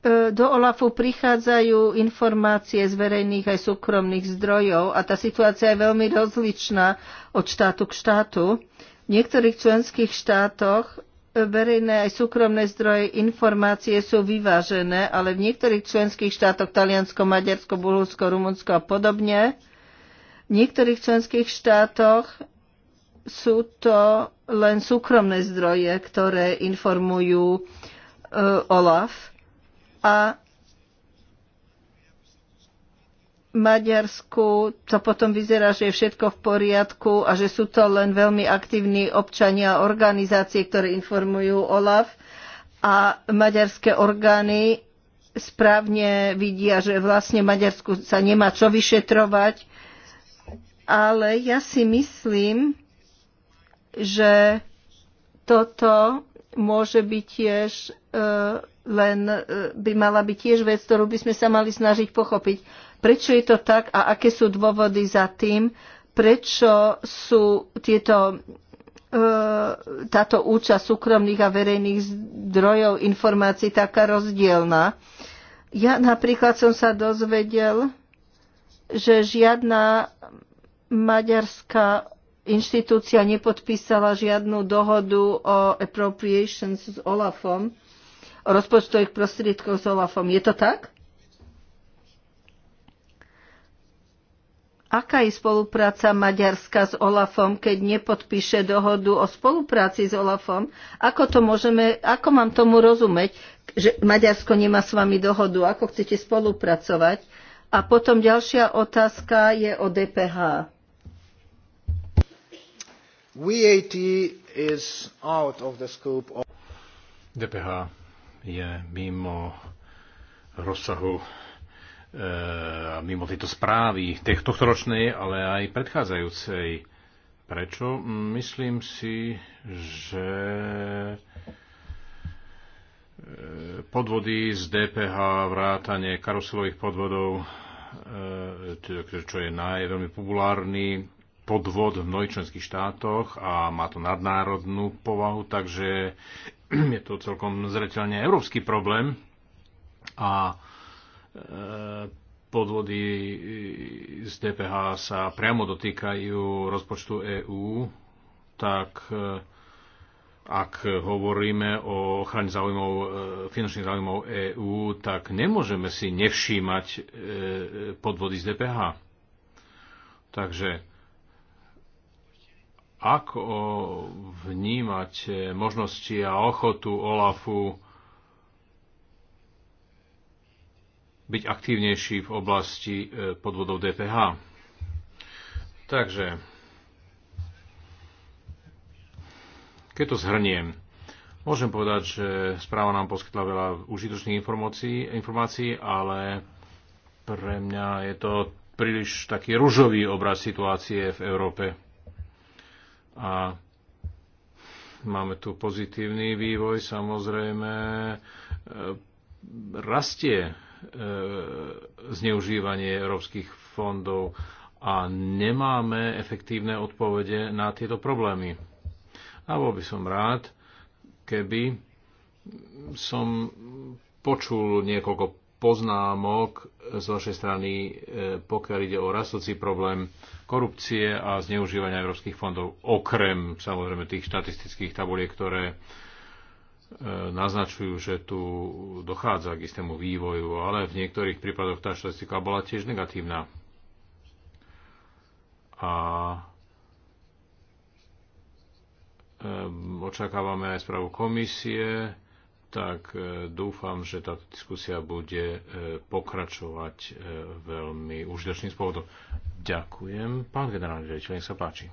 E, do OLAFu prichádzajú informácie z verejných aj súkromných zdrojov a tá situácia je veľmi rozličná od štátu k štátu. V niektorých členských štátoch e, verejné aj súkromné zdroje informácie sú vyvážené, ale v niektorých členských štátoch Taliansko, Maďarsko, Bulharsko, Rumunsko a podobne v niektorých členských štátoch sú to len súkromné zdroje, ktoré informujú e, OLAF a Maďarsku to potom vyzerá, že je všetko v poriadku a že sú to len veľmi aktívni občania a organizácie, ktoré informujú OLAF a maďarské orgány správne vidia, že vlastne Maďarsku sa nemá čo vyšetrovať. Ale ja si myslím, že toto môže byť tiež e, len e, by mala byť tiež vec, ktorú by sme sa mali snažiť pochopiť. Prečo je to tak a aké sú dôvody za tým, prečo sú tieto, e, táto účasť súkromných a verejných zdrojov informácií taká rozdielna. Ja napríklad som sa dozvedel, že žiadna maďarská inštitúcia nepodpísala žiadnu dohodu o appropriations s Olafom rozpočtových prostriedkov s OLAFom. Je to tak? Aká je spolupráca Maďarska s OLAFom, keď nepodpíše dohodu o spolupráci s OLAFom? Ako, to môžeme, ako mám tomu rozumieť, že Maďarsko nemá s vami dohodu? Ako chcete spolupracovať? A potom ďalšia otázka je o DPH. VAT is out of the scope of... DPH je mimo rozsahu e, mimo tejto správy, tohto ročnej, ale aj predchádzajúcej. Prečo? Myslím si, že e, podvody z DPH, vrátanie karuselových podvodov, e, čo je najveľmi populárny podvod v mnohých členských štátoch a má to nadnárodnú povahu, takže je to celkom zreteľne európsky problém a e, podvody z DPH sa priamo dotýkajú rozpočtu EÚ, tak e, ak hovoríme o ochrane záujmov, e, finančných záujmov EÚ, tak nemôžeme si nevšímať podvody z DPH. Takže ako vnímať možnosti a ochotu Olafu byť aktívnejší v oblasti e, podvodov DPH? Takže, keď to zhrniem, Môžem povedať, že správa nám poskytla veľa užitočných informácií, informácií, ale pre mňa je to príliš taký ružový obraz situácie v Európe. A máme tu pozitívny vývoj, samozrejme e, rastie e, zneužívanie európskych fondov a nemáme efektívne odpovede na tieto problémy. A bol by som rád, keby som počul niekoľko poznámok z vašej strany, e, pokiaľ ide o rastúci problém korupcie a zneužívania európskych fondov, okrem samozrejme tých štatistických tabuliek, ktoré e, naznačujú, že tu dochádza k istému vývoju, ale v niektorých prípadoch tá štatistika bola tiež negatívna. A e, očakávame aj správu komisie, tak e, dúfam, že táto diskusia bude e, pokračovať e, veľmi užitočným spôsobom. Ďakujem. Pán generálny riaditeľ, nech sa páči.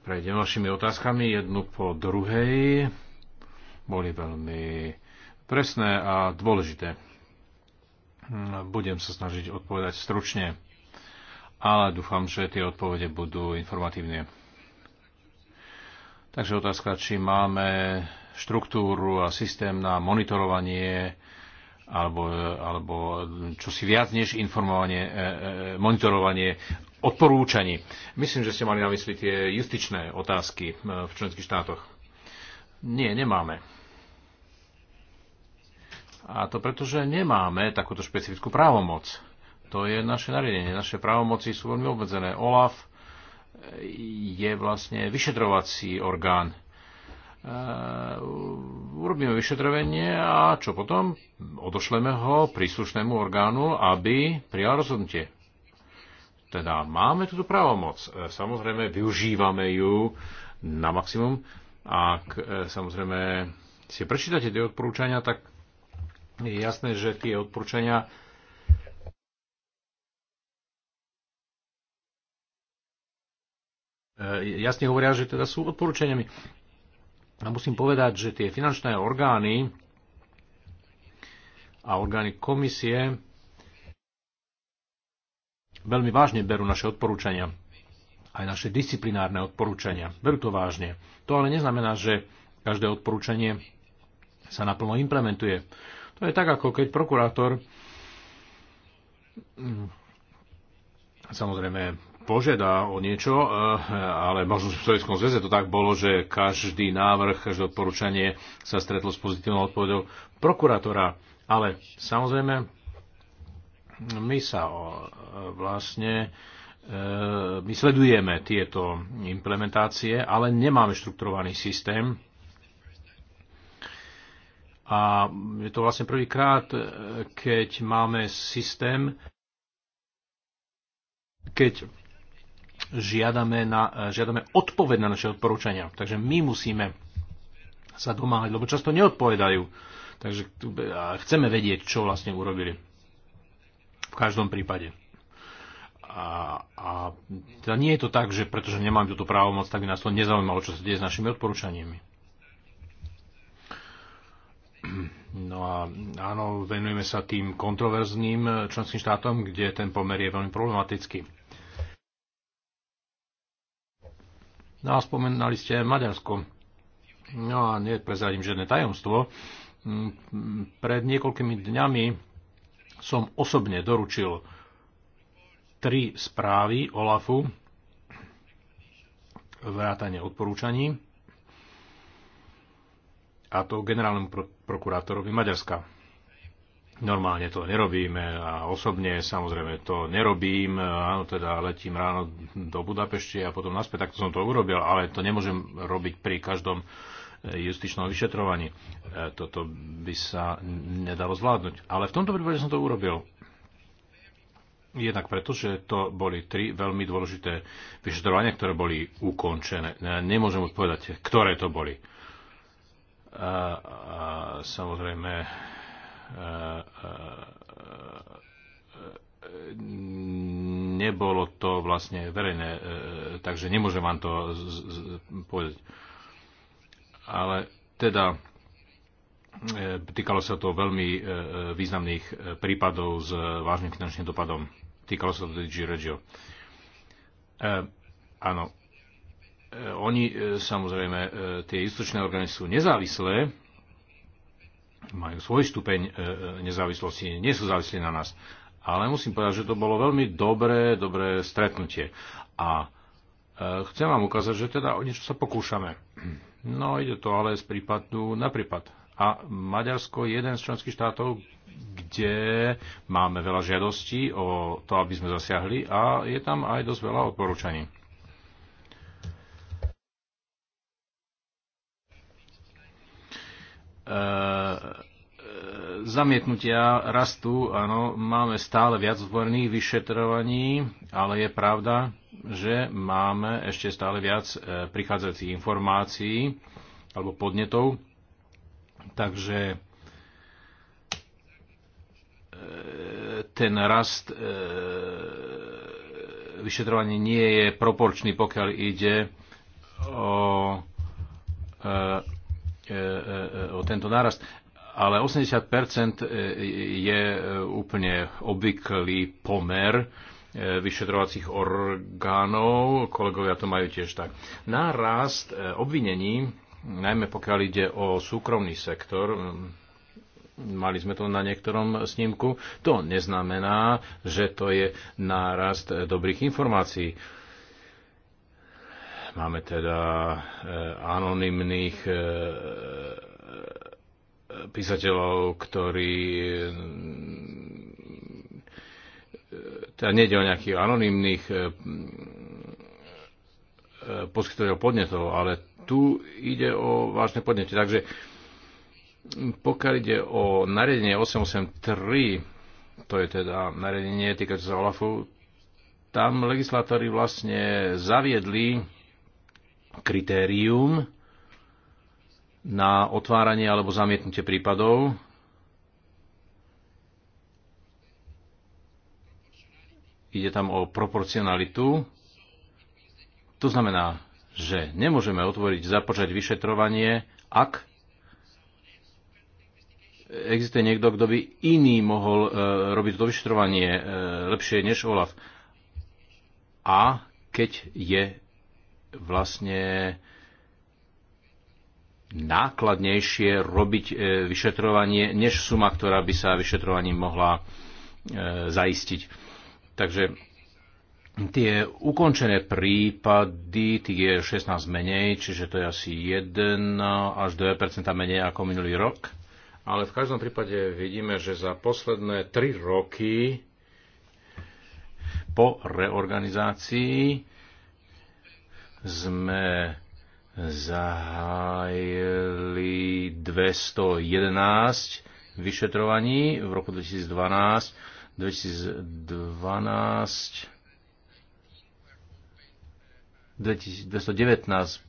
Prejdem vašimi otázkami jednu po druhej. Boli veľmi presné a dôležité. Budem sa snažiť odpovedať stručne, ale dúfam, že tie odpovede budú informatívne. Takže otázka, či máme štruktúru a systém na monitorovanie alebo, alebo si viac než informovanie, e, e, e, monitorovanie odporúčaní. Myslím, že ste mali na mysli tie justičné otázky v členských štátoch. Nie, nemáme. A to preto, že nemáme takúto špecifickú právomoc. To je naše nariadenie. Naše právomoci sú veľmi obmedzené. OLAF je vlastne vyšetrovací orgán. E, urobíme vyšetrovanie a čo potom? Odošleme ho príslušnému orgánu, aby prijal rozhodnutie. Teda máme túto právomoc. E, samozrejme, využívame ju na maximum. Ak e, samozrejme si prečítate tie odporúčania, tak je jasné, že tie odporúčania E, jasne hovoria, že teda sú odporúčaniami. A musím povedať, že tie finančné orgány a orgány komisie veľmi vážne berú naše odporúčania. Aj naše disciplinárne odporúčania. Berú to vážne. To ale neznamená, že každé odporúčanie sa naplno implementuje. To je tak, ako keď prokurátor mm, samozrejme požiada o niečo, eh, ale možno v Sovjetskom zväze to tak bolo, že každý návrh, každé odporúčanie sa stretlo s pozitívnou odpovedou prokurátora. Ale samozrejme, my sa eh, vlastne eh, my sledujeme tieto implementácie, ale nemáme štrukturovaný systém. A je to vlastne prvýkrát, keď máme systém, keď žiadame, na, žiadame odpoveď na naše odporúčania. Takže my musíme sa domáhať, lebo často neodpovedajú. Takže chceme vedieť, čo vlastne urobili. V každom prípade. A, a teda nie je to tak, že pretože nemám túto právomoc, tak by nás to nezaujímalo, čo sa deje s našimi odporúčaniami. No a áno, venujeme sa tým kontroverzným členským štátom, kde ten pomer je veľmi problematický No a spomenali ste Maďarsko. No a neprezradím žiadne tajomstvo. Pred niekoľkými dňami som osobne doručil tri správy OLAFu, vrátane odporúčaní, a to generálnemu prokurátorovi Maďarska. Normálne to nerobíme a osobne samozrejme to nerobím. Áno, teda letím ráno do Budapešti a potom naspäť, takto som to urobil, ale to nemôžem robiť pri každom eh, justičnom vyšetrovaní. Eh, toto by sa nedalo zvládnuť. Ale v tomto prípade som to urobil. Jednak preto, že to boli tri veľmi dôležité vyšetrovania, ktoré boli ukončené. Eh, nemôžem odpovedať, ktoré to boli. A, a samozrejme, nebolo to vlastne verejné, e, e, takže nemôžem vám to povedať. Ale teda e, týkalo sa to veľmi významných prípadov s vážnym finančným dopadom. Týkalo sa to DG Regio. Áno, oni samozrejme, tie istočné orgány sú nezávislé, majú svoj stupeň e, e, nezávislosti, nie sú závislí na nás. Ale musím povedať, že to bolo veľmi dobré, dobré stretnutie. A e, chcem vám ukázať, že teda o niečo sa pokúšame. No, ide to ale z prípadu na prípad. A Maďarsko je jeden z členských štátov, kde máme veľa žiadostí o to, aby sme zasiahli a je tam aj dosť veľa odporúčaní. E, e, zamietnutia rastu, áno, máme stále viac zborných vyšetrovaní, ale je pravda, že máme ešte stále viac e, prichádzajúcich informácií alebo podnetov. Takže ten rast vyšetrovaní nie je proporčný, pokiaľ ide o E, e, e, o tento nárast, ale 80% je úplne obvyklý pomer vyšetrovacích orgánov, kolegovia to majú tiež tak. Nárast obvinení, najmä pokiaľ ide o súkromný sektor, mm, mali sme to na niektorom snímku, to neznamená, že to je nárast dobrých informácií Máme teda e, anonymných e, e, písateľov, ktorí teda nejde o nejakých anonimných poskytovateľov podnetov, ale tu ide o vážne podnete. Takže pokiaľ ide o nariadenie 883, to je teda nariadenie týkajúce sa OLAFu, tam legislátori vlastne zaviedli kritérium na otváranie alebo zamietnutie prípadov. Ide tam o proporcionalitu. To znamená, že nemôžeme otvoriť, započať vyšetrovanie, ak existuje niekto, kto by iný mohol e, robiť to vyšetrovanie e, lepšie než OLAF. A keď je vlastne nákladnejšie robiť e, vyšetrovanie, než suma, ktorá by sa vyšetrovaním mohla e, zaistiť. Takže tie ukončené prípady, tých je 16 menej, čiže to je asi 1 až 2 menej ako minulý rok. Ale v každom prípade vidíme, že za posledné 3 roky po reorganizácii sme zahájili 211 vyšetrovaní v roku 2012. 2012 219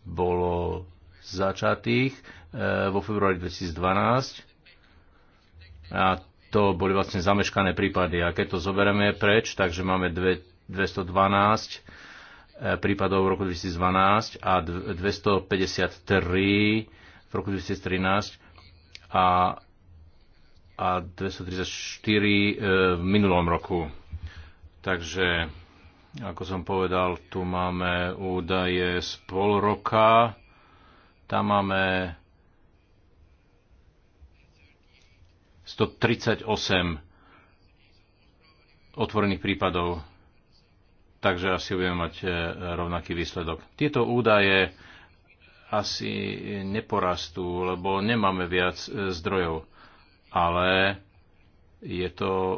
bolo začatých e, vo februári 2012 a to boli vlastne zameškané prípady. A keď to zoberieme preč, takže máme 212 Eh, prípadov v roku 2012 a 253 v roku 2013 a, a 234 eh, v minulom roku. Takže, ako som povedal, tu máme údaje z pol roka. Tam máme 138 otvorených prípadov takže asi budeme mať e, rovnaký výsledok. Tieto údaje asi neporastú, lebo nemáme viac e, zdrojov, ale je to e,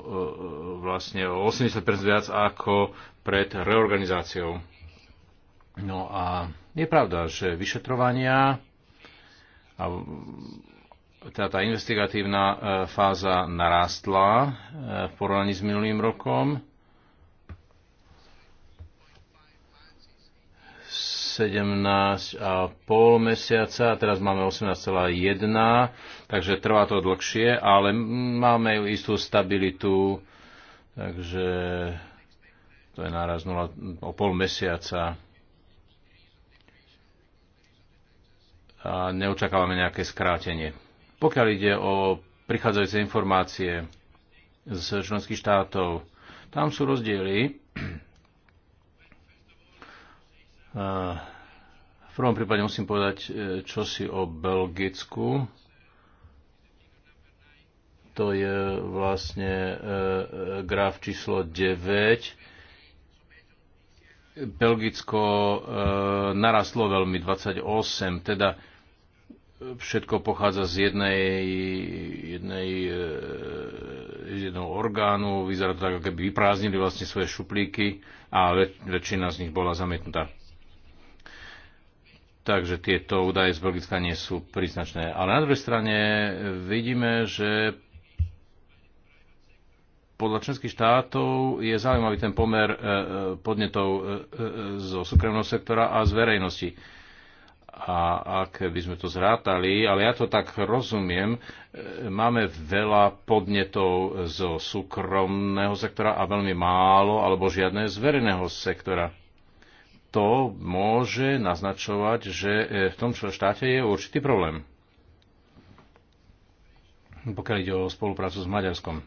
vlastne o 80% viac ako pred reorganizáciou. No a je pravda, že vyšetrovania a teda tá investigatívna fáza narástla v porovnaní s minulým rokom 17,5 mesiaca, teraz máme 18,1, takže trvá to dlhšie, ale máme istú stabilitu, takže to je náraz 0, o pol mesiaca. A neočakávame nejaké skrátenie. Pokiaľ ide o prichádzajúce informácie z členských štátov, tam sú rozdiely v prvom prípade musím povedať e, čosi o Belgicku. To je vlastne e, e, graf číslo 9. Belgicko narastlo veľmi 28, teda všetko pochádza z jednej, jednej z jedného orgánu, vyzerá to tak, ako keby vyprázdnili vlastne svoje šuplíky a väč- väčšina z nich bola zamietnutá. Takže tieto údaje z Belgicka nie sú príznačné. Ale na druhej strane vidíme, že podľa členských štátov je zaujímavý ten pomer e, e, podnetov e, zo súkromného sektora a z verejnosti. A ak by sme to zrátali, ale ja to tak rozumiem, máme veľa podnetov zo súkromného sektora a veľmi málo alebo žiadne z verejného sektora to môže naznačovať, že e, v tom štáte je určitý problém, pokiaľ ide o spoluprácu s Maďarskom.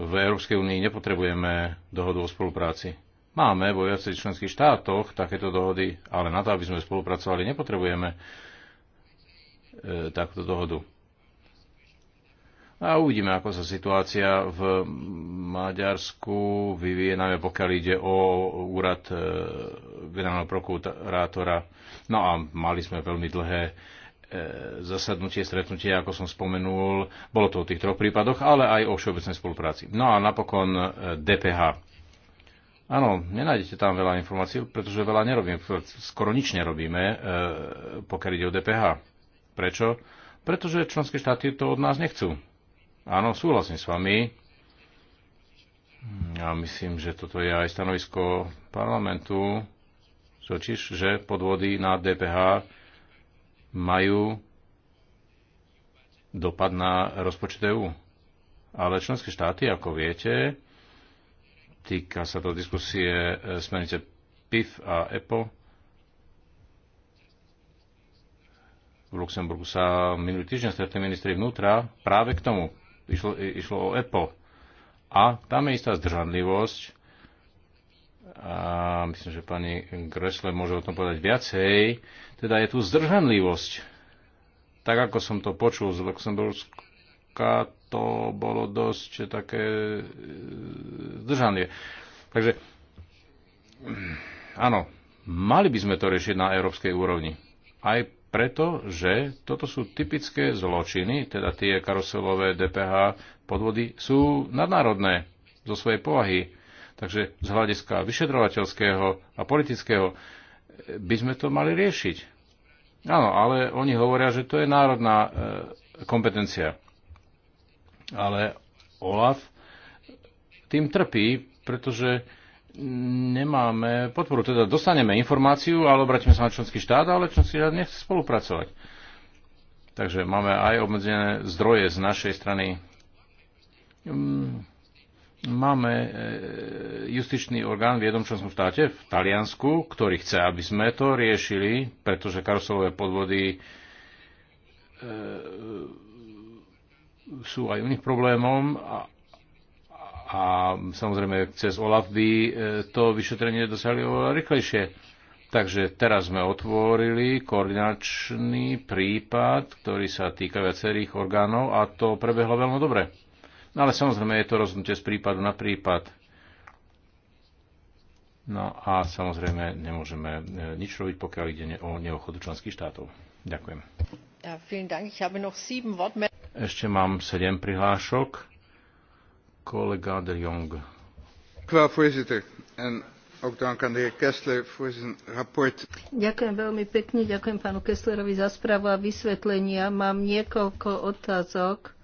V Európskej únii nepotrebujeme dohodu o spolupráci. Máme vo viacerých členských štátoch takéto dohody, ale na to, aby sme spolupracovali, nepotrebujeme e, takúto dohodu a uvidíme, ako sa situácia v Maďarsku vyvíje, najmä pokiaľ ide o úrad e, generálneho prokurátora. No a mali sme veľmi dlhé e, zasadnutie, stretnutie, ako som spomenul. Bolo to o tých troch prípadoch, ale aj o všeobecnej spolupráci. No a napokon e, DPH. Áno, nenájdete tam veľa informácií, pretože veľa nerobíme, skoro nič nerobíme, pokiaľ ide o DPH. Prečo? Pretože členské štáty to od nás nechcú. Áno, súhlasím s vami. Ja myslím, že toto je aj stanovisko parlamentu, totiž, že podvody na DPH majú dopad na rozpočet EU. Ale členské štáty, ako viete, týka sa to diskusie e, smernice PIF a EPO. V Luxemburgu sa minulý týždeň stretli ministri vnútra práve k tomu, išlo, išlo o Apple. A tam je istá zdržanlivosť. A myslím, že pani Gresle môže o tom povedať viacej. Teda je tu zdržanlivosť. Tak ako som to počul z Luxemburska, to bolo dosť také e, zdržanlivé. Takže mm, áno, mali by sme to riešiť na európskej úrovni. Aj pretože toto sú typické zločiny, teda tie karuselové DPH podvody sú nadnárodné zo svojej povahy. Takže z hľadiska vyšetrovateľského a politického e, by sme to mali riešiť. Áno, ale oni hovoria, že to je národná e, kompetencia. Ale OLAF tým trpí, pretože e, nemáme podporu. Teda dostaneme informáciu, ale obratíme sa na členský štát, ale členský štát nechce spolupracovať. Takže máme aj obmedzené zdroje z našej strany. Mm, máme e, justičný orgán v jednom členskom štáte, v Taliansku, ktorý chce, aby sme to riešili, pretože karuselové podvody e, sú aj u nich problémom a samozrejme cez OLAF by e, to vyšetrenie dosiahli oveľa rýchlejšie. Takže teraz sme otvorili koordinačný prípad, ktorý sa týka viacerých orgánov a to prebehlo veľmi dobre. No ale samozrejme je to rozhodnutie z prípadu na prípad. No a samozrejme nemôžeme e, nič robiť, pokiaľ ide o neochodu členských štátov. Ďakujem. Ešte mám sedem prihlášok de Jong. voorzitter. En ook dank aan de heer Kessler voor zijn rapport. Ďakujem veľmi pekne, ďakujem pánu Kesslerovi za správu a vysvetlenia. Mám niekoľko otázok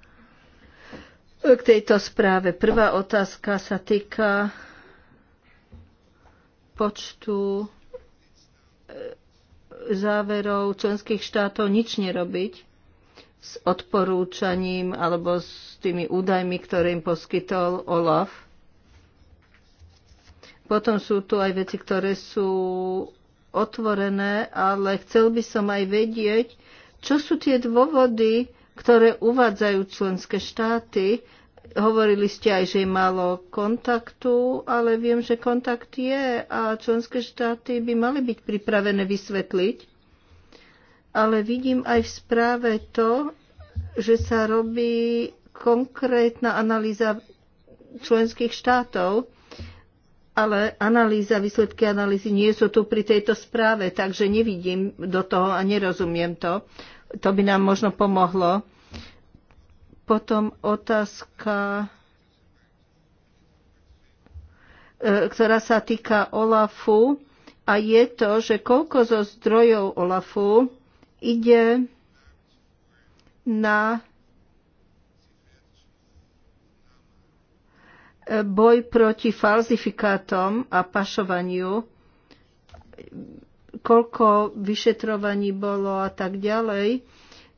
k tejto správe. Prvá otázka sa týka počtu e, záverov členských štátov nič nerobiť s odporúčaním alebo s tými údajmi, ktoré im poskytol OLAF. Potom sú tu aj veci, ktoré sú otvorené, ale chcel by som aj vedieť, čo sú tie dôvody, ktoré uvádzajú členské štáty. Hovorili ste aj, že je málo kontaktu, ale viem, že kontakt je a členské štáty by mali byť pripravené vysvetliť, ale vidím aj v správe to, že sa robí konkrétna analýza členských štátov, ale analýza, výsledky analýzy nie sú tu pri tejto správe, takže nevidím do toho a nerozumiem to. To by nám možno pomohlo. Potom otázka, e, ktorá sa týka OLAFu a je to, že koľko zo zdrojov OLAFu ide na e, boj proti falzifikátom a pašovaniu, koľko vyšetrovaní bolo a tak ďalej.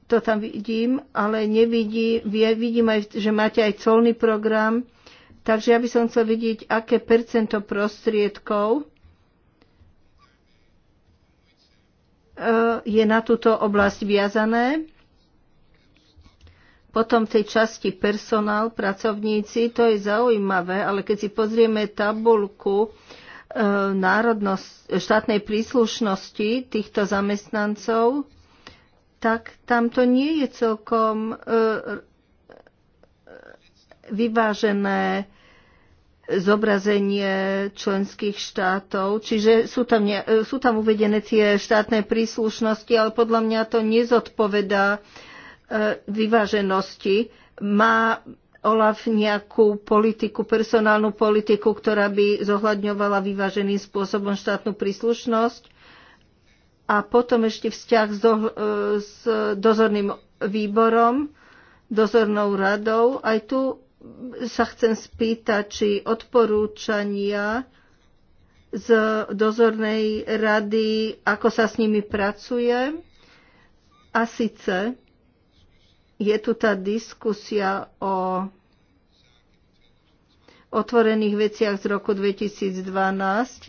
To tam vidím, ale nevidím, vidím aj, že máte aj colný program, takže ja by som chcel vidieť, aké percento prostriedkov E, je na túto oblasť viazané. Potom tej časti personál, pracovníci, to je zaujímavé, ale keď si pozrieme tabulku e, národnosť, štátnej príslušnosti týchto zamestnancov, tak tam to nie je celkom e, vyvážené zobrazenie členských štátov, čiže sú tam, ne, sú tam uvedené tie štátne príslušnosti, ale podľa mňa to nezodpovedá e, vyváženosti. Má OLAF nejakú politiku, personálnu politiku, ktorá by zohľadňovala vyváženým spôsobom štátnu príslušnosť? a potom ešte vzťah s, do, e, s dozorným výborom, dozornou radou. Aj tu sa chcem spýtať, či odporúčania z dozornej rady, ako sa s nimi pracuje. A síce je tu tá diskusia o otvorených veciach z roku 2012,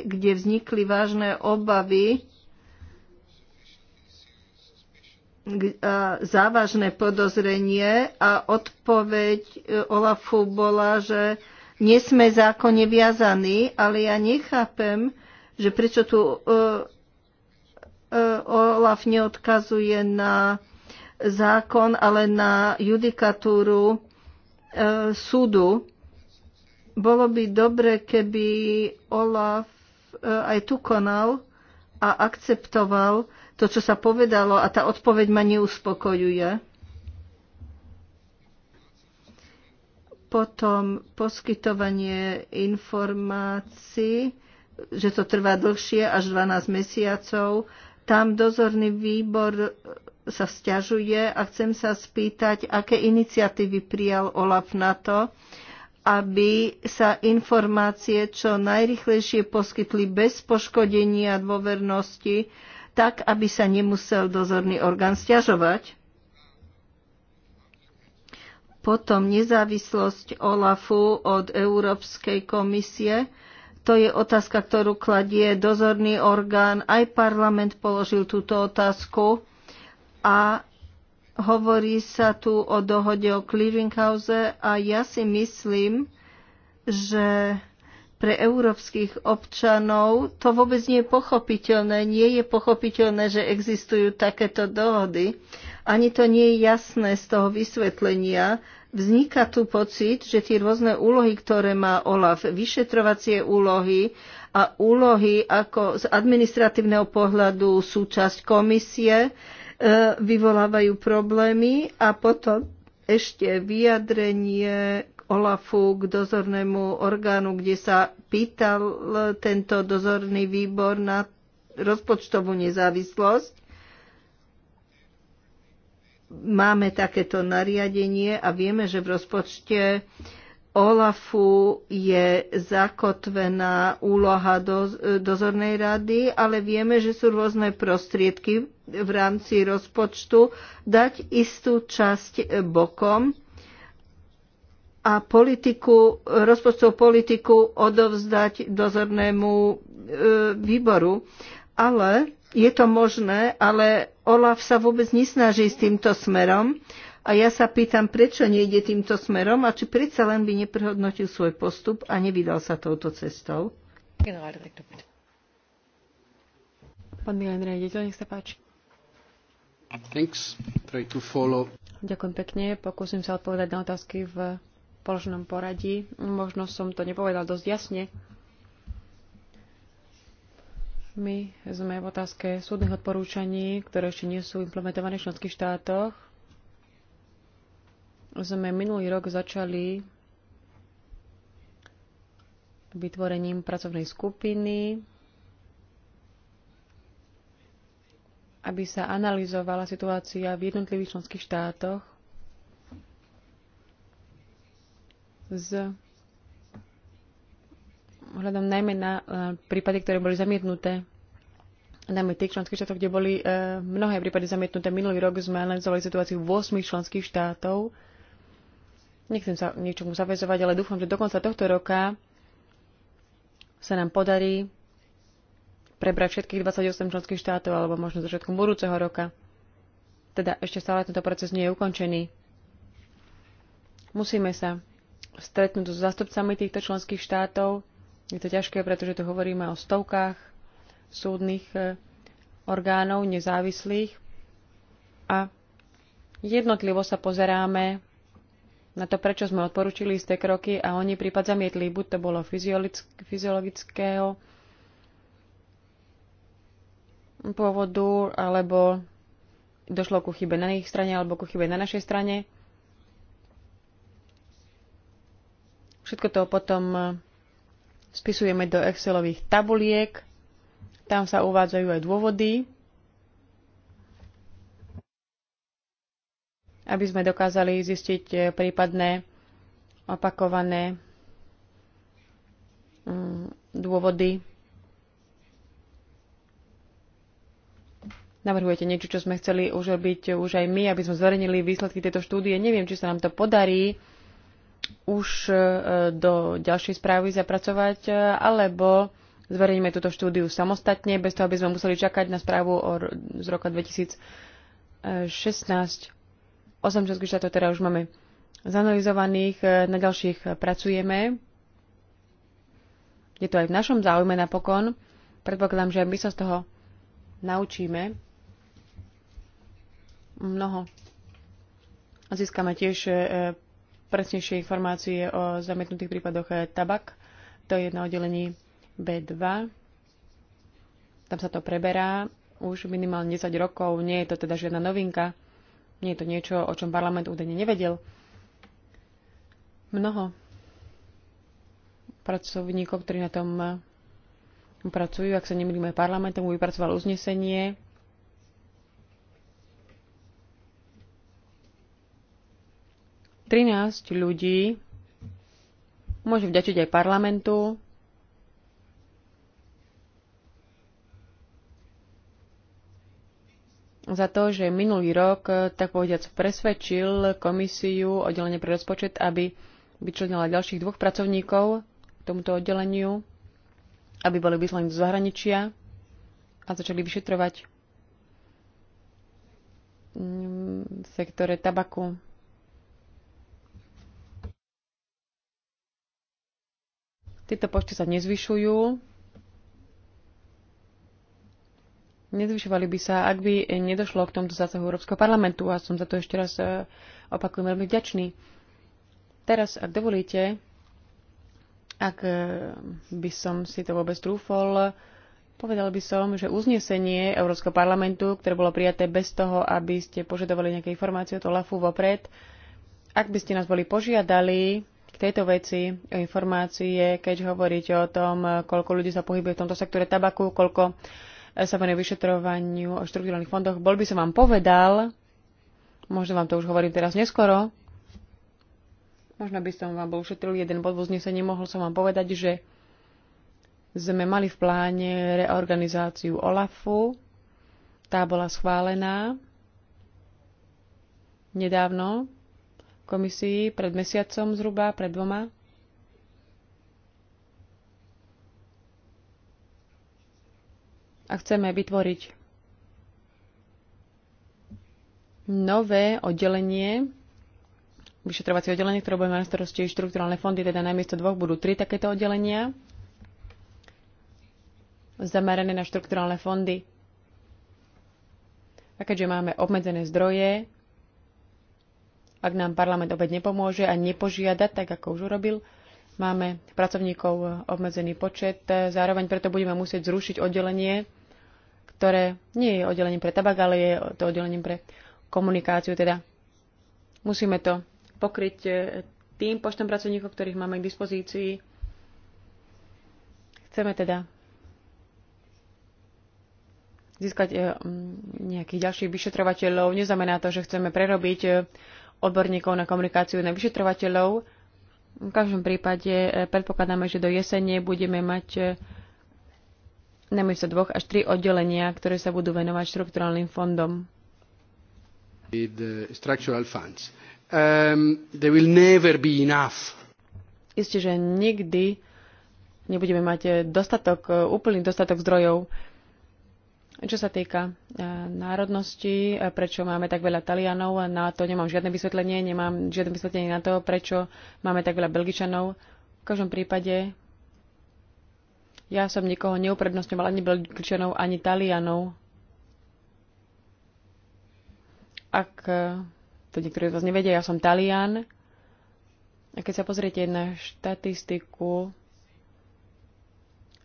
kde vznikli vážne obavy závažné podozrenie a odpoveď e, Olafu bola, že nie sme zákonne viazaní, ale ja nechápem, že prečo tu e, e, Olaf neodkazuje na zákon, ale na judikatúru súdu. Bolo by dobre, keby Olaf aj tu konal a akceptoval to, čo sa povedalo a tá odpoveď ma neuspokojuje. Potom poskytovanie informácií, že to trvá dlhšie až 12 mesiacov. Tam dozorný výbor sa stiažuje a chcem sa spýtať, aké iniciatívy prijal OLAF na to, aby sa informácie čo najrychlejšie poskytli bez poškodenia dôvernosti tak, aby sa nemusel dozorný orgán stiažovať. Potom nezávislosť OLAFu od Európskej komisie. To je otázka, ktorú kladie dozorný orgán. Aj parlament položil túto otázku a hovorí sa tu o dohode o clearinghouse a ja si myslím, že pre európskych občanov to vôbec nie je pochopiteľné. Nie je pochopiteľné, že existujú takéto dohody. Ani to nie je jasné z toho vysvetlenia. Vzniká tu pocit, že tie rôzne úlohy, ktoré má OLAF, vyšetrovacie úlohy a úlohy ako z administratívneho pohľadu súčasť komisie, e, vyvolávajú problémy a potom ešte vyjadrenie OLAFu, k dozornému orgánu, kde sa pýtal tento dozorný výbor na rozpočtovú nezávislosť. Máme takéto nariadenie a vieme, že v rozpočte OLAFu je zakotvená úloha dozornej rady, ale vieme, že sú rôzne prostriedky v rámci rozpočtu dať istú časť bokom a politiku, rozpočtovú politiku odovzdať dozornému e, výboru. Ale je to možné, ale Olaf sa vôbec nesnaží s týmto smerom. A ja sa pýtam, prečo nejde týmto smerom a či predsa len by neprehodnotil svoj postup a nevydal sa touto cestou. Pán Milan riaditeľ, nech sa páči. Thanks. Try to follow. Ďakujem pekne. Pokúsim sa odpovedať na otázky v položnom poradí. Možno som to nepovedal dosť jasne. My sme v otázke súdnych odporúčaní, ktoré ešte nie sú implementované v členských štátoch. Sme minulý rok začali vytvorením pracovnej skupiny, aby sa analyzovala situácia v jednotlivých členských štátoch z ohľadom najmä na e, prípady, ktoré boli zamietnuté najmä tých členských štátov, kde boli e, mnohé prípady zamietnuté. Minulý rok sme analyzovali situáciu v 8 členských štátov. Nechcem sa ničomu zavezovať, ale dúfam, že do konca tohto roka sa nám podarí prebrať všetkých 28 členských štátov, alebo možno začiatkom budúceho roka. Teda ešte stále tento proces nie je ukončený. Musíme sa stretnúť so zástupcami týchto členských štátov. Je to ťažké, pretože tu hovoríme o stovkách súdnych e, orgánov nezávislých a jednotlivo sa pozeráme na to, prečo sme odporúčili isté kroky a oni prípad zamietli, buď to bolo fyziologického pôvodu, alebo došlo ku chybe na ich strane, alebo ku chybe na našej strane. Všetko to potom e, spisujeme do Excelových tabuliek. Tam sa uvádzajú aj dôvody, aby sme dokázali zistiť e, prípadné opakované mm, dôvody. Navrhujete niečo, čo sme chceli už robiť e, už aj my, aby sme zverejnili výsledky tejto štúdie. Neviem, či sa nám to podarí už e, do ďalšej správy zapracovať, e, alebo zverejníme túto štúdiu samostatne, bez toho, aby sme museli čakať na správu o, z roka 2016. Osem českých štátov teda už máme zanalizovaných, e, na ďalších pracujeme. Je to aj v našom záujme napokon. Predpokladám, že my sa z toho naučíme mnoho. Získame tiež presnejšie informácie o zamietnutých prípadoch eh, tabak. To je na oddelení B2. Tam sa to preberá už minimálne 10 rokov. Nie je to teda žiadna novinka. Nie je to niečo, o čom parlament údajne nevedel. Mnoho pracovníkov, ktorí na tom eh, pracujú, ak sa nemýlim, aj parlamentom, vypracoval uznesenie 13 ľudí môže vďačiť aj parlamentu, za to, že minulý rok, tak povediac, presvedčil komisiu oddelenie pre rozpočet, aby vyčlenila ďalších dvoch pracovníkov k tomuto oddeleniu, aby boli vyslaní do zahraničia a začali vyšetrovať mm, v sektore tabaku. Tieto počty sa nezvyšujú. Nezvyšovali by sa, ak by nedošlo k tomto zásahu Európskeho parlamentu a som za to ešte raz e, opakujem veľmi vďačný. Teraz, ak dovolíte, ak e, by som si to vôbec trúfol, povedal by som, že uznesenie Európskeho parlamentu, ktoré bolo prijaté bez toho, aby ste požadovali nejaké informácie o to LAFu vopred, ak by ste nás boli požiadali, tejto veci informácie, keď hovoríte o tom, koľko ľudí sa pohybuje v tomto sektore tabaku, koľko sa venuje vyšetrovaniu o štruktúrnych fondoch. Bol by som vám povedal, možno vám to už hovorím teraz neskoro, možno by som vám bol ušetril jeden bod v uznesení, mohol som vám povedať, že sme mali v pláne reorganizáciu OLAFu, tá bola schválená nedávno, komisii pred mesiacom zhruba, pred dvoma. A chceme vytvoriť nové oddelenie, vyšetrovacie oddelenie, ktoré bude mať na starosti štrukturálne fondy, teda namiesto dvoch budú tri takéto oddelenia zamerané na štrukturálne fondy. A keďže máme obmedzené zdroje, ak nám parlament opäť nepomôže a nepožiada, tak ako už urobil, máme pracovníkov obmedzený počet. Zároveň preto budeme musieť zrušiť oddelenie, ktoré nie je oddelením pre tabak, ale je to oddelením pre komunikáciu. Teda musíme to pokryť eh, tým počtom pracovníkov, ktorých máme k dispozícii. Chceme teda získať eh, nejakých ďalších vyšetrovateľov. Neznamená to, že chceme prerobiť eh, odborníkov na komunikáciu, na vyšetrovateľov. V každom prípade e, predpokladáme, že do jesene budeme mať e, namiesto dvoch až tri oddelenia, ktoré sa budú venovať štrukturálnym fondom. E, um, Isté, že nikdy nebudeme mať dostatok, úplný dostatok zdrojov čo sa týka e, národnosti, e, prečo máme tak veľa Talianov, na to nemám žiadne vysvetlenie, nemám žiadne vysvetlenie na to, prečo máme tak veľa Belgičanov. V každom prípade ja som nikoho neuprednostňoval ani Belgičanov, ani Talianov. Ak e, to niektorí z vás nevedia, ja som Talian. A keď sa pozriete na štatistiku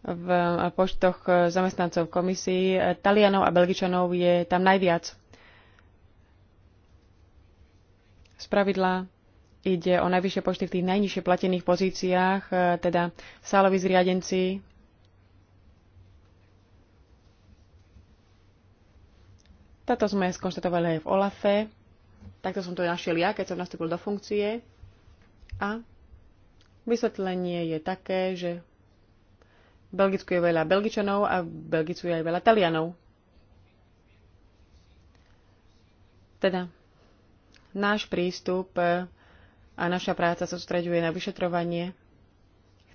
v počtoch zamestnancov komisii. Talianov a Belgičanov je tam najviac. pravidla ide o najvyššie počty v tých najnižšie platených pozíciách, teda sáloví zriadenci, Tato sme skonštatovali aj v OLAFe. Takto som to našiel ja, keď som nastúpil do funkcie. A vysvetlenie je také, že Belgicku je veľa Belgičanov a v Belgicku je aj veľa Talianov. Teda, náš prístup e, a naša práca sa sústreďuje na vyšetrovanie.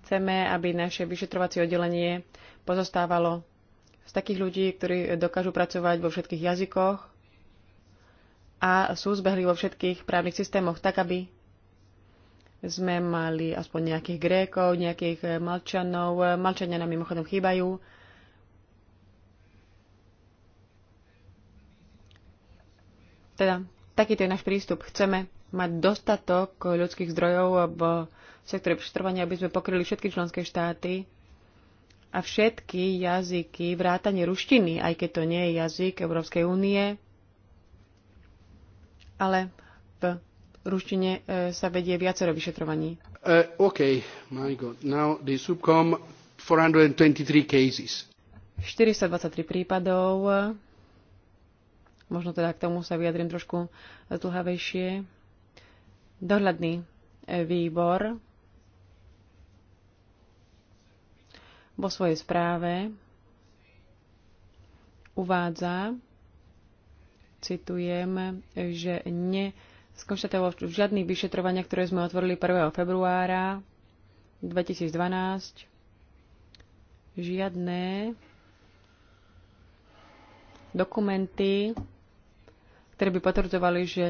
Chceme, aby naše vyšetrovacie oddelenie pozostávalo z takých ľudí, ktorí dokážu pracovať vo všetkých jazykoch a sú zbehli vo všetkých právnych systémoch, tak aby sme mali aspoň nejakých Grékov, nejakých eh, Malčanov. Eh, Malčania nám mimochodom chýbajú. Teda, takýto je náš prístup. Chceme mať dostatok ľudských zdrojov v sektore prešetrovania, aby sme pokryli všetky členské štáty a všetky jazyky, vrátane ruštiny, aj keď to nie je jazyk Európskej únie, ale v ruštine e, sa vedie viacero vyšetrovaní. Uh, OK, my God. Now the subcom 423 cases. 423 prípadov. Možno teda k tomu sa vyjadrím trošku zdlhavejšie. Dohľadný e, výbor vo svojej správe uvádza, citujem, že ne skonštatovalo v žiadnych vyšetrovaniach, ktoré sme otvorili 1. februára 2012. Žiadne dokumenty, ktoré by potvrdzovali, že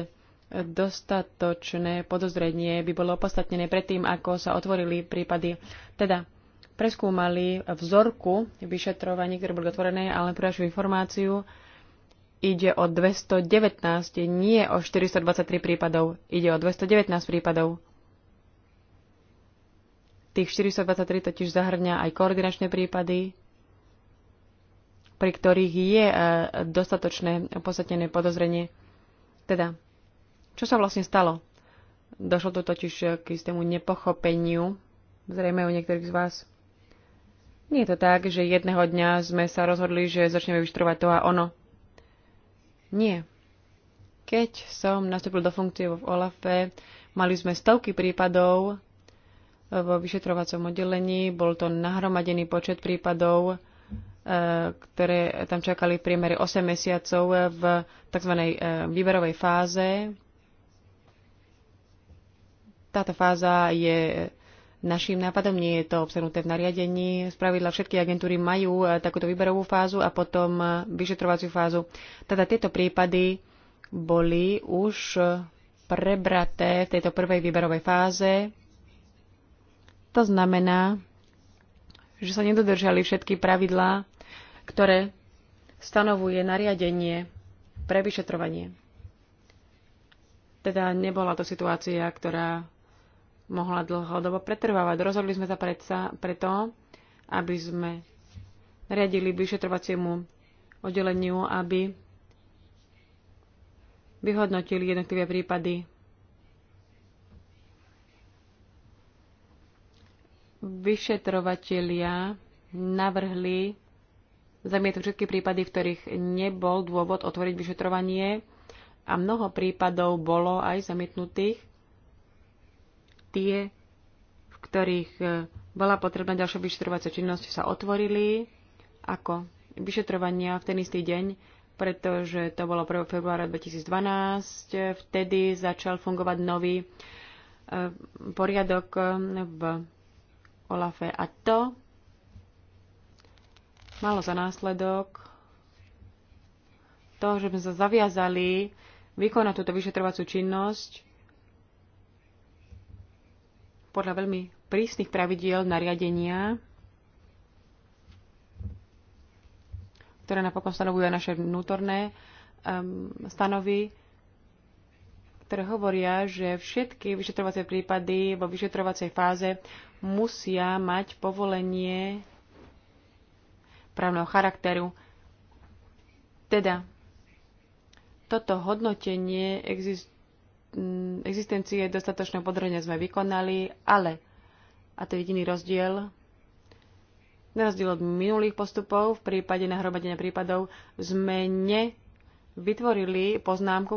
dostatočné podozrenie by bolo opodstatnené predtým, ako sa otvorili prípady. Teda preskúmali vzorku vyšetrovaní, ktoré boli otvorené, ale pre informáciu ide o 219, nie o 423 prípadov. Ide o 219 prípadov. Tých 423 totiž zahrňa aj koordinačné prípady, pri ktorých je e, dostatočné posvetené podozrenie. Teda, čo sa vlastne stalo? Došlo to totiž e, k istému nepochopeniu, zrejme u niektorých z vás. Nie je to tak, že jedného dňa sme sa rozhodli, že začneme vyštrovať to a ono. Nie. Keď som nastúpil do funkcie v OLAFe, mali sme stovky prípadov vo vyšetrovacom oddelení. Bol to nahromadený počet prípadov, e, ktoré tam čakali v priemere 8 mesiacov v tzv. E, výberovej fáze. Táto fáza je našim nápadom. Nie je to obsahnuté v nariadení. Spravidla všetky agentúry majú eh, takúto výberovú fázu a potom eh, vyšetrovaciu fázu. Teda tieto prípady boli už eh, prebraté v tejto prvej výberovej fáze. To znamená, že sa nedodržali všetky pravidlá, ktoré stanovuje nariadenie pre vyšetrovanie. Teda nebola to situácia, ktorá mohla dlhodobo pretrvávať. Rozhodli sme sa predsa preto, aby sme riadili vyšetrovaciemu oddeleniu, aby vyhodnotili jednotlivé prípady. Vyšetrovatelia navrhli zamietnúť všetky prípady, v ktorých nebol dôvod otvoriť vyšetrovanie a mnoho prípadov bolo aj zamietnutých Tie, v ktorých e, bola potrebná ďalšia vyšetrovacia činnosť, sa otvorili ako vyšetrovania v ten istý deň, pretože to bolo 1. februára 2012. Vtedy začal fungovať nový e, poriadok e, v Olafe a to malo za následok to, že sme sa zaviazali vykonať túto vyšetrovacú činnosť podľa veľmi prísnych pravidiel nariadenia, ktoré napokon stanovujú aj naše vnútorné um, stanovy, ktoré hovoria, že všetky vyšetrovacie prípady vo vyšetrovacej fáze musia mať povolenie právneho charakteru. Teda toto hodnotenie exist- Mm, existencie dostatočného podrobenia sme vykonali, ale, a to je jediný rozdiel, na rozdiel od minulých postupov, v prípade nahromadenia prípadov sme nevytvorili poznámku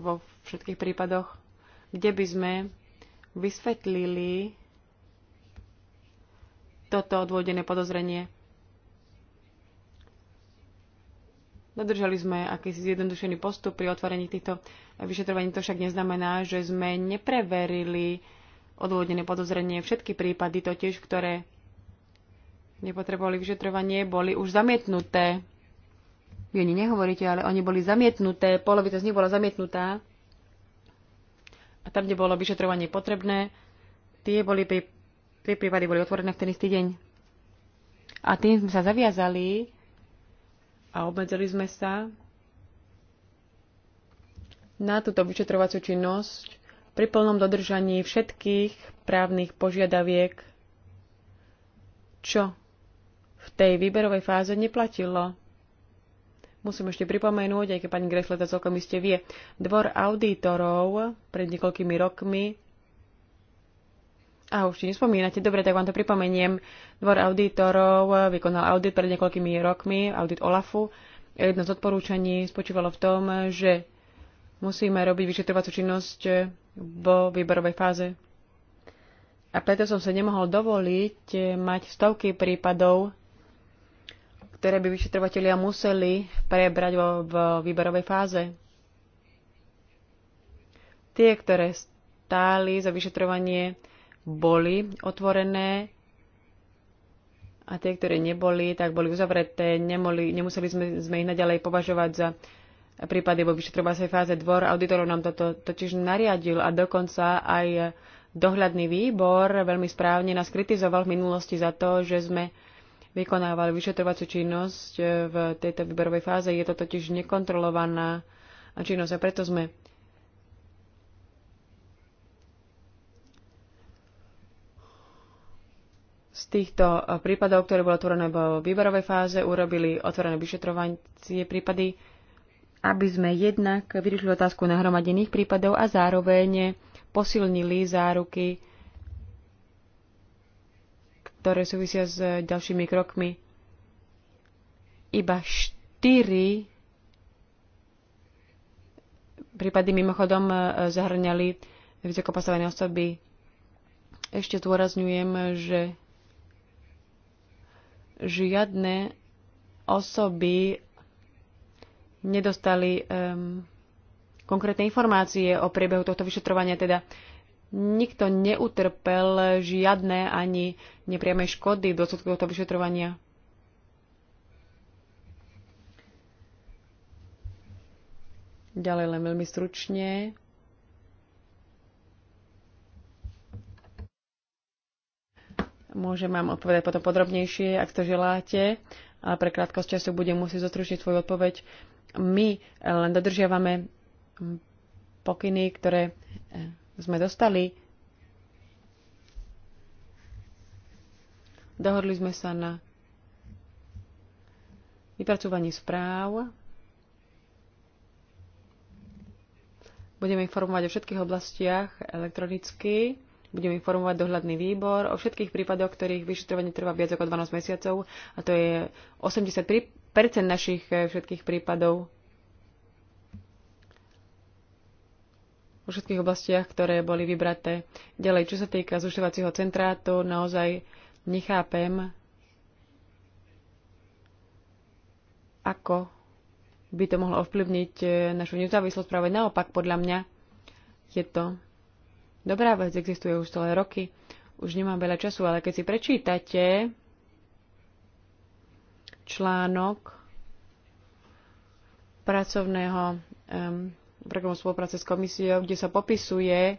vo všetkých prípadoch, kde by sme vysvetlili toto odvodené podozrenie. Dodržali sme akýsi zjednodušený postup pri otvorení týchto vyšetrovaní. To však neznamená, že sme nepreverili odôvodnené podozrenie. Všetky prípady totiž, ktoré nepotrebovali vyšetrovanie, boli už zamietnuté. Vy ani nehovoríte, ale oni boli zamietnuté. Polovica z nich bola zamietnutá. A tam, kde bolo vyšetrovanie potrebné, tie, boli, tie prípady boli otvorené v ten istý deň. A tým sme sa zaviazali, a obmedzili sme sa na túto vyšetrovaciu činnosť pri plnom dodržaní všetkých právnych požiadaviek, čo v tej výberovej fáze neplatilo. Musím ešte pripomenúť, aj keď pani Gresle celkom iste vie, dvor auditorov pred niekoľkými rokmi a už si nespomínate, dobre, tak vám to pripomeniem. Dvor auditorov eh, vykonal audit pred niekoľkými rokmi, audit OLAFu. Jedno z odporúčaní spočívalo v tom, že musíme robiť vyšetrovacú činnosť eh, vo výberovej fáze. A preto som sa nemohol dovoliť eh, mať stovky prípadov, ktoré by vyšetrovateľia museli prebrať vo, v výberovej fáze. Tie, ktoré stáli za vyšetrovanie, boli otvorené a tie, ktoré neboli, tak boli uzavreté, nemoli, nemuseli sme, sme ich naďalej považovať za prípady vo vyšetrovacej fáze. Dvor auditorov nám toto totiž nariadil a dokonca aj dohľadný výbor veľmi správne nás kritizoval v minulosti za to, že sme vykonávali vyšetrovaciu činnosť v tejto výberovej fáze. Je to totiž nekontrolovaná činnosť a preto sme z týchto eh, prípadov, ktoré bolo otvorené vo výberovej fáze, urobili otvorené vyšetrovacie prípady, aby sme jednak vyriešili otázku nahromadených prípadov a zároveň posilnili záruky, ktoré súvisia s ďalšími krokmi. Iba štyri prípady mimochodom eh, zahrňali vysoko osoby. Ešte zdôrazňujem, že žiadne osoby nedostali um, konkrétne informácie o priebehu tohto vyšetrovania, teda nikto neutrpel žiadne ani nepriame škody v dôsledku tohto vyšetrovania. Ďalej len veľmi stručne. Môžem vám odpovedať potom podrobnejšie, ak to želáte, ale pre krátkosť času budem musieť zotručiť svoju odpoveď. My eh, len dodržiavame hm, pokyny, ktoré eh, sme dostali. Dohodli sme sa na vypracovaní správ. Budeme informovať o všetkých oblastiach elektronicky budem informovať dohľadný výbor o všetkých prípadoch, ktorých vyšetrovanie trvá viac ako 12 mesiacov a to je 83% našich eh, všetkých prípadov vo všetkých oblastiach, ktoré boli vybraté. Ďalej, čo sa týka zúčtovacieho centra, to naozaj nechápem, ako by to mohlo ovplyvniť eh, našu nezávislosť. Práve naopak, podľa mňa je to Dobrá vec, existuje už celé roky. Už nemám veľa času, ale keď si prečítate článok pracovného um, programu spolupráce s komisiou, kde sa popisuje,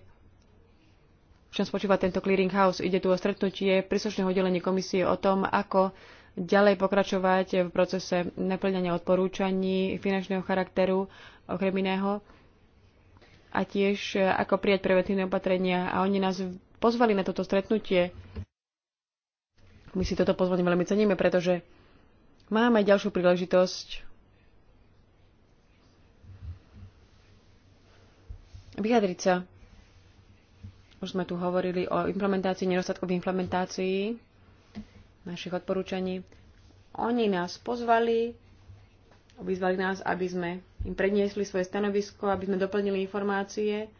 v čom spočíva tento clearing house. Ide tu o stretnutie príslušného oddelenia komisie o tom, ako ďalej pokračovať v procese naplňania odporúčaní finančného charakteru okrem iného a tiež e, ako prijať preventívne opatrenia. A oni nás pozvali na toto stretnutie. My si toto pozvanie veľmi ceníme, pretože máme ďalšiu príležitosť vyjadriť sa. Už sme tu hovorili o implementácii, nedostatkov implementácii našich odporúčaní. Oni nás pozvali, Vyzvali nás, aby sme im predniesli svoje stanovisko, aby sme doplnili informácie.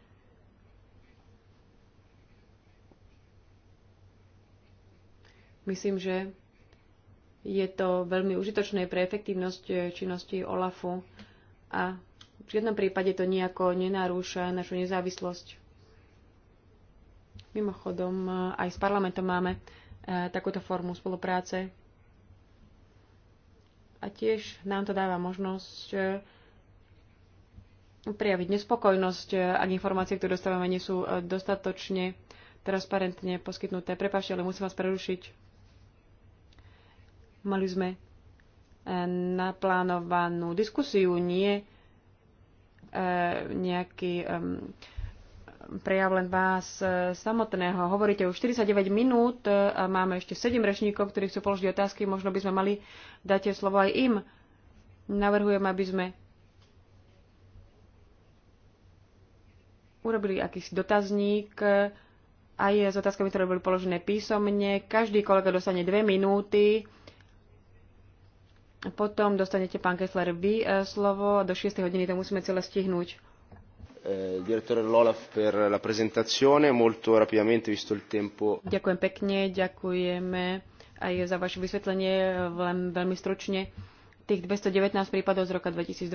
Myslím, že je to veľmi užitočné pre efektívnosť činnosti OLAFu a v žiadnom prípade to nejako nenarúša našu nezávislosť. Mimochodom, aj s parlamentom máme eh, takúto formu spolupráce a tiež nám to dáva možnosť e, prijaviť nespokojnosť, e, ak informácie, ktoré dostávame, nie sú e, dostatočne transparentne poskytnuté. Prepašte, ale musím vás prerušiť. Mali sme naplánovanú diskusiu, nie nejaký prejav len vás e, samotného. Hovoríte už 49 minút e, a máme ešte 7 rečníkov, ktorí chcú položiť otázky. Možno by sme mali dať slovo aj im. Navrhujem, aby sme urobili akýsi dotazník e, aj s otázkami, ktoré boli položené písomne. Každý kolega dostane 2 minúty. Potom dostanete, pán Kessler, vy slovo. Do 6 hodiny to musíme celé stihnúť. Eh, direttore Lolaf per la presentazione. Molto rapidamente, visto il tempo. Ďakujem pekne, ďakujeme aj za vaše vysvetlenie, len veľmi stručne. Tých 219 prípadov z roka 2012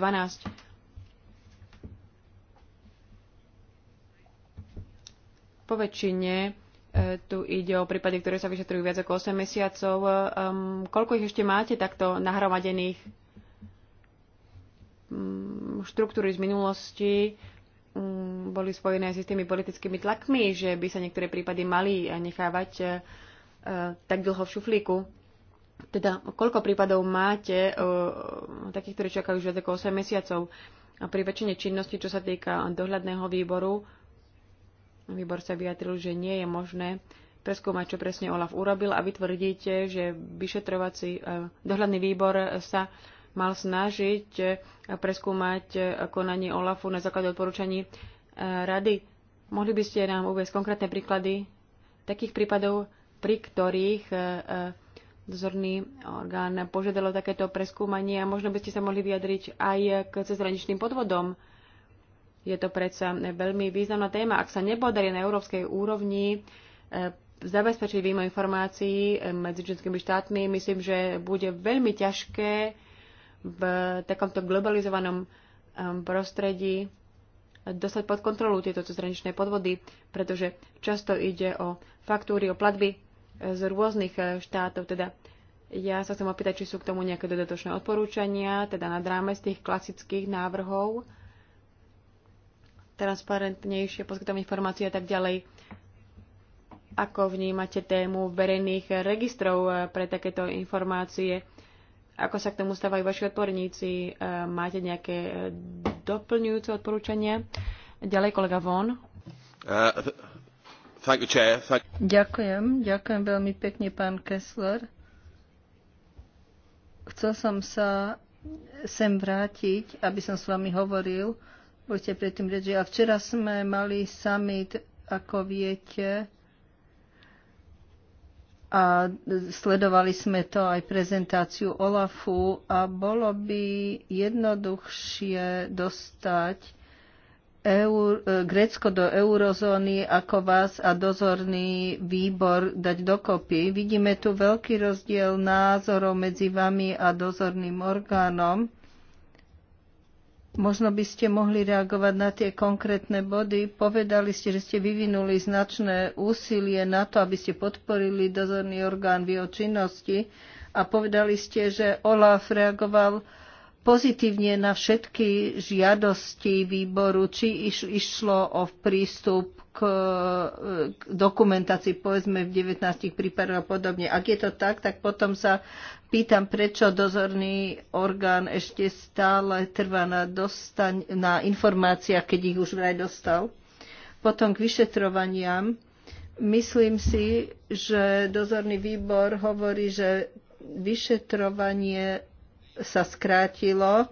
po väčšine eh, tu ide o prípady, ktoré sa vyšetrujú viac ako 8 mesiacov. Um, koľko ich ešte máte takto nahromadených? Um, štruktúry z minulosti, Mm, boli spojené s tými politickými tlakmi, že by sa niektoré prípady mali nechávať e, e, tak dlho v šuflíku. Teda, koľko prípadov máte e, takých, ktorí čakajú už viac ako 8 mesiacov? A pri väčšine činnosti, čo sa týka dohľadného výboru, výbor sa vyjadril, že nie je možné preskúmať, čo presne Olaf urobil a vytvrdíte, že vyšetrovací dohľadný výbor sa mal snažiť eh, preskúmať eh, konanie OLAFu na základe odporúčaní eh, rady. Mohli by ste nám uvieť konkrétne príklady takých prípadov, pri ktorých dozorný orgán požiadalo takéto preskúmanie a možno by ste sa mohli vyjadriť aj k cezhraničným podvodom. Je to predsa veľmi významná téma. Ak sa nepodarí na európskej úrovni zabezpečiť výmoj informácií medzi členskými štátmi, myslím, že bude veľmi ťažké v takomto globalizovanom um, prostredí dostať pod kontrolu tieto cezhraničné podvody, pretože často ide o faktúry, o platby e, z rôznych e, štátov. Teda ja sa chcem opýtať, či sú k tomu nejaké dodatočné odporúčania, teda na dráme z tých klasických návrhov, transparentnejšie poskytovanie informácií a tak ďalej. Ako vnímate tému verejných registrov e, pre takéto informácie? Ako sa k tomu stávajú vaši odporníci? E, máte nejaké e, doplňujúce odporúčania? Ďalej kolega Von. Uh, you, ďakujem, ďakujem veľmi pekne, pán Kessler. Chcel som sa sem vrátiť, aby som s vami hovoril. Boli ste predtým reči. A včera sme mali summit, ako viete, a sledovali sme to aj prezentáciu Olafu a bolo by jednoduchšie dostať Eur, e, Grécko do eurozóny ako vás a dozorný výbor dať dokopy. Vidíme tu veľký rozdiel názorov medzi vami a dozorným orgánom Možno by ste mohli reagovať na tie konkrétne body. Povedali ste, že ste vyvinuli značné úsilie na to, aby ste podporili dozorný orgán v jeho činnosti a povedali ste, že OLAF reagoval pozitívne na všetky žiadosti výboru, či iš, išlo o prístup k, k dokumentácii, povedzme v 19 prípadoch a podobne. Ak je to tak, tak potom sa pýtam, prečo dozorný orgán ešte stále trvá na, dostaň, na informáciách, keď ich už vraj dostal. Potom k vyšetrovaniam. Myslím si, že dozorný výbor hovorí, že vyšetrovanie sa skrátilo,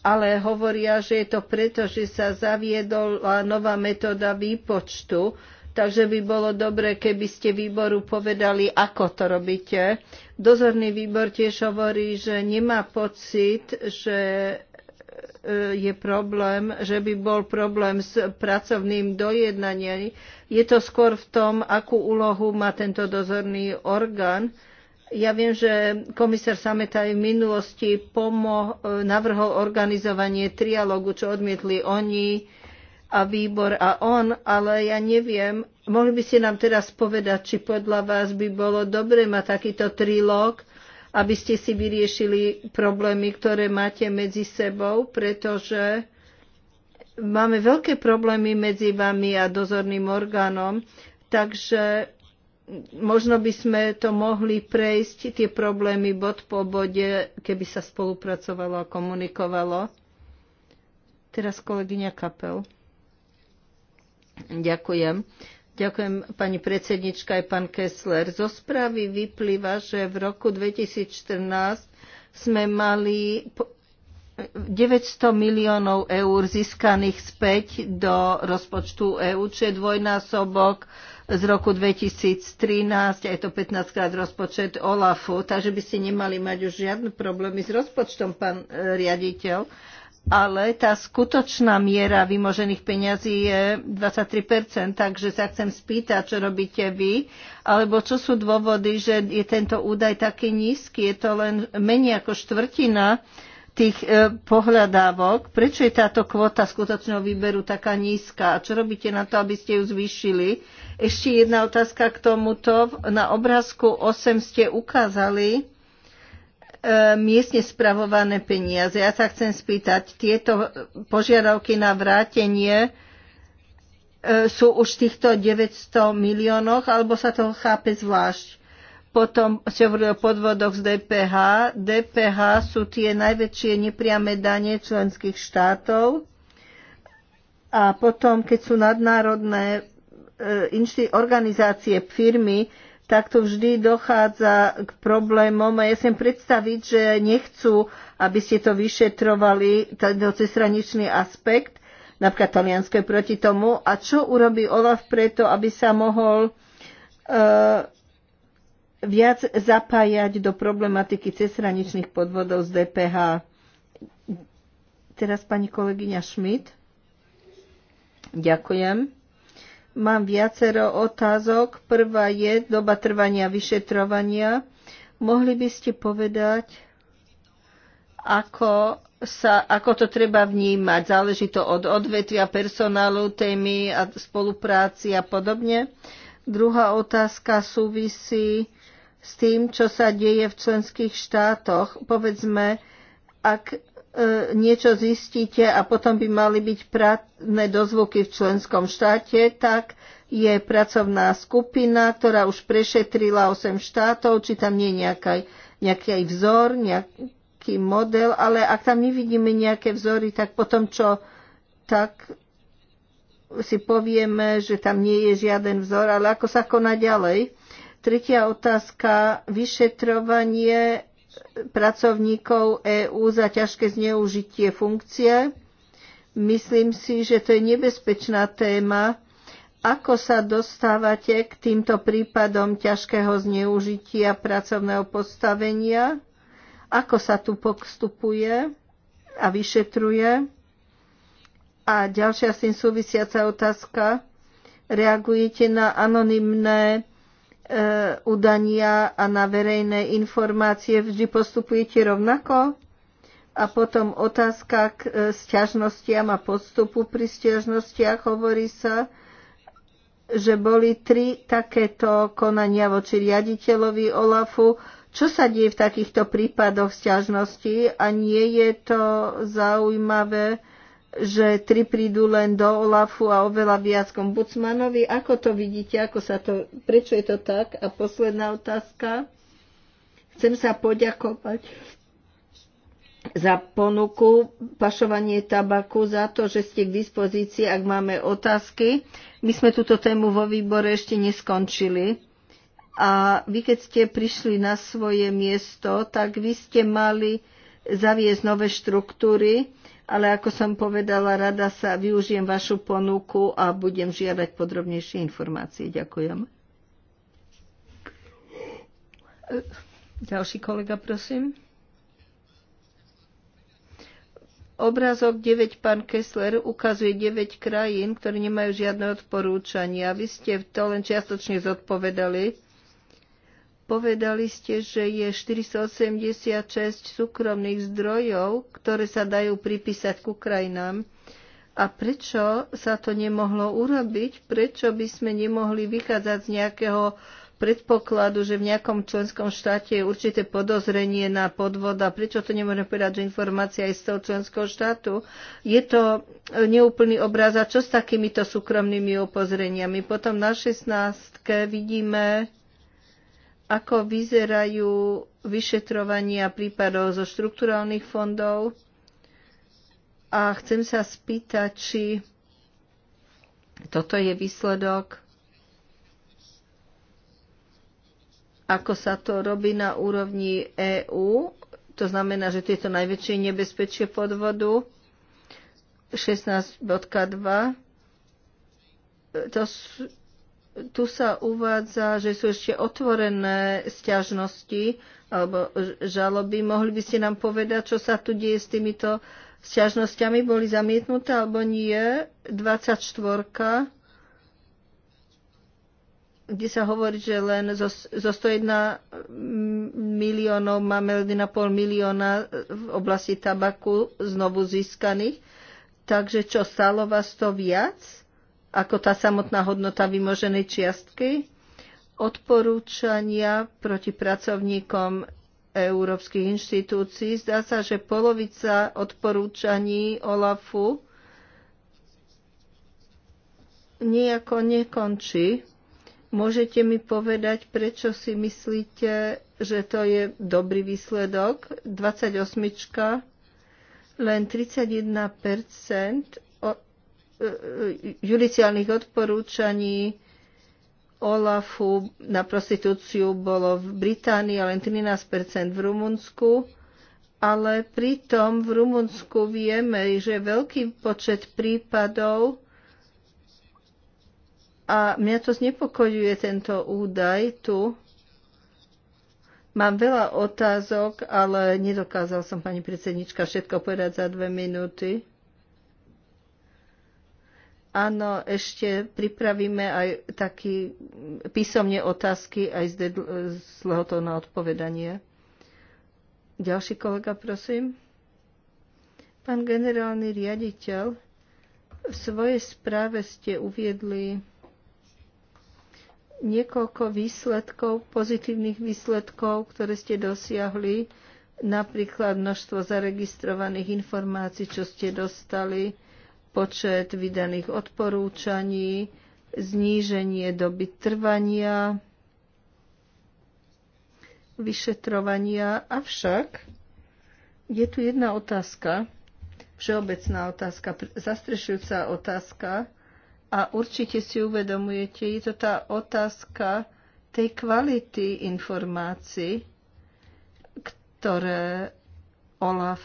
ale hovoria, že je to preto, že sa zaviedla nová metóda výpočtu, takže by bolo dobre, keby ste výboru povedali, ako to robíte. Dozorný výbor tiež hovorí, že nemá pocit, že e, je problém, že by bol problém s pracovným dojednaním. Je to skôr v tom, akú úlohu má tento dozorný orgán ja viem, že komisár Sameta aj v minulosti pomo- navrhol organizovanie trialógu, čo odmietli oni a výbor a on, ale ja neviem. Mohli by ste nám teraz povedať, či podľa vás by bolo dobre mať takýto trilóg, aby ste si vyriešili problémy, ktoré máte medzi sebou, pretože máme veľké problémy medzi vami a dozorným orgánom, takže možno by sme to mohli prejsť, tie problémy bod po bode, keby sa spolupracovalo a komunikovalo. Teraz kolegyňa Kapel. Ďakujem. Ďakujem pani predsednička aj pán Kessler. Zo správy vyplýva, že v roku 2014 sme mali 900 miliónov eur získaných späť do rozpočtu EÚ, čo je dvojnásobok z roku 2013, je to 15 krát rozpočet OLAFu, takže by ste nemali mať už žiadne problémy s rozpočtom, pán e, riaditeľ. Ale tá skutočná miera vymožených peňazí je 23%, takže sa chcem spýtať, čo robíte vy, alebo čo sú dôvody, že je tento údaj taký nízky, je to len menej ako štvrtina tých e, pohľadávok, prečo je táto kvota skutočného výberu taká nízka a čo robíte na to, aby ste ju zvýšili? Ešte jedna otázka k tomuto. Na obrázku 8 ste ukázali e, miestne spravované peniaze. Ja sa chcem spýtať, tieto požiadavky na vrátenie e, sú už v týchto 900 miliónoch, alebo sa to chápe zvlášť? Potom ste hovorili o podvodoch z DPH. DPH sú tie najväčšie nepriame dane členských štátov. A potom, keď sú nadnárodné organizácie firmy, tak to vždy dochádza k problémom a ja sem predstaviť, že nechcú, aby ste to vyšetrovali, tento cezhraničný aspekt, napríklad Taliansko je proti tomu. A čo urobí Olaf preto, aby sa mohol uh, viac zapájať do problematiky cezhraničných podvodov z DPH? Teraz pani kolegyňa Schmidt. Ďakujem. Mám viacero otázok. Prvá je doba trvania vyšetrovania. Mohli by ste povedať, ako, sa, ako to treba vnímať? Záleží to od odvetvia personálu, témy a spolupráci a podobne. Druhá otázka súvisí s tým, čo sa deje v členských štátoch. Povedzme, ak E, niečo zistíte a potom by mali byť právne dozvuky v členskom štáte, tak je pracovná skupina, ktorá už prešetrila 8 štátov, či tam nie je nejaký, nejaký vzor, nejaký model, ale ak tam nevidíme nejaké vzory, tak potom čo, tak si povieme, že tam nie je žiaden vzor, ale ako sa koná ďalej. Tretia otázka, vyšetrovanie pracovníkov EÚ za ťažké zneužitie funkcie. Myslím si, že to je nebezpečná téma. Ako sa dostávate k týmto prípadom ťažkého zneužitia pracovného postavenia? Ako sa tu postupuje a vyšetruje? A ďalšia s tým súvisiaca otázka. Reagujete na anonymné E, udania a na verejné informácie vždy postupujete rovnako? A potom otázka k e, sťažnostiam a postupu pri sťažnostiach. Hovorí sa, že boli tri takéto konania voči riaditeľovi Olafu. Čo sa deje v takýchto prípadoch sťažnosti a nie je to zaujímavé že tri prídu len do Olafu a oveľa viac k ombudsmanovi. Ako to vidíte? Ako sa to, prečo je to tak? A posledná otázka. Chcem sa poďakovať za ponuku pašovanie tabaku, za to, že ste k dispozícii, ak máme otázky. My sme túto tému vo výbore ešte neskončili. A vy, keď ste prišli na svoje miesto, tak vy ste mali zaviesť nové štruktúry, ale ako som povedala, rada sa využijem vašu ponuku a budem žiadať podrobnejšie informácie. Ďakujem. Ďalší kolega, prosím. Obrázok 9, pán Kessler, ukazuje 9 krajín, ktoré nemajú žiadne odporúčania. Vy ste to len čiastočne zodpovedali Povedali ste, že je 486 súkromných zdrojov, ktoré sa dajú pripísať k Ukrajinám. A prečo sa to nemohlo urobiť? Prečo by sme nemohli vychádzať z nejakého predpokladu, že v nejakom členskom štáte je určité podozrenie na podvod a prečo to nemôžeme povedať, že informácia je z toho členského štátu? Je to neúplný obraz a čo s takýmito súkromnými opozreniami? Potom na 16. vidíme ako vyzerajú vyšetrovania prípadov zo štrukturálnych fondov. A chcem sa spýtať, či toto je výsledok, ako sa to robí na úrovni EÚ. To znamená, že tieto najväčšie nebezpečie podvodu 16.2 to tu sa uvádza, že sú ešte otvorené sťažnosti alebo žaloby. Mohli by ste nám povedať, čo sa tu deje s týmito sťažnosťami? Boli zamietnuté alebo nie? 24 kde sa hovorí, že len zo, zo 101 miliónov máme 1,5 milióna v oblasti tabaku znovu získaných. Takže čo, stalo vás to viac? ako tá samotná hodnota vymoženej čiastky, odporúčania proti pracovníkom európskych inštitúcií. Zdá sa, že polovica odporúčaní OLAFu nejako nekončí. Môžete mi povedať, prečo si myslíte, že to je dobrý výsledok? 28. Len 31 judiciálnych odporúčaní OLAFu na prostitúciu bolo v Británii len 13 v Rumunsku, ale pritom v Rumunsku vieme, že veľký počet prípadov a mňa to znepokojuje tento údaj tu. Mám veľa otázok, ale nedokázal som pani predsednička všetko povedať za dve minúty. Áno, ešte pripravíme aj taký písomne otázky aj z lehotou na odpovedanie. Ďalší kolega, prosím. Pán generálny riaditeľ, v svojej správe ste uviedli niekoľko výsledkov, pozitívnych výsledkov, ktoré ste dosiahli, napríklad množstvo zaregistrovaných informácií, čo ste dostali, počet vydaných odporúčaní, zníženie doby trvania, vyšetrovania. Avšak je tu jedna otázka, všeobecná otázka, zastrešujúca otázka a určite si uvedomujete, je to tá otázka tej kvality informácií, ktoré OLAF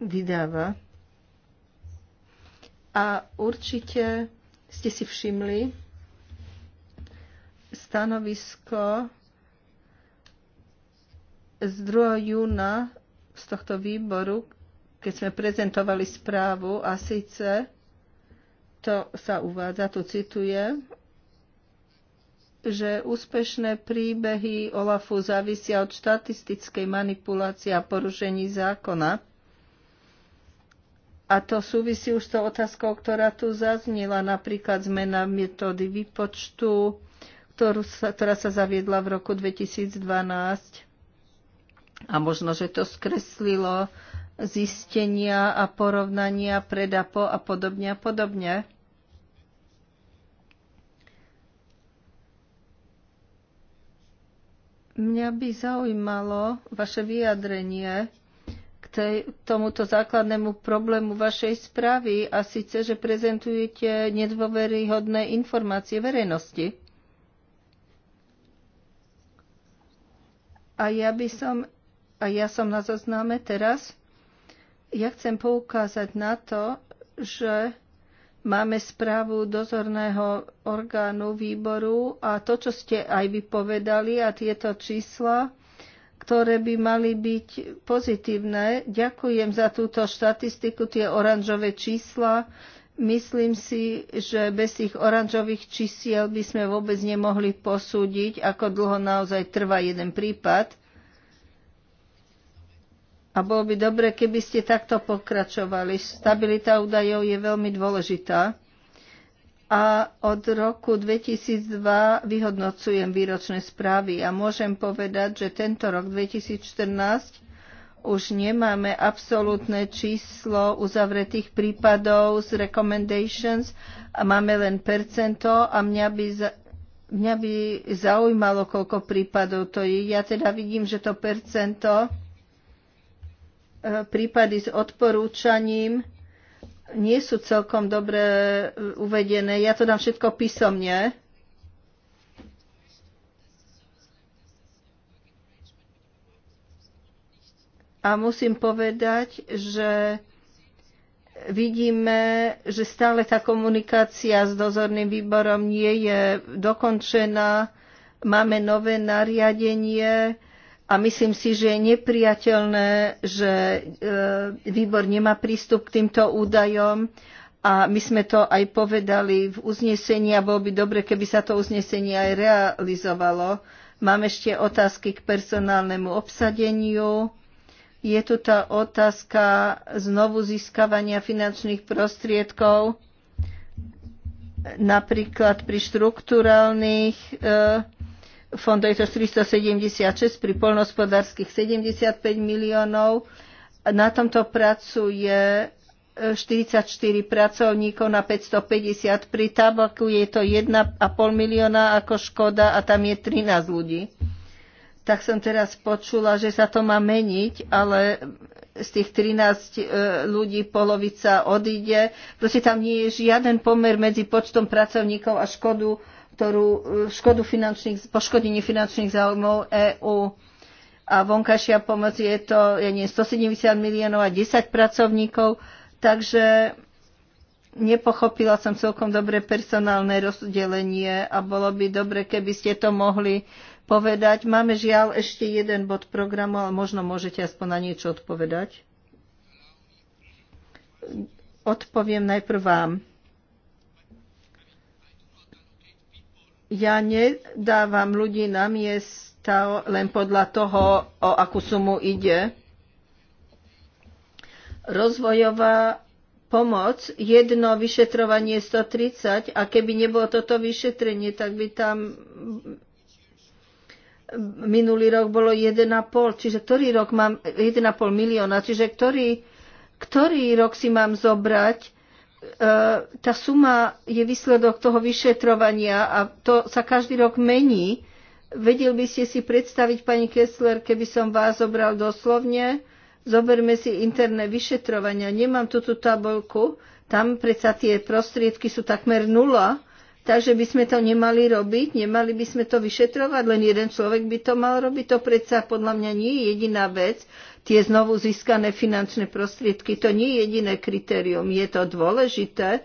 vydáva a určite ste si všimli stanovisko z 2. júna z tohto výboru, keď sme prezentovali správu a síce to sa uvádza, tu cituje, že úspešné príbehy Olafu závisia od štatistickej manipulácie a porušení zákona a to súvisí už s tou otázkou, ktorá tu zaznila, napríklad zmena metódy výpočtu, ktorú sa, ktorá sa zaviedla v roku 2012. A možno, že to skreslilo zistenia a porovnania predapo a podobne a podobne. Mňa by zaujímalo vaše vyjadrenie tej, tomuto základnému problému vašej správy a síce, že prezentujete nedôveryhodné informácie verejnosti. A ja by som, a ja som na zozname teraz, ja chcem poukázať na to, že máme správu dozorného orgánu výboru a to, čo ste aj vypovedali a tieto čísla, ktoré by mali byť pozitívne. Ďakujem za túto štatistiku, tie oranžové čísla. Myslím si, že bez tých oranžových čísiel by sme vôbec nemohli posúdiť, ako dlho naozaj trvá jeden prípad. A bolo by dobre, keby ste takto pokračovali. Stabilita údajov je veľmi dôležitá a od roku 2002 vyhodnocujem výročné správy a môžem povedať, že tento rok 2014 už nemáme absolútne číslo uzavretých prípadov z recommendations a máme len percento a mňa by, za, mňa by zaujímalo, koľko prípadov to je. Ja teda vidím, že to percento e, prípady s odporúčaním nie sú celkom dobre e, uvedené. Ja to dám všetko písomne. A musím povedať, že vidíme, že stále tá komunikácia s dozorným výborom nie je dokončená. Máme nové nariadenie, a myslím si, že je nepriateľné, že e, výbor nemá prístup k týmto údajom a my sme to aj povedali v uznesení a bolo by dobre, keby sa to uznesenie aj realizovalo. Mám ešte otázky k personálnemu obsadeniu. Je tu tá otázka znovu získavania finančných prostriedkov, napríklad pri štruktúrálnych e, fondov je to 476, pri polnospodárských 75 miliónov. Na tomto pracuje 44 e, pracovníkov na 550. Pri tabaku je to 1,5 milióna ako škoda a tam je 13 ľudí. Tak som teraz počula, že sa to má meniť, ale z tých 13 e, ľudí polovica odíde. Proste tam nie je žiaden pomer medzi počtom pracovníkov a škodu, ktorú e, škodu finančných, poškodenie finančných záujmov EÚ a vonkajšia pomoc je to ja nie, 170 miliónov a 10 pracovníkov, takže nepochopila som celkom dobre personálne rozdelenie a bolo by dobre, keby ste to mohli povedať. Máme žiaľ ešte jeden bod programu, ale možno môžete aspoň na niečo odpovedať. Odpoviem najprv vám. Ja nedávam ľudí na miesta len podľa toho, o akú sumu ide. Rozvojová pomoc, jedno vyšetrovanie 130 a keby nebolo toto vyšetrenie, tak by tam minulý rok bolo 1,5, čiže ktorý rok mám 1,5 milióna, čiže ktorý, ktorý rok si mám zobrať E, tá suma je výsledok toho vyšetrovania a to sa každý rok mení. Vedel by ste si predstaviť, pani Kessler, keby som vás zobral doslovne? Zoberme si interné vyšetrovania. Nemám tu tú tabulku. Tam predsa tie prostriedky sú takmer nula. Takže by sme to nemali robiť, nemali by sme to vyšetrovať, len jeden človek by to mal robiť. To predsa podľa mňa nie je jediná vec, tie znovu získané finančné prostriedky. To nie je jediné kritérium, je to dôležité,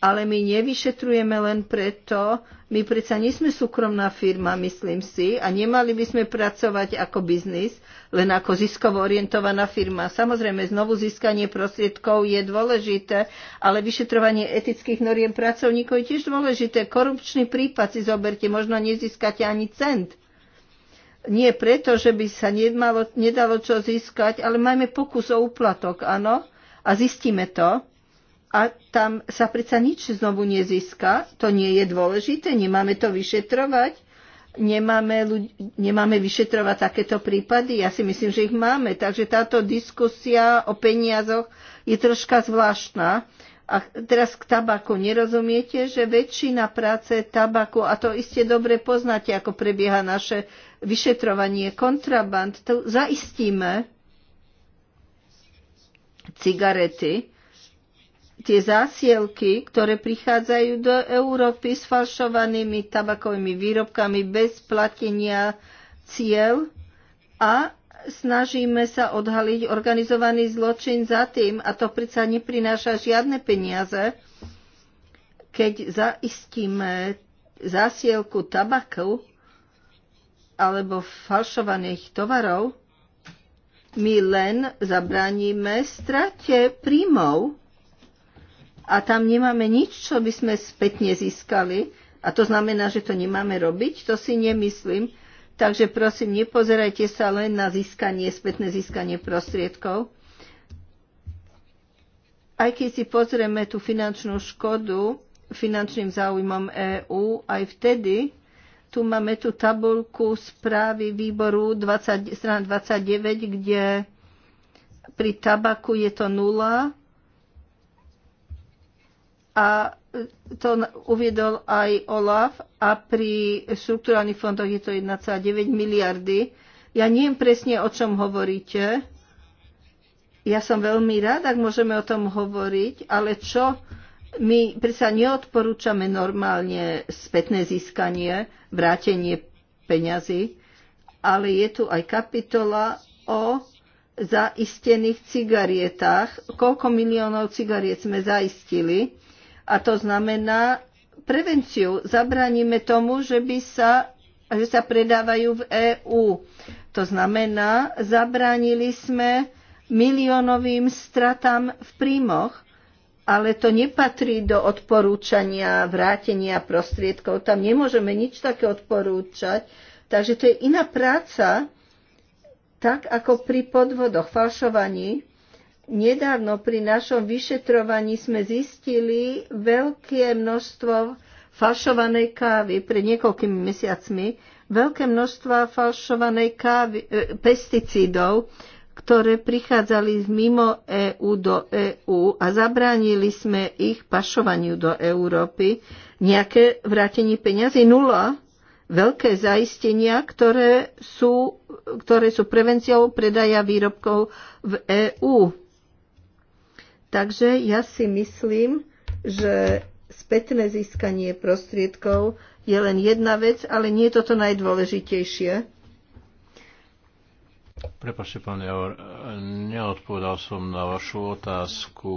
ale my nevyšetrujeme len preto, my predsa nie sme súkromná firma, myslím si, a nemali by sme pracovať ako biznis, len ako ziskovo orientovaná firma. Samozrejme, znovu získanie prostriedkov je dôležité, ale vyšetrovanie etických noriem pracovníkov je tiež dôležité. Korupčný prípad si zoberte, možno nezískate ani cent nie preto, že by sa nedmalo, nedalo čo získať, ale máme pokus o úplatok, áno, a zistíme to. A tam sa predsa nič znovu nezíska, to nie je dôležité, nemáme to vyšetrovať, nemáme, ľudí, nemáme vyšetrovať takéto prípady, ja si myslím, že ich máme. Takže táto diskusia o peniazoch je troška zvláštna. A teraz k tabaku. Nerozumiete, že väčšina práce tabaku, a to iste dobre poznáte, ako prebieha naše vyšetrovanie kontraband, to zaistíme cigarety, tie zásielky, ktoré prichádzajú do Európy s falšovanými tabakovými výrobkami bez platenia cieľ a snažíme sa odhaliť organizovaný zločin za tým a to predsa neprináša žiadne peniaze, keď zaistíme zásielku tabaku alebo falšovaných tovarov, my len zabraníme strate príjmov a tam nemáme nič, čo by sme spätne získali. A to znamená, že to nemáme robiť? To si nemyslím. Takže prosím, nepozerajte sa len na získanie, spätné získanie prostriedkov. Aj keď si pozrieme tú finančnú škodu finančným záujmom EÚ, aj vtedy tu máme tú tabulku správy výboru 20, strana 29, kde pri tabaku je to nula a to uviedol aj Olaf a pri štruktúrálnych fondoch je to 1,9 miliardy. Ja neviem presne, o čom hovoríte. Ja som veľmi rád, ak môžeme o tom hovoriť, ale čo my predsa neodporúčame normálne spätné získanie, vrátenie peňazí, ale je tu aj kapitola o zaistených cigarietách. Koľko miliónov cigariet sme zaistili? A to znamená prevenciu. Zabraníme tomu, že, by sa, že sa predávajú v EÚ. To znamená, zabránili sme miliónovým stratám v príjmoch ale to nepatrí do odporúčania vrátenia prostriedkov. Tam nemôžeme nič také odporúčať. Takže to je iná práca, tak ako pri podvodoch, falšovaní. Nedávno pri našom vyšetrovaní sme zistili veľké množstvo falšovanej kávy pred niekoľkými mesiacmi, veľké množstva falšovanej kávy, e, pesticídov, ktoré prichádzali z mimo EÚ do EÚ a zabránili sme ich pašovaniu do Európy. Nejaké vrátenie peňazí? Nula. Veľké zaistenia, ktoré sú, ktoré sú prevenciou predaja výrobkov v EÚ. Takže ja si myslím, že spätné získanie prostriedkov je len jedna vec, ale nie je toto najdôležitejšie. Prepašte, pán Javor, neodpovedal som na vašu otázku,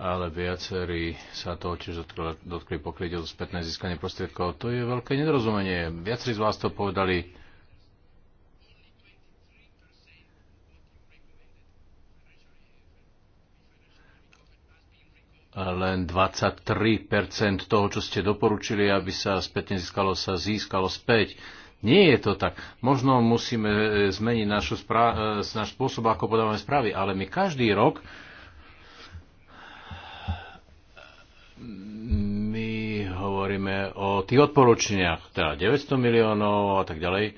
ale viacerí sa toho tiež dotkli, pokryť o spätné získanie prostriedkov. To je veľké nedorozumenie. Viacerí z vás to povedali. len 23% toho, čo ste doporučili, aby sa spätne získalo, sa získalo späť. Nie je to tak. Možno musíme e, zmeniť našu spra- e, náš spôsob, ako podávame správy, ale my každý rok my hovoríme o tých odporúčaniach, teda 900 miliónov a tak ďalej,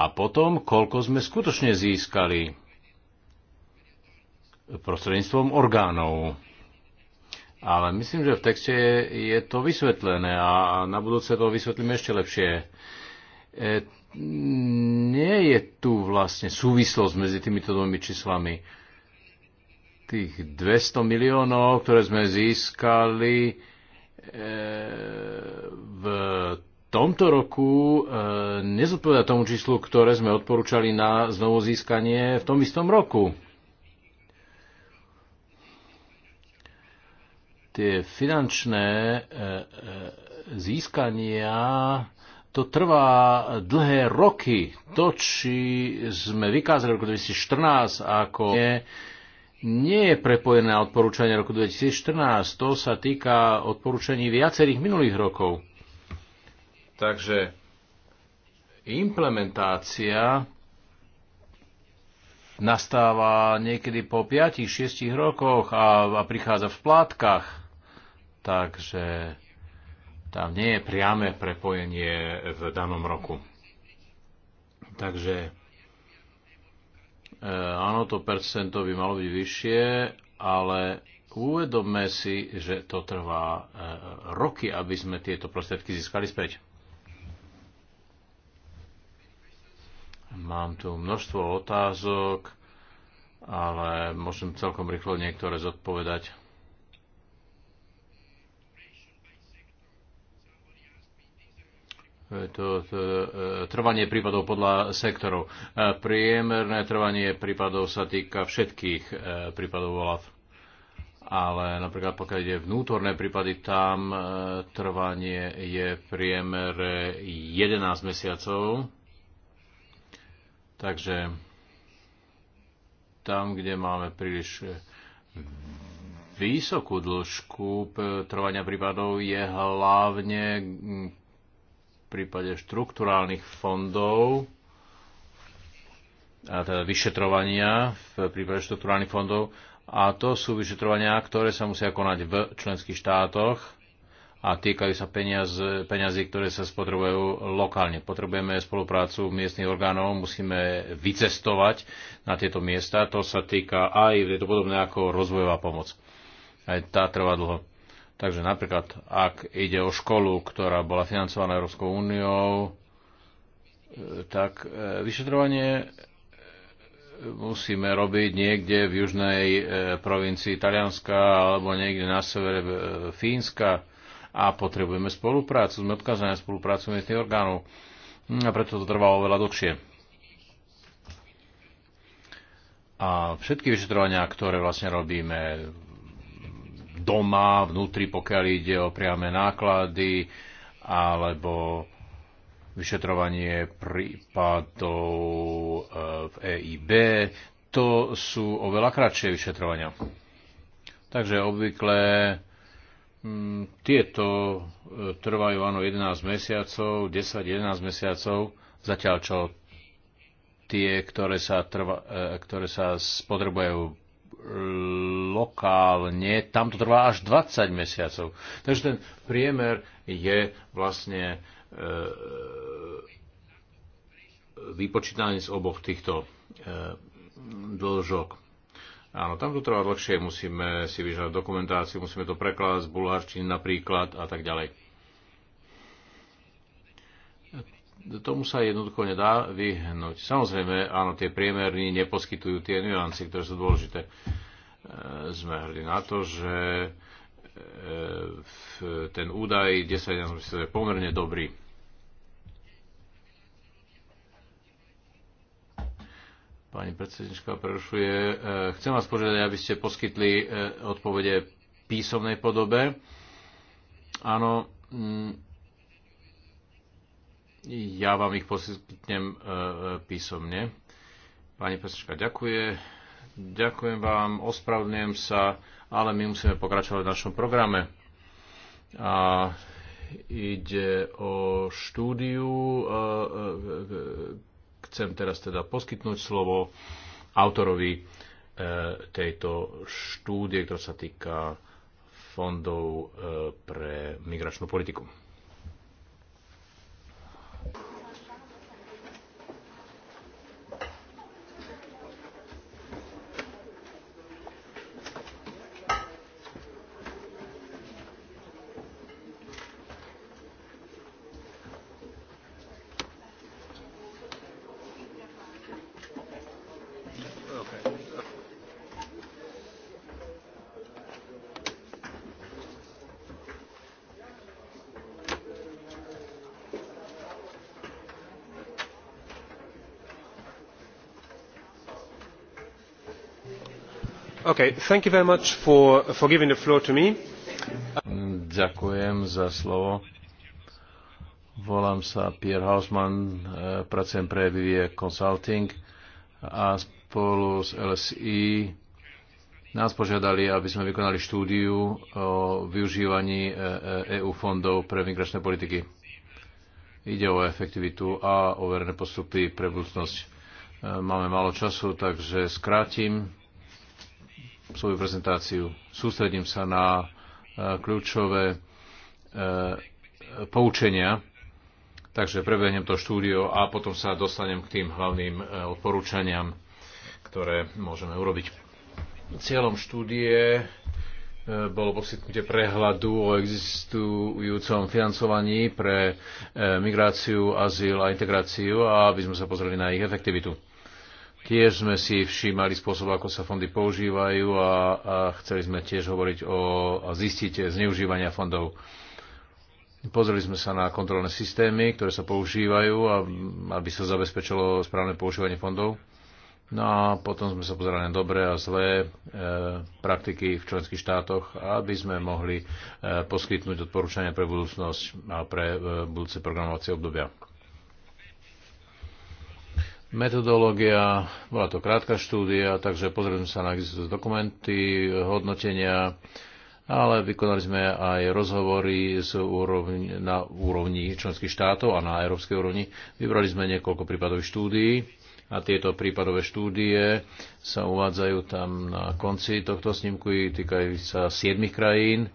a potom, koľko sme skutočne získali prostredníctvom orgánov. Ale myslím, že v texte je to vysvetlené a na budúce to vysvetlíme ešte lepšie. E, nie je tu vlastne súvislosť medzi týmito dvomi číslami. Tých 200 miliónov, ktoré sme získali e, v tomto roku, e, nezodpovedá tomu číslu, ktoré sme odporúčali na znovu získanie v tom istom roku. Tie finančné získania to trvá dlhé roky. To, či sme vykázali v roku 2014 ako nie, nie je prepojené na odporúčanie roku 2014. To sa týka odporúčaní viacerých minulých rokov. Takže implementácia nastáva niekedy po 5-6 rokoch a, a prichádza v plátkach. Takže tam nie je priame prepojenie v danom roku. Takže eh, áno, to percento by malo byť vyššie, ale uvedomme si, že to trvá eh, roky, aby sme tieto prostriedky získali späť. Mám tu množstvo otázok, ale môžem celkom rýchlo niektoré zodpovedať. to, to, e, e, trvanie prípadov podľa sektorov. E, priemerné trvanie prípadov sa týka všetkých prípadov OLAF. Ale napríklad pokiaľ ide vnútorné prípady, tam trvanie je priemer 11 mesiacov. Takže tam, kde máme príliš vysokú dĺžku trvania prípadov, je hlavne prípade štrukturálnych fondov, a teda vyšetrovania v prípade štrukturálnych fondov, a to sú vyšetrovania, ktoré sa musia konať v členských štátoch a týkajú sa peniaz, peniazy, ktoré sa spotrebujú lokálne. Potrebujeme spoluprácu miestnych orgánov, musíme vycestovať na tieto miesta. To sa týka aj, je to podobné ako rozvojová pomoc. Aj tá trvá dlho Takže napríklad, ak ide o školu, ktorá bola financovaná Európskou úniou, e, tak e, vyšetrovanie e, musíme robiť niekde v južnej provincii Talianska alebo niekde na severe Fínska a potrebujeme spoluprácu. Sme odkazaní na spoluprácu tých orgánov a preto to trvalo oveľa dlhšie. A všetky vyšetrovania, ktoré vlastne robíme, doma, vnútri, pokiaľ ide o priame náklady, alebo vyšetrovanie prípadov eh, v EIB. To sú oveľa kratšie vyšetrovania. Takže obvykle hm, tieto eh, trvajú áno 11 mesiacov, 10-11 mesiacov, zatiaľ čo tie, ktoré sa, trva, eh, ktoré sa spotrebujú lokálne, tam to trvá až 20 mesiacov. Takže ten priemer je vlastne e, vypočítaný z oboch týchto e, dlžok. Áno, tam to trvá dlhšie, musíme si vyžadať dokumentáciu, musíme to prekladať z bulharčiny napríklad a tak ďalej. tomu sa jednoducho nedá vyhnúť. Samozrejme, áno, tie priemerní neposkytujú tie nuancy, ktoré sú dôležité. E, sme hrdí na to, že e, ten údaj 10 je pomerne dobrý. Pani predsednička prerušuje. E, chcem vás požiadať, aby ste poskytli odpovede písomnej podobe. Áno, ja vám ich poskytnem e, e, písomne. Pani Pesečka, ďakuje. Ďakujem vám, ospravedlňujem sa, ale my musíme pokračovať v našom programe. A ide o štúdiu. E, chcem teraz teda poskytnúť slovo autorovi tejto štúdie, ktorá sa týka fondov pre migračnú politiku. Ďakujem za slovo. Volám sa Pierre Hausmann, eh, pracujem pre Vivie Consulting a spolu s LSI nás požiadali, aby sme vykonali štúdiu o využívaní EU eh, eh, e fondov pre migračné politiky. Ide o efektivitu a overené postupy pre budúcnosť. Máme málo času, takže skrátim svoju prezentáciu. Sústredím sa na e, kľúčové e, poučenia, takže prebehnem to štúdio a potom sa dostanem k tým hlavným e, odporúčaniam, ktoré môžeme urobiť. Cieľom štúdie bolo poskytnutie prehľadu o existujúcom financovaní pre migráciu, azyl a integráciu a aby sme sa pozreli na ich efektivitu. Tiež sme si všímali spôsob, ako sa fondy používajú a, a chceli sme tiež hovoriť o a zistiť zneužívania fondov. Pozreli sme sa na kontrolné systémy, ktoré sa používajú, a, aby sa zabezpečilo správne používanie fondov. No a potom sme sa pozerali na dobré a zlé e, praktiky v členských štátoch, aby sme mohli e, poskytnúť odporúčania pre budúcnosť a pre e, budúce programovacie obdobia. Metodológia, bola to krátka štúdia, takže pozreli sme sa na existujúce dokumenty, hodnotenia, ale vykonali sme aj rozhovory z úrovni, na úrovni členských štátov a na európskej úrovni. Vybrali sme niekoľko prípadových štúdií a tieto prípadové štúdie sa uvádzajú tam na konci tohto snímku, týkajú sa siedmich krajín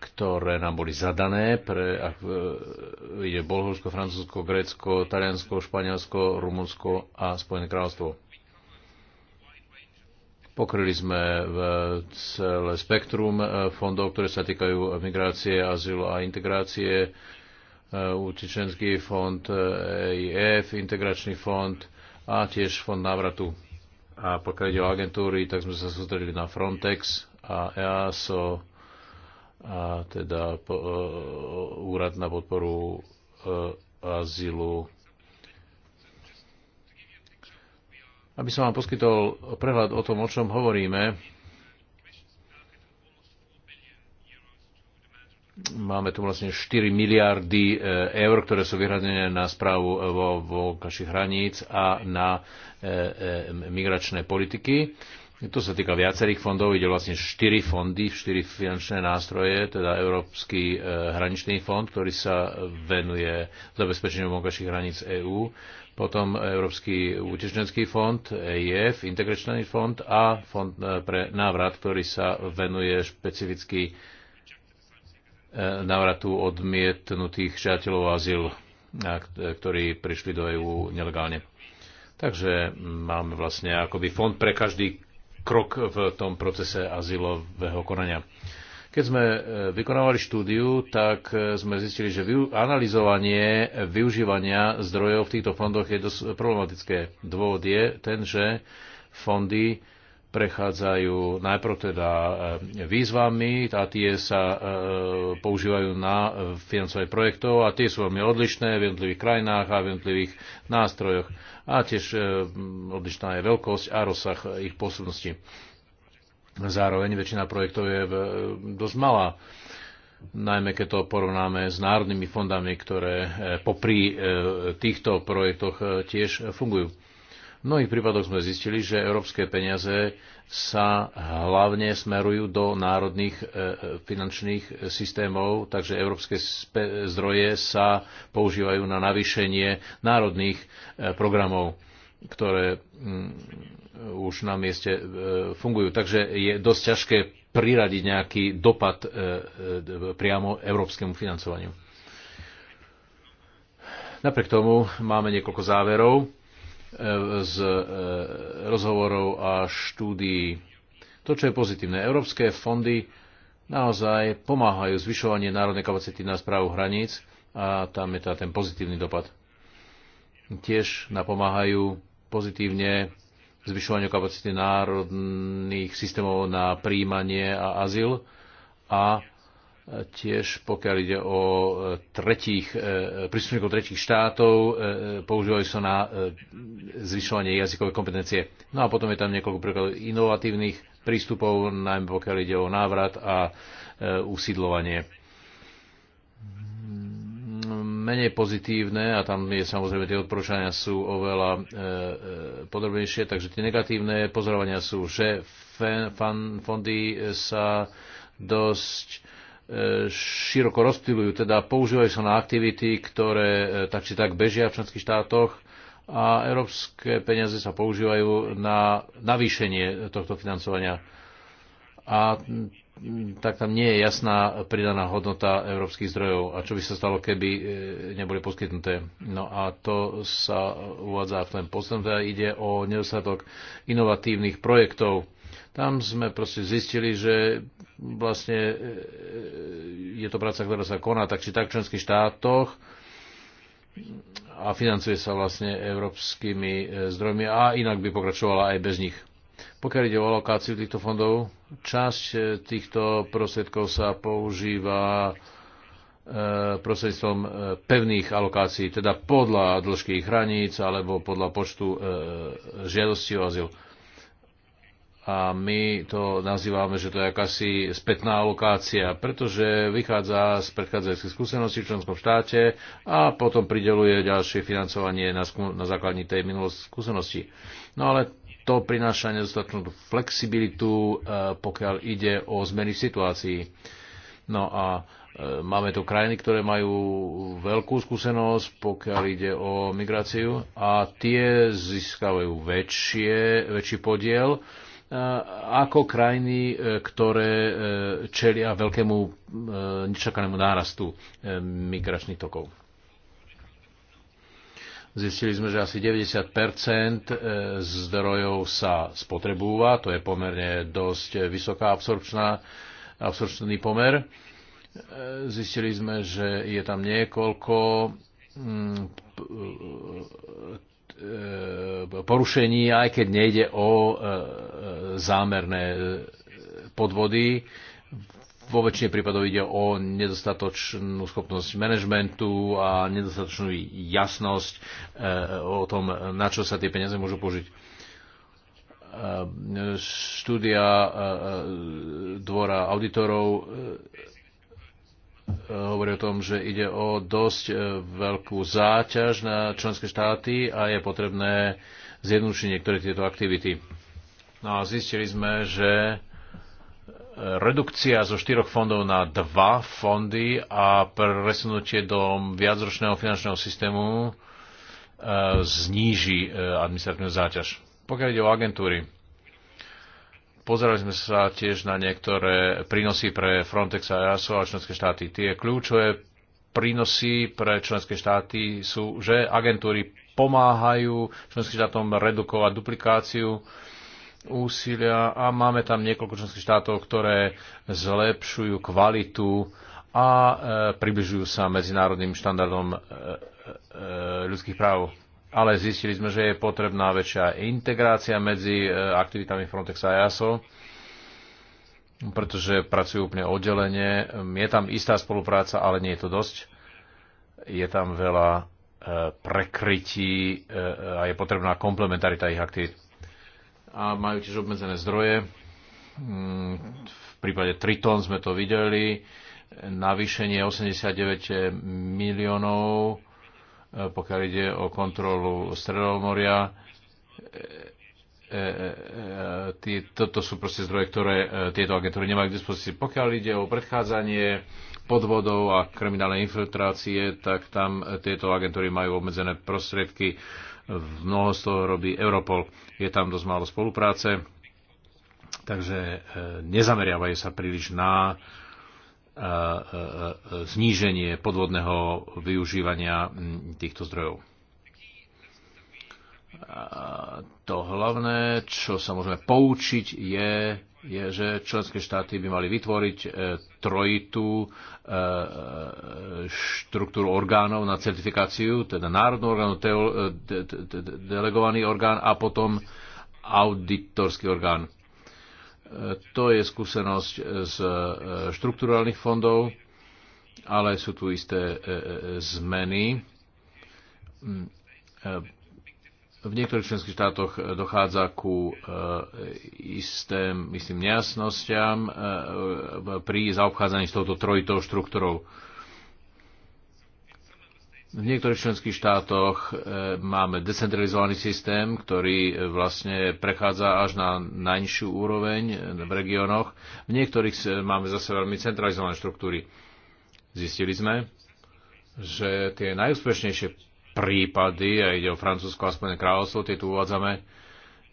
ktoré nám boli zadané pre ak, e, ide Bolhorsko, Francúzsko, Grécko, Taliansko, Španielsko, Rumunsko a Spojené kráľovstvo. Pokryli sme v e, celé spektrum e, fondov, ktoré sa týkajú migrácie, azylu a integrácie, utečenský fond, EIF, integračný fond a tiež fond návratu. A pokiaľ ide o agentúry, tak sme sa sústredili na Frontex a EASO, a teda po, uh, úrad na podporu uh, azylu. Aby som vám poskytol prehľad o tom, o čom hovoríme, máme tu vlastne 4 miliardy e, eur, ktoré sú vyhradené na správu vo vonkajších hraníc a na e, e, migračné politiky. To sa týka viacerých fondov, ide vlastne 4 fondy, 4 finančné nástroje, teda Európsky e, hraničný fond, ktorý sa venuje zabezpečeniu vonkajších hraníc EÚ, potom Európsky utečenský fond, EIF, Integračný fond a fond e, pre návrat, ktorý sa venuje špecificky e, návratu odmietnutých žiateľov azyl, ktorí prišli do EÚ nelegálne. Takže máme vlastne akoby fond pre každý krok v tom procese azylového konania. Keď sme e, vykonávali štúdiu, tak e, sme zistili, že analyzovanie využívania zdrojov v týchto fondoch je dosť problematické. Dôvod je ten, že fondy prechádzajú najprv teda e, výzvami a tie sa e, používajú na e, financovanie projektov a tie sú veľmi odlišné v jednotlivých krajinách a v jednotlivých nástrojoch. A tiež odlišná je veľkosť a rozsah ich posunnosti. Zároveň väčšina projektov je dosť malá najmä keď to porovnáme s národnými fondami, ktoré popri týchto projektoch tiež fungujú. V mnohých prípadoch sme zistili, že európske peniaze sa hlavne smerujú do národných e, e, finančných systémov, takže európske zdroje sa používajú na navýšenie národných e, programov ktoré mm, už na mieste fungujú. Takže je dosť ťažké priradiť nejaký dopad priamo európskemu financovaniu. Napriek tomu máme niekoľko záverov E, z e, rozhovorov a štúdií. To, čo je pozitívne, európske fondy naozaj pomáhajú zvyšovanie národnej kapacity na správu hraníc a tam je tá ten pozitívny dopad. Tiež napomáhajú pozitívne zvyšovaniu kapacity národných systémov na príjmanie a azyl a Tiež pokiaľ ide o e, tretích, e, príslušníkov tretích štátov, e, používajú sa na zvyšovanie jazykovej kompetencie. No a potom je tam niekoľko príkladov inovatívnych prístupov, najmä pokiaľ ide o návrat a usídlovanie menej pozitívne a tam je samozrejme tie odporúčania sú oveľa podrobnejšie, takže tie negatívne pozorovania sú, že fondy sa dosť široko rozptýlujú, teda používajú sa na aktivity, ktoré e, tak či tak bežia v členských štátoch a európske peniaze sa používajú na navýšenie tohto financovania. A tak tam nie je jasná pridaná hodnota európskych zdrojov a čo by sa stalo, keby e, neboli poskytnuté. No a to sa uvádza v tom poslednom, teda ide o nedostatok inovatívnych projektov tam sme proste zistili, že vlastne e, e, je to práca, ktorá sa koná tak či tak v členských štátoch a financuje sa vlastne európskymi e, zdrojmi a inak by pokračovala aj bez nich. Pokiaľ ide o alokáciu týchto fondov, časť týchto prostriedkov sa používa prostredstvom pevných alokácií, teda podľa dĺžky hraníc alebo podľa počtu žiadostí o azyl a my to nazývame, že to je akási spätná alokácia, pretože vychádza z predchádzajúcich skúseností v členskom štáte a potom prideluje ďalšie financovanie na, na základní tej minulosti skúsenosti. No ale to prináša nedostatnú flexibilitu, e, pokiaľ ide o zmeny v situácii. No a e, máme tu krajiny, ktoré majú veľkú skúsenosť, pokiaľ ide o migráciu a tie získavajú väčšie, väčší podiel ako krajiny, e, ktoré e, čelia veľkému e, nečakanému nárastu migračných tokov. Zistili sme, že asi 90 zdrojov sa spotrebúva, to je pomerne dosť vysoká absorpčná, absorpčný pomer. Zistili sme, že je tam niekoľko mm, E, porušení, aj keď nejde o e, e, zámerné podvody. Vo väčšine prípadov ide o nedostatočnú schopnosť manažmentu a nedostatočnú jasnosť o tom, na čo sa tie peniaze môžu použiť. Štúdia dvora auditorov hovorí o tom, že ide o dosť e, veľkú záťaž na členské štáty a je potrebné zjednodušiť niektoré tieto aktivity. No a zistili sme, že e, redukcia zo štyroch fondov na dva fondy a presunutie do viacročného finančného systému e, zníži administratívnu záťaž. Pokiaľ ide o agentúry, Pozerali sme sa tiež na niektoré prínosy pre Frontex a EASO a členské štáty. Tie kľúčové prínosy pre členské štáty sú, že agentúry pomáhajú členským štátom redukovať duplikáciu úsilia a máme tam niekoľko členských štátov, ktoré zlepšujú kvalitu a e, približujú sa medzinárodným štandardom e, e, e ľudských práv ale zistili sme, že je potrebná väčšia integrácia medzi e, aktivitami Frontex a EASO, pretože pracujú úplne oddelenie. Je tam istá spolupráca, ale nie je to dosť. Je tam veľa e, prekrytí e, a je potrebná komplementarita ich aktivít. A majú tiež obmedzené zdroje. Mm, v prípade Triton sme to videli. Navýšenie 89 miliónov E, pokiaľ ide o kontrolu Stredomoria. E, e, toto sú proste zdroje, ktoré tieto agentúry nemajú k dispozícii. Pokiaľ ide o predchádzanie podvodov a kriminálnej infiltrácie, tak tam tieto agentúry majú obmedzené prostriedky. Mnoho z toho robí Europol. Je tam dosť málo spolupráce, takže nezameriavajú sa príliš na zníženie podvodného využívania týchto zdrojov. to hlavné, čo sa môžeme poučiť, je, je, že členské štáty by mali vytvoriť e, trojitú e, e, štruktúru orgánov na certifikáciu, teda národnú orgánu, delegovaný orgán a potom auditorský orgán to je skúsenosť z e, štrukturálnych fondov, ale sú tu isté e, e, zmeny. Mm, v niektorých členských štátoch dochádza ku istým, istým nejasnostiam pri zaobchádzaní s touto trojitou štruktúrou v niektorých členských štátoch e, máme decentralizovaný systém, ktorý e, vlastne prechádza až na najnižšiu úroveň e, v regiónoch. V niektorých máme zase veľmi centralizované štruktúry. Zistili sme, že tie najúspešnejšie prípady, a ide o Francúzsko a Spojené kráľovstvo, tie tu uvádzame,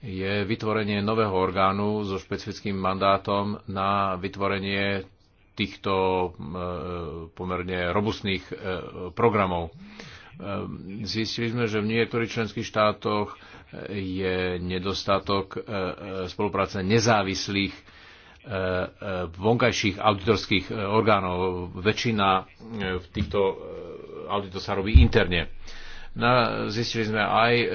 je vytvorenie nového orgánu so špecifickým mandátom na vytvorenie týchto e, pomerne robustných e, programov. E, zistili sme, že v niektorých členských štátoch je nedostatok spolupráce nezávislých vonkajších auditorských orgánov. Väčšina v týchto auditov sa robí interne. Na, zistili sme aj e,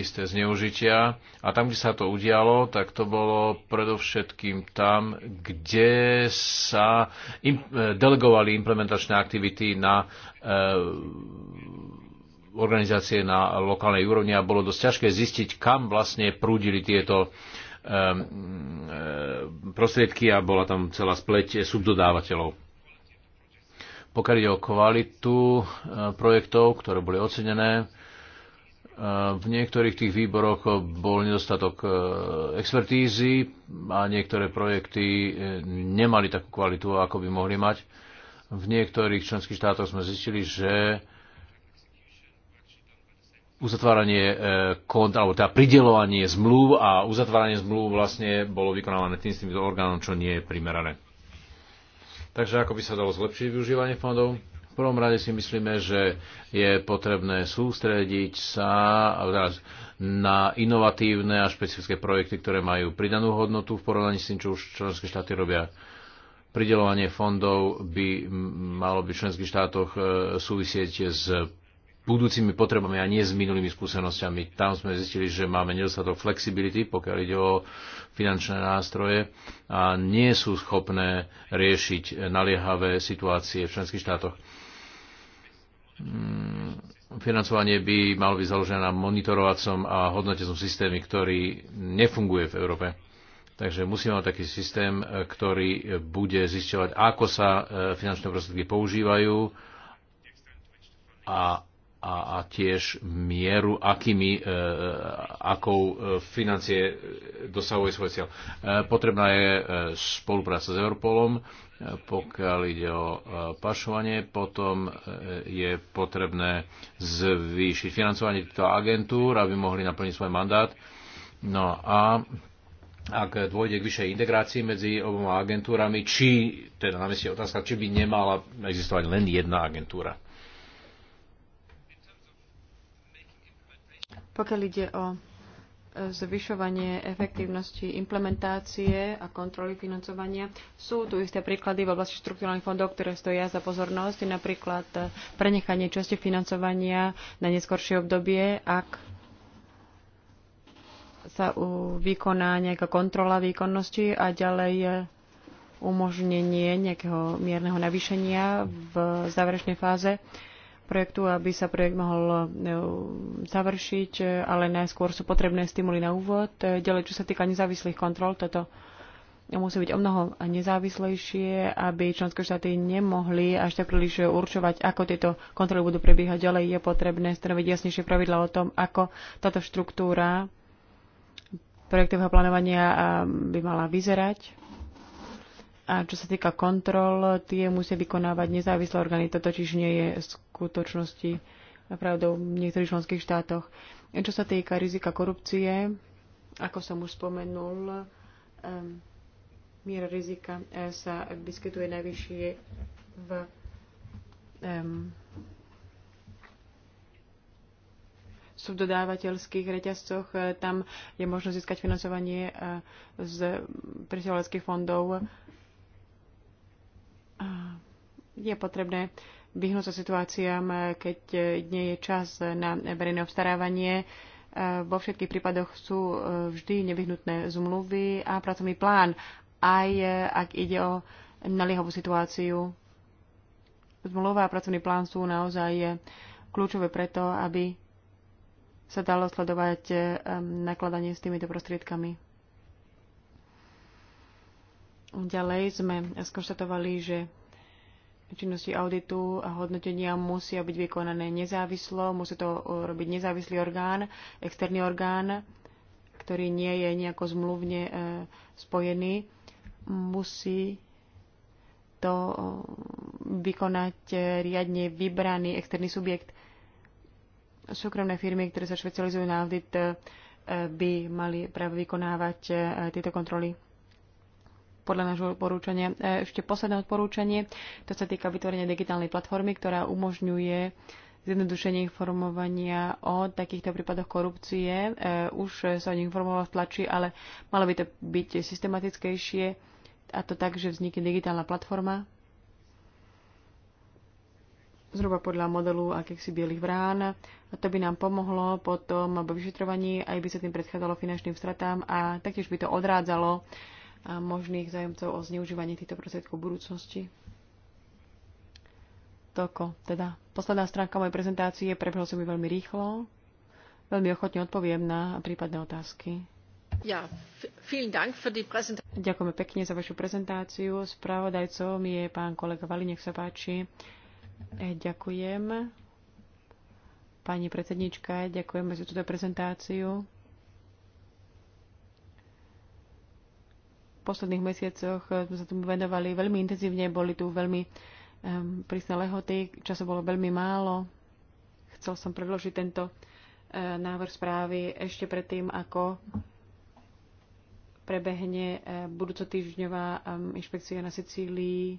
isté zneužitia a tam, kde sa to udialo, tak to bolo predovšetkým tam, kde sa im, e, delegovali implementačné aktivity na e, organizácie na lokálnej úrovni a bolo dosť ťažké zistiť, kam vlastne prúdili tieto e, e prostriedky a bola tam celá spleť subdodávateľov. Pokiaľ ide o kvalitu e, projektov, ktoré boli ocenené, e, v niektorých tých výboroch bol nedostatok e, expertízy a niektoré projekty nemali takú kvalitu, ako by mohli mať. V niektorých členských štátoch sme zistili, že uzatváranie kont, alebo teda pridelovanie zmluv a uzatváranie zmluv vlastne bolo vykonávané tým tým orgánom, čo nie je primerané. Takže ako by sa dalo zlepšiť využívanie fondov? V prvom rade si myslíme, že je potrebné sústrediť sa na inovatívne a špecifické projekty, ktoré majú pridanú hodnotu v porovnaní s tým, čo už členské štáty robia pridelovanie fondov by malo byť v členských štátoch e, súvisieť s budúcimi potrebami a nie s minulými skúsenosťami. Tam sme zistili, že máme nedostatok flexibility, pokiaľ ide o finančné nástroje a nie sú schopné riešiť naliehavé situácie v členských štátoch. Mm, financovanie by malo byť založené na monitorovacom a hodnotecom systéme, ktorý nefunguje v Európe. Takže musíme mať taký systém, ktorý bude zisťovať, ako sa e, finančné prostriedky používajú a a, a tiež mieru, akými, e, akou e, financie dosahuje svoj cieľ. E, potrebná je e, spolupráca s Europolom, e, pokiaľ ide o pašovanie, potom je potrebné zvýšiť financovanie týchto agentúr, aby mohli naplniť svoj mandát. No a ak dôjde k vyššej integrácii medzi oboma agentúrami, či, teda na mieste otázka, či by nemala existovať len jedna agentúra. Pokiaľ ide o e, zvyšovanie efektívnosti implementácie a kontroly financovania. Sú tu isté príklady v oblasti štruktúrnych fondov, ktoré stoja za pozornosť, napríklad e, prenechanie časti financovania na neskoršie obdobie, ak sa vykoná nejaká kontrola výkonnosti a ďalej e, umožnenie nejakého mierneho navýšenia v záverečnej fáze. Uh, projektu, aby sa projekt mohol e, završiť, e, ale najskôr sú potrebné stimuly na úvod. E, ďalej, čo sa týka nezávislých kontrol, toto musí byť o mnoho nezávislejšie, aby členské štáty nemohli až tak príliš určovať, ako tieto kontroly budú prebiehať ďalej. Je potrebné stanoviť jasnejšie pravidla o tom, ako táto štruktúra projektového plánovania by mala vyzerať a čo sa týka kontrol, tie musia vykonávať nezávislé orgány. To totiž nie je v skutočnosti pravdou v niektorých členských štátoch. A čo sa týka rizika korupcie, ako som už spomenul, um, miera rizika eh, sa vyskytuje najvyššie v um, subdodávateľských reťazcoch. Tam je možnosť získať financovanie eh, z presiaľovacích fondov je potrebné vyhnúť sa situáciám, keď nie je čas na verejné obstarávanie. Vo všetkých prípadoch sú vždy nevyhnutné zmluvy a pracovný plán, aj ak ide o naliehavú situáciu. Zmluva a pracovný plán sú naozaj kľúčové preto, aby sa dalo sledovať um, nakladanie s týmito prostriedkami. Ďalej sme skonštatovali, že činnosti auditu a hodnotenia musia byť vykonané nezávislo, musí to e, robiť nezávislý orgán, externý orgán, ktorý nie je nejako zmluvne e, spojený. Musí to e, vykonať riadne vybraný externý subjekt. Súkromné firmy, ktoré sa špecializujú na audit, by mali práve vykonávať tieto kontroly podľa nášho odporúčania. E, ešte posledné odporúčanie, to sa týka vytvorenia digitálnej platformy, ktorá umožňuje zjednodušenie informovania o takýchto prípadoch korupcie. E, už sa o nich informovalo v tlači, ale malo by to byť systematickejšie a to tak, že vznikne digitálna platforma zhruba podľa modelu akýchsi bielých vrán. A to by nám pomohlo potom vo vyšetrovaní, aj by sa tým predchádzalo finančným stratám a taktiež by to odrádzalo uh, a možných zájomcov o zneužívanie týchto prostriedkov v budúcnosti. Toko, teda posledná stránka mojej prezentácie, prebehol som ju veľmi rýchlo. Veľmi ochotne odpoviem na prípadné otázky. Ja, Dank für die Ďakujeme pekne za vašu prezentáciu. Spravodajcom je pán kolega Vali, nech sa páči. E, ďakujem. Pani predsednička, ďakujeme za túto prezentáciu. posledných mesiacoch eh, sme sa tomu venovali veľmi intenzívne, boli tu veľmi um, prísne lehoty, času bolo veľmi málo. Chcel som predložiť tento uh, návrh správy ešte predtým, ako prebehne uh, eh, týždňová um, ehm, inšpekcia na Sicílii,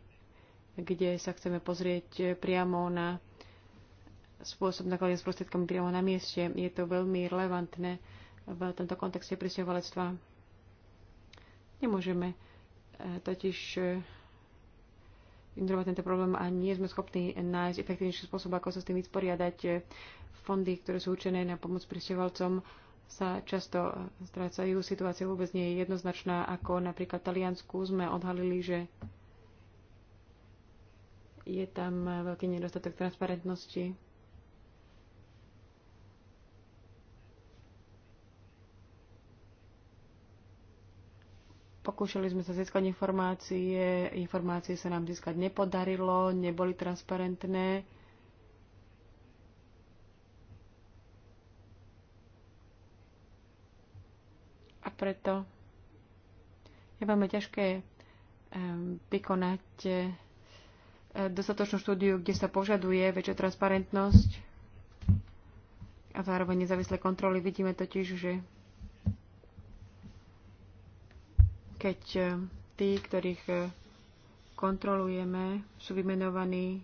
kde sa chceme pozrieť priamo na spôsob nakladania s prostriedkami priamo na mieste. Je to veľmi relevantné v tomto kontexte prisťahovalectva Nemôžeme e, totiž e, ignorovať tento problém a nie sme schopní nájsť efektívnejší spôsob, ako sa s tým vysporiadať. E, fondy, ktoré sú určené na pomoc pristevalcom, sa často strácajú. Situácia vôbec nie je jednoznačná, ako napríklad v Taliansku sme odhalili, že je tam veľký nedostatok transparentnosti. Pokúšali sme sa získať informácie, informácie sa nám získať nepodarilo, neboli transparentné. A preto je veľmi ťažké vykonať e, dostatočnú štúdiu, kde sa požaduje väčšia transparentnosť a zároveň nezávislé kontroly. Vidíme totiž, že keď e, tí, ktorých e, kontrolujeme, sú vymenovaní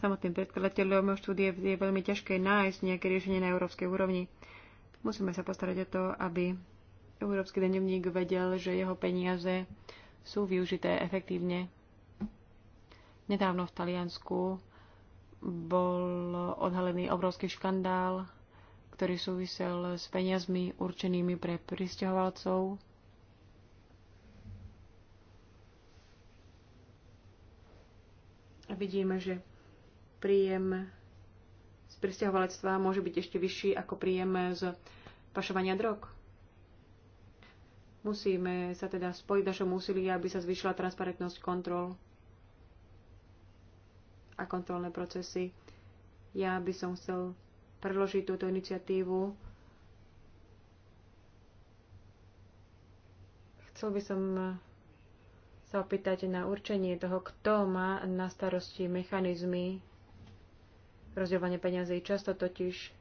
samotným predkladateľom štúdie, je veľmi ťažké nájsť nejaké riešenie na európskej úrovni. Musíme sa postarať o to, aby európsky denovník vedel, že jeho peniaze sú využité efektívne. Nedávno v Taliansku bol odhalený obrovský škandál, ktorý súvisel s peniazmi určenými pre pristahovalcov vidíme, že príjem z pristahovalectva môže byť ešte vyšší ako príjem z pašovania drog. Musíme sa teda spojiť našom úsilí, aby sa zvýšila transparentnosť kontrol a kontrolné procesy. Ja by som chcel predložiť túto iniciatívu. Chcel by som sa opýtať na určenie toho, kto má na starosti mechanizmy rozdielovania peňazí. Často totiž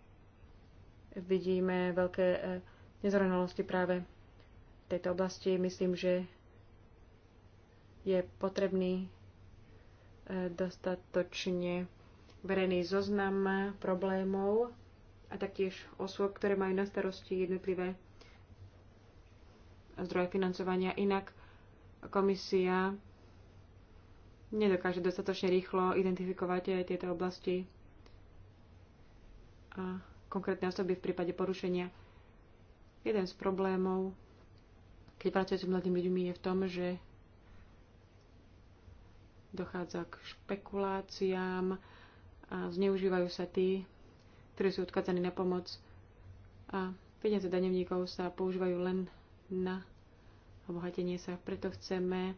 vidíme veľké e, nezrovnalosti práve v tejto oblasti. Myslím, že je potrebný e, dostatočne verejný zoznam problémov a taktiež osôb, ktoré majú na starosti jednotlivé zdroje financovania. Inak komisia nedokáže dostatočne rýchlo identifikovať eh, tieto oblasti a konkrétne osoby v prípade porušenia. Jeden z problémov, keď pracujete s mladými ľuďmi, je v tom, že dochádza k špekuláciám a zneužívajú sa tí, ktorí sú odkazaní na pomoc a peniaze daňovníkov sa používajú len na obohatenie sa. Preto chceme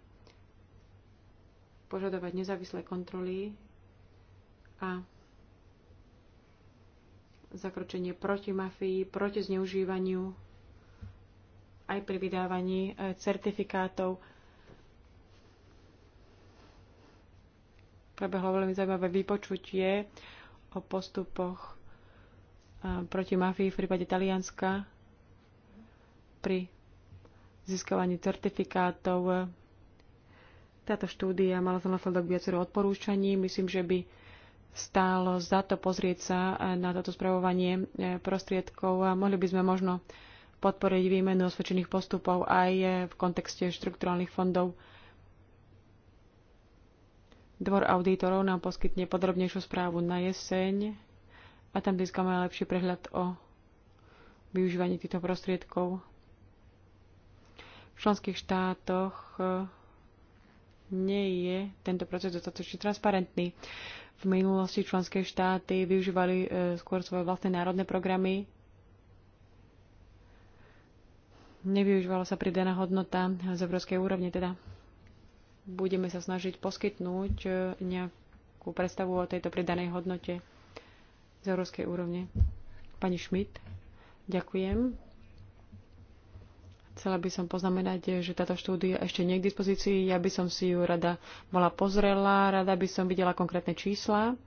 požadovať nezávislé kontroly a zakročenie proti mafii, proti zneužívaniu aj pri vydávaní e, certifikátov. Prebehlo veľmi zaujímavé vypočutie o postupoch e, proti mafii v prípade Talianska pri získavanie certifikátov. Táto štúdia mala za následok viacero odporúčaní. Myslím, že by stálo za to pozrieť sa na toto spravovanie eh, prostriedkov a mohli by sme možno podporiť výmenu osvedčených postupov aj eh, v kontexte štrukturálnych fondov. Dvor auditorov nám poskytne podrobnejšiu správu na jeseň a tam získame lepší prehľad o využívaní týchto prostriedkov členských štátoch e, nie je tento proces dostatočne transparentný. V minulosti členské štáty využívali e, skôr svoje vlastné národné programy. Nevyužívala sa pridaná hodnota z európskej úrovne, teda budeme sa snažiť poskytnúť e, nejakú predstavu o tejto pridanej hodnote z európskej úrovne. Pani Schmidt, ďakujem. Chcela by som poznamenať, že táto štúdia ešte nie je k dispozícii. Ja by som si ju rada bola pozrela, rada by som videla konkrétne čísla.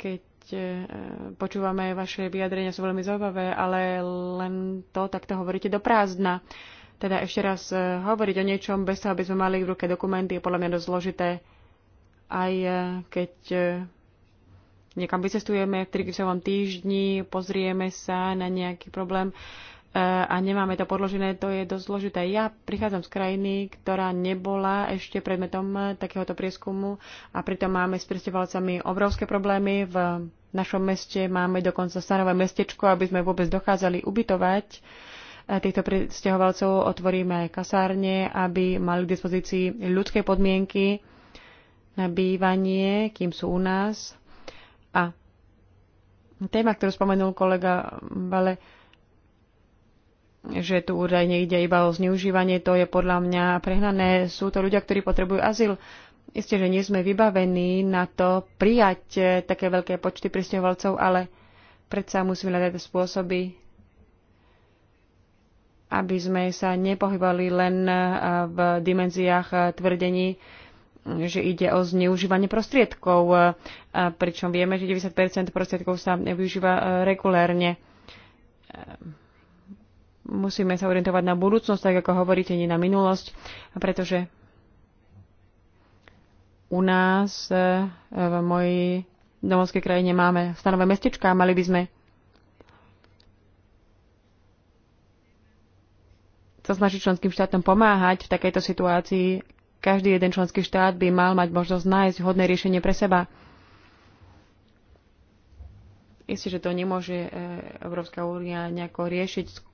Keď e, počúvame vaše vyjadrenia, sú veľmi zaujímavé, ale len to takto hovoríte do prázdna. Teda ešte raz e, hovoriť o niečom bez toho, aby sme mali v ruke dokumenty, je podľa mňa dosť zložité. Aj e, keď niekam vycestujeme v trikvisovom týždni, pozrieme sa na nejaký problém, E, a nemáme to podložené, to je dosť zložité. Ja prichádzam z krajiny, ktorá nebola ešte predmetom e, takéhoto prieskumu a pritom máme s pristevalcami obrovské problémy. V našom meste máme dokonca stanové mestečko, aby sme vôbec dokázali ubytovať e, týchto pristahovalcov. Otvoríme aj kasárne, aby mali k dispozícii ľudské podmienky na bývanie, kým sú u nás. A téma, ktorú spomenul kolega Vale, že tu údajne ide iba o zneužívanie, to je podľa mňa prehnané. Sú to ľudia, ktorí potrebujú azyl. Isté, že nie sme vybavení na to prijať eh, také veľké počty pristahovalcov, ale predsa musíme hľadať spôsoby, aby sme sa nepohybali len eh, v dimenziách eh, tvrdení, že ide o zneužívanie prostriedkov, pričom vieme, že 90 prostriedkov sa využíva regulérne musíme sa orientovať na budúcnosť, tak ako hovoríte, nie na minulosť, pretože u nás e, v mojej domovskej krajine máme stanové mestečka a mali by sme sa snažiť členským štátom pomáhať v takejto situácii. Každý jeden členský štát by mal mať možnosť nájsť hodné riešenie pre seba. Isté, že to nemôže e, Európska únia nejako riešiť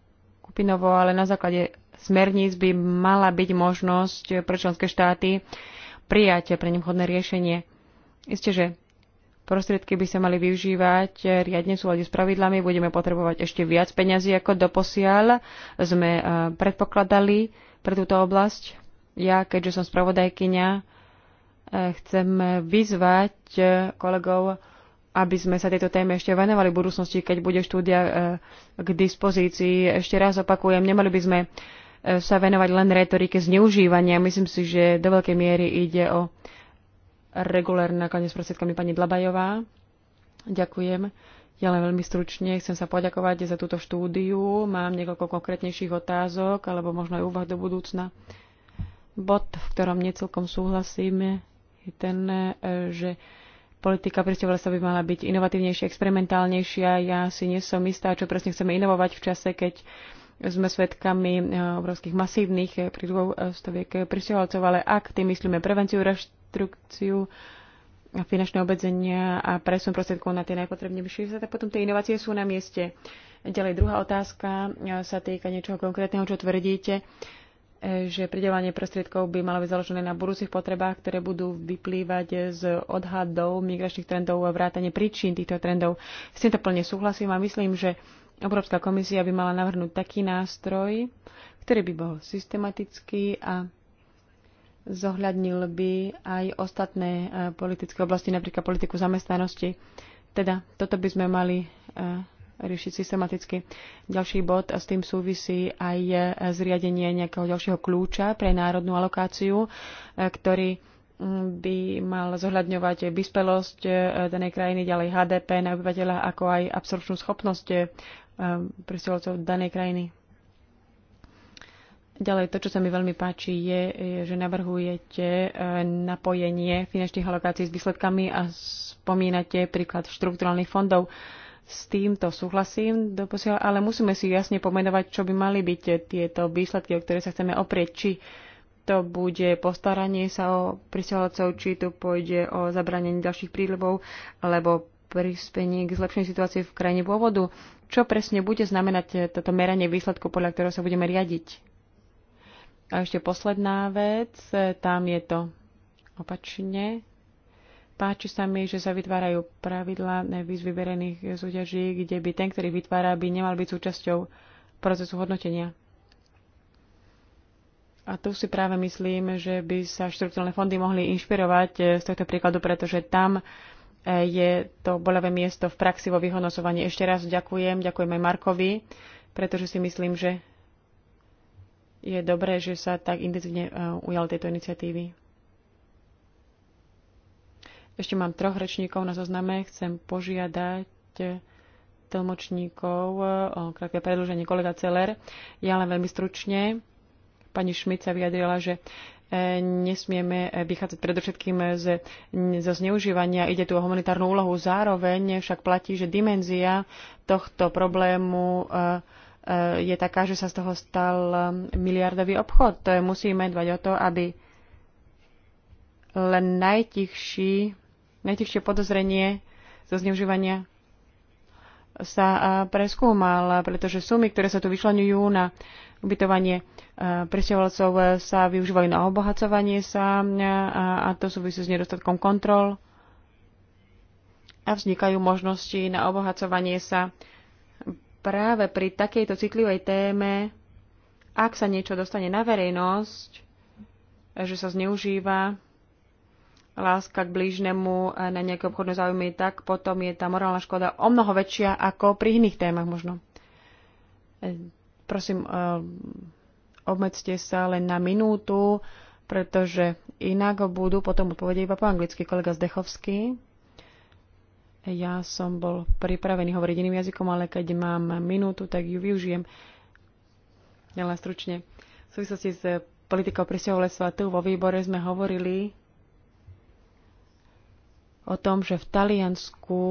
skupinovo, ale na základe smerníc by mala byť možnosť pre členské štáty prijať pre ním vhodné riešenie. Isté, že prostriedky by sa mali využívať riadne v súlade s pravidlami, budeme potrebovať ešte viac peňazí ako doposiaľ. Sme e, predpokladali pre túto oblasť. Ja, keďže som spravodajkyňa, e, chcem vyzvať e, kolegov, aby sme sa tejto téme ešte venovali v budúcnosti, keď bude štúdia e, k dispozícii. Ešte raz opakujem, nemali by sme e, sa venovať len retorike zneužívania. Myslím si, že do veľkej miery ide o regulérne nakoniec prostriedkami pani Dlabajová. Ďakujem. Ja len veľmi stručne chcem sa poďakovať za túto štúdiu. Mám niekoľko konkrétnejších otázok, alebo možno aj úvah do budúcna. Bod, v ktorom necelkom súhlasíme, je ten, e, že Politika pristahovalstva by mala byť inovatívnejšia, experimentálnejšia. Ja si nie som istá, čo presne chceme inovovať v čase, keď sme svedkami eh, obrovských masívnych eh, prídvov eh, stoviek ale ak tým myslíme prevenciu, reštrukciu, finančné obmedzenia a presun prostriedkov na tie najpotrebnejšie, tak potom tie inovácie sú na mieste. Ďalej druhá otázka sa týka niečoho konkrétneho, čo tvrdíte že pridelanie prostriedkov by malo byť založené na budúcich potrebách, ktoré budú vyplývať z odhadov migračných trendov a vrátanie príčin týchto trendov. S týmto plne súhlasím a myslím, že Európska komisia by mala navrhnúť taký nástroj, ktorý by bol systematický a zohľadnil by aj ostatné eh, politické oblasti, napríklad politiku zamestnanosti. Teda toto by sme mali eh, riešiť systematicky. Ďalší bod a s tým súvisí aj e, zriadenie nejakého ďalšieho kľúča pre národnú alokáciu, e, ktorý by mal zohľadňovať vyspelosť e, danej krajiny, ďalej HDP na obyvateľa, ako aj absorpčnú schopnosť presielcov danej krajiny. Ďalej, to, čo sa mi veľmi páči, je, že navrhujete napojenie finančných alokácií s výsledkami a spomínate príklad štrukturálnych fondov. S týmto súhlasím doposiaľ, ale musíme si jasne pomenovať, čo by mali byť tieto výsledky, o ktoré sa chceme oprieť, či to bude postaranie sa o prisťahovalcov, či tu pôjde o zabranenie ďalších prílivov, alebo prispenie k zlepšeniu situácie v krajine pôvodu. Čo presne bude znamenať toto meranie výsledku, podľa ktorého sa budeme riadiť? A ešte posledná vec, tam je to opačne Páči sa mi, že sa vytvárajú pravidlá z verejných súťaží, kde by ten, ktorý vytvára, by nemal byť súčasťou procesu hodnotenia. A tu si práve myslím, že by sa štruktúrne fondy mohli inšpirovať eh, z tohto príkladu, pretože tam eh, je to bolavé miesto v praxi vo vyhodnosovaní. Ešte raz ďakujem, ďakujem aj Markovi, pretože si myslím, že je dobré, že sa tak intenzívne eh, ujal tejto iniciatívy. Ešte mám troch rečníkov na zozname. Chcem požiadať eh, tlmočníkov eh, o krátke predlženie kolega Celer. Ja len veľmi stručne. Pani Šmit sa vyjadrila, že eh, nesmieme vychádzať predovšetkým zo zneužívania. Ide tu o humanitárnu úlohu. Zároveň však platí, že dimenzia tohto problému je taká, že sa z toho stal miliardový obchod. Musíme dbať o to, aby len najtichší Najtežšie podozrenie zo zneužívania sa preskúmal, pretože sumy, ktoré sa tu vyšľaňujú na ubytovanie presťahovalcov, sa využívajú na obohacovanie sa a to súvisí s nedostatkom kontrol a vznikajú možnosti na obohacovanie sa práve pri takejto citlivej téme, ak sa niečo dostane na verejnosť, že sa zneužíva láska k blížnemu e, na nejaké obchodné záujmy, tak potom je tá morálna škoda o mnoho väčšia ako pri iných témach možno. E, prosím, e, obmedzte sa len na minútu, pretože inak budú potom odpovede iba po anglicky. Kolega Zdechovský. Ja som bol pripravený hovoriť iným jazykom, ale keď mám minútu, tak ju využijem. Len stručne. V súvislosti s politikou presťahovalectva tu vo výbore sme hovorili o tom, že v Taliansku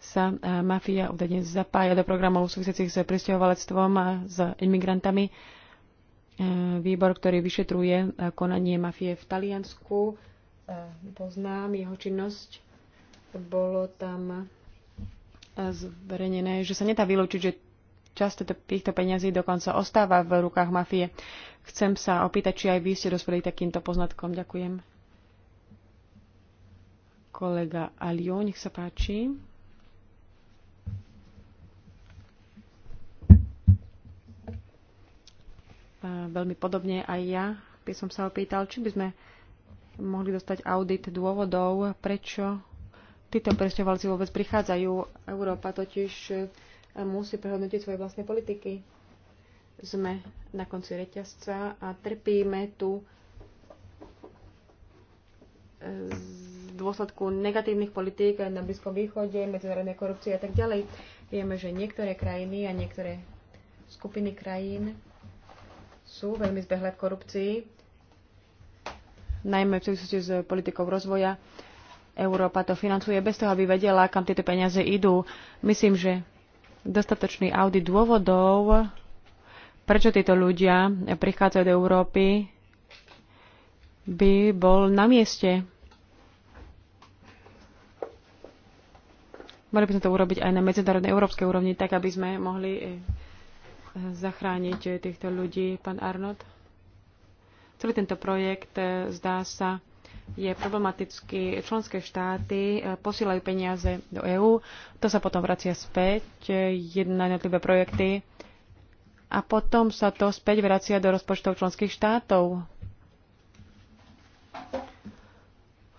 sa e, mafia údajne zapája do programov súvisiacich s pristahovalectvom a s imigrantami. E, výbor, ktorý vyšetruje e, konanie mafie v Taliansku, poznám jeho činnosť. Bolo tam zverejnené, že sa nedá vylúčiť, že často týchto peňazí dokonca ostáva v rukách mafie. Chcem sa opýtať, či aj vy ste dospeli takýmto poznatkom. Ďakujem. Kolega Alio, nech sa páči. Veľmi podobne aj ja by som sa opýtal, či by sme mohli dostať audit dôvodov, prečo títo presťovalci vôbec prichádzajú. Európa totiž e, musí prehodnotiť svoje vlastné politiky. Sme na konci reťazca a trpíme tu e, dôsledku negatívnych politík na Blízkom východe, medzinárodnej korupcie a tak ďalej. Vieme, že niektoré krajiny a niektoré skupiny krajín sú veľmi zbehlé v korupcii, najmä v súvislosti s politikou rozvoja. Európa to financuje bez toho, aby vedela, kam tieto peniaze idú. Myslím, že dostatočný audit dôvodov, prečo títo ľudia prichádzajú do Európy, by bol na mieste. Mali by sme to urobiť aj na medzinárodnej európskej úrovni, tak aby sme mohli eh, zachrániť eh, týchto ľudí. Pán Arnold, celý tento projekt eh, zdá sa je problematický. Členské štáty posílajú peniaze do EÚ, to sa potom vracia späť, jedna jednotlivé projekty a potom sa to späť vracia do rozpočtov členských štátov.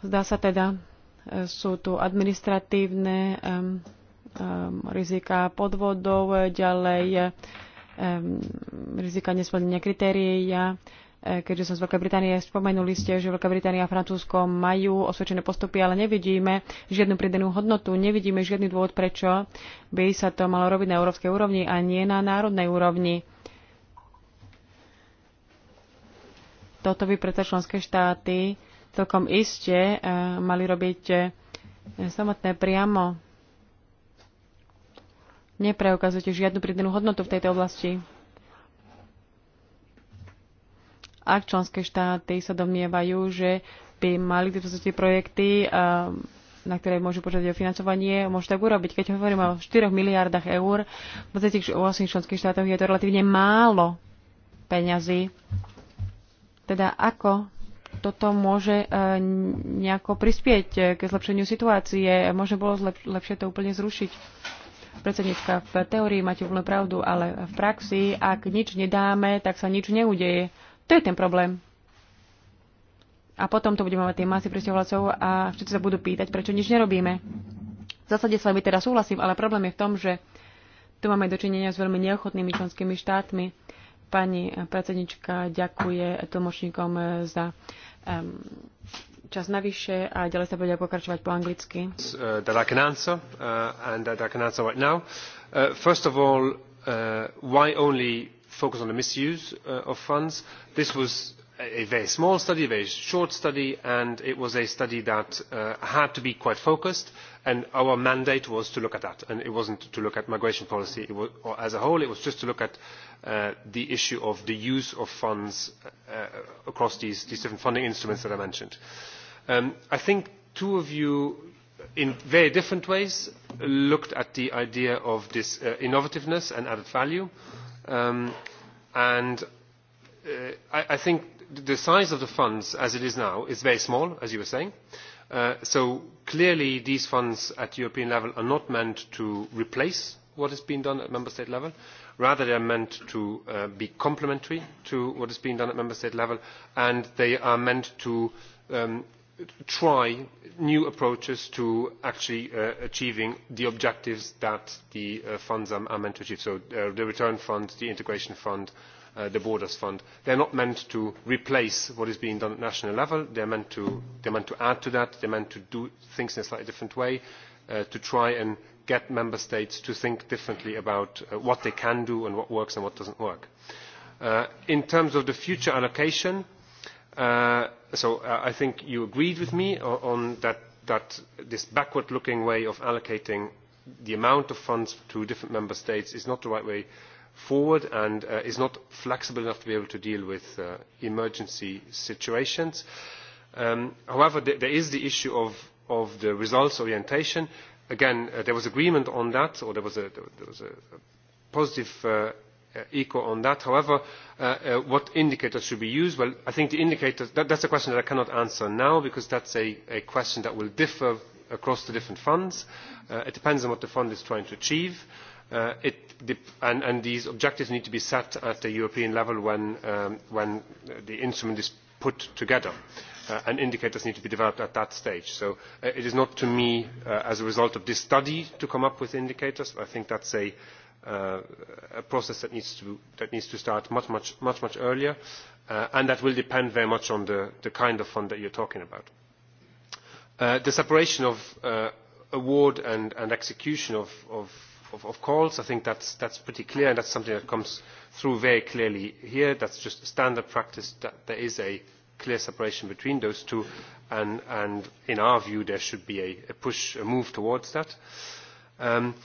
Zdá sa teda, sú tu administratívne um, um, rizika podvodov, ďalej um, rizika nesplnenia kritérií. E, keďže som z Veľkej Británie, spomenuli ste, že Veľká Británia a Francúzsko majú osvedčené postupy, ale nevidíme žiadnu pridanú hodnotu, nevidíme žiadny dôvod, prečo by sa to malo robiť na európskej úrovni a nie na národnej úrovni. Toto by predsa členské štáty celkom iste e, mali robiť e, samotné priamo. Nepreukazujete žiadnu pridanú hodnotu v tejto oblasti. Ak členské štáty sa domnievajú, že by mali tieto projekty, e, na ktoré môžu požiadať o financovanie, môžu tak urobiť. Keď hovoríme o 4 miliardách eur, v podstate 8 členských štátoch je to relatívne málo peňazí. Teda ako toto môže e, nejako prispieť e, ke zlepšeniu situácie. Možno bolo zlep- lepšie to úplne zrušiť. Predsednička, v teórii máte úplnú pravdu, ale v praxi, ak nič nedáme, tak sa nič neudeje. To je ten problém. A potom to budeme mať tie masy presťahovalcov a všetci sa budú pýtať, prečo nič nerobíme. V zásade s vami teda súhlasím, ale problém je v tom, že tu máme dočinenia s veľmi neochotnými členskými štátmi. Pani predsednička ďakuje tlmočníkom e, za um, čas navyše a ďalej sa bude pokračovať po anglicky. Uh, that I can answer uh, and that I can answer right now. Uh, first of all, uh, why only focus on the misuse uh, of funds? This was a very small study, a very short study, and it was a study that uh, had to be quite focused, and our mandate was to look at that. And it wasn't to look at migration policy it was, or as a whole, it was just to look at Uh, the issue of the use of funds uh, uh, across these, these different funding instruments that I mentioned. Um, I think two of you, in very different ways, looked at the idea of this uh, innovativeness and added value. Um, and uh, I, I think the size of the funds as it is now is very small, as you were saying. Uh, so clearly these funds at European level are not meant to replace what has been done at member state level Rather, they are meant to uh, be complementary to what is being done at member state level, and they are meant to um, try new approaches to actually uh, achieving the objectives that the uh, funds are, are meant to achieve. So uh, the return fund, the integration fund, uh, the borders fund. They are not meant to replace what is being done at national level. They are meant to, they're meant to add to that. They are meant to do things in a slightly different way uh, to try and get member states to think differently about uh, what they can do and what works and what doesn't work. Uh, in terms of the future allocation, uh, so uh, I think you agreed with me on, on that, that this backward-looking way of allocating the amount of funds to different member states is not the right way forward and uh, is not flexible enough to be able to deal with uh, emergency situations. Um, however, th there is the issue of, of the results orientation again uh, there was agreement on that or there was a, there was a positive uh, uh, echo on that. however uh, uh, what indicators should be used? well i think the indicators that, that's a question that i cannot answer now because that's a, a question that will differ across the different funds. Uh, it depends on what the fund is trying to achieve. Uh, it, and, and these objectives need to be set at the european level when, um, when the instrument is put together. Uh, and indicators need to be developed at that stage. So uh, it is not to me, uh, as a result of this study, to come up with indicators. I think that's a, a process that needs, to, that needs to start much, much, much, much earlier, and that will depend very much on the, the kind of fund that you are talking about. the separation of award and, and execution of, of, of, calls, I think that's, that's pretty clear, and that is something that comes through very clearly here. That is just standard practice that there is a clear separation between those two, and, and in our view, there should be a, a push, a move towards that. Um,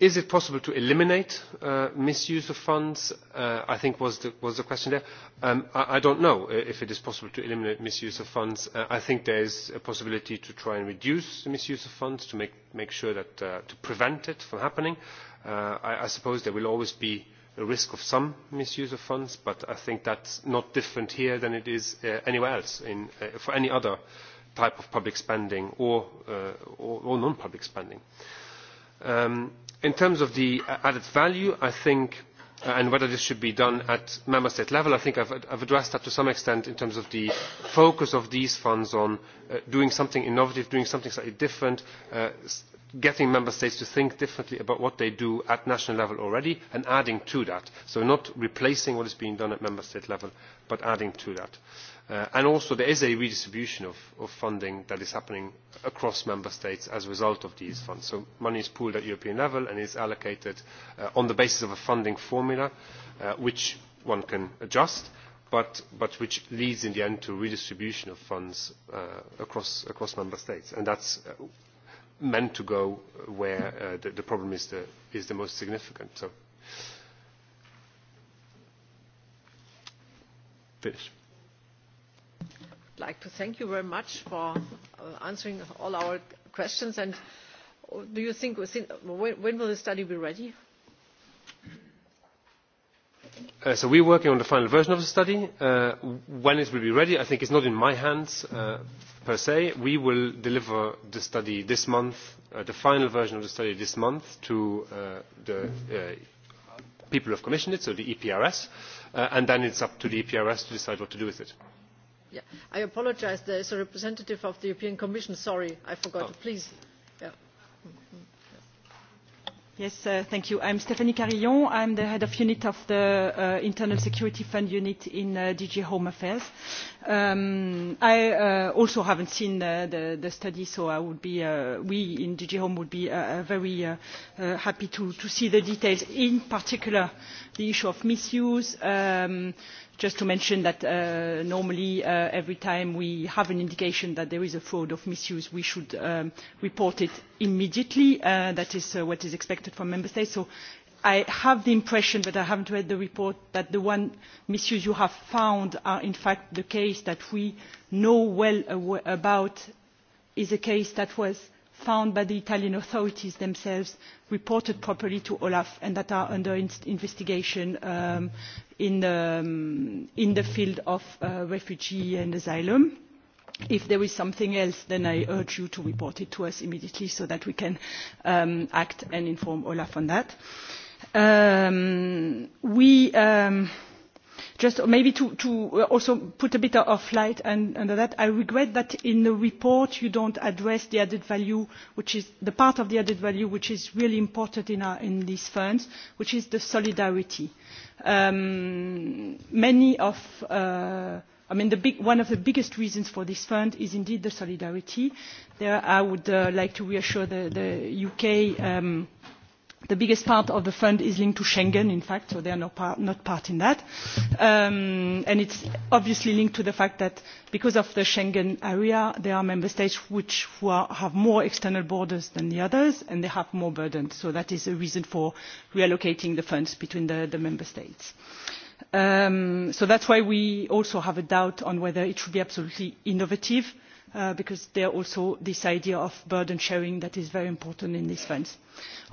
is it possible to eliminate uh, misuse of funds? Uh, I think was the, was the question there. Um, I, I don't know uh, if it is possible to eliminate misuse of funds. Uh, I think there is a possibility to try and reduce the misuse of funds to make, make sure that uh, to prevent it from happening. Uh, I, I suppose there will always be uh, a risk of some misuse of funds but i think that is not different here than it is uh, anywhere else in, uh, for any other type of public spending or, uh, non public spending. Um, in terms of the added value i think and whether this should be done at member state level i think i have addressed that to some extent in terms of the focus of these funds on doing something innovative doing something slightly different getting member states to think differently about what they do at national level already and adding to that so not replacing what is being done at member state level but adding to that uh, and also there is a redistribution of, funding that is happening across member states as a result of these funds so money is pooled at european level and is allocated uh, on the basis of a funding formula uh, which one can adjust but, which leads in the end to redistribution of funds across, member states and that is meant to go uh, where uh, the, the problem is the, is the most significant. So, finish. I'd like to thank you very much for uh, answering all our questions. And uh, do you think when, when will the study be ready? Uh, so we're working on the final version of the study. Uh, when it will be ready, I think it's not in my hands. Uh, per se. We will deliver the study this month, uh, the final version of the study this month to uh, the uh, people who have commissioned it, so the EPRS, uh, and then it's up to the EPRS to decide what to do with it. Yeah. I apologise, there is a representative of the European Commission. Sorry, I forgot. Oh. Please. Yeah. Mm -hmm i am uh, thank you. I'm Stephanie Carillon. I'm the head of unit of the uh, Internal Security Fund unit in uh, DG Home Affairs. Um, I uh, also haven't seen the, the study, so I would be, uh, we in DG Home would be uh, very uh, happy to, to see the details, in particular the issue of misuse, um, just to mention that uh, normally uh, every time we have an indication that there is a fraud or misuse we should um, report it immediately uh, that is what is expected from member states so i have the impression but i have not read the report that the one misuse you have found are in fact the case that we know well about is a case that was found by the italian authorities themselves reported properly to olaf and that are under investigation um, um, in, the field of uh, refugee and asylum. if there is something else then i urge you to report it to us immediately so that we can um, act and inform olaf on that. we just maybe to, to uh, also put a bit of light on that i regret that in the report you do not address the added value which is the part of the added value which is really important in, our, in these funds which is the solidarity. Um, many of uh, I mean, the big, one of the biggest reasons for this fund is indeed the solidarity. there i would uh, like to reassure the, the uk um, the biggest part of the fund is linked to Schengen, in fact, so they are not part, not part in that. Um, and it's obviously linked to the fact that because of the Schengen area, there are member states which who are, have more external borders than the others, and they have more burden. So that is a reason for reallocating the funds between the, the member states. Um, so that's why we also have a doubt on whether it should be absolutely innovative, uh, because there is also this idea of burden sharing that is very important in these funds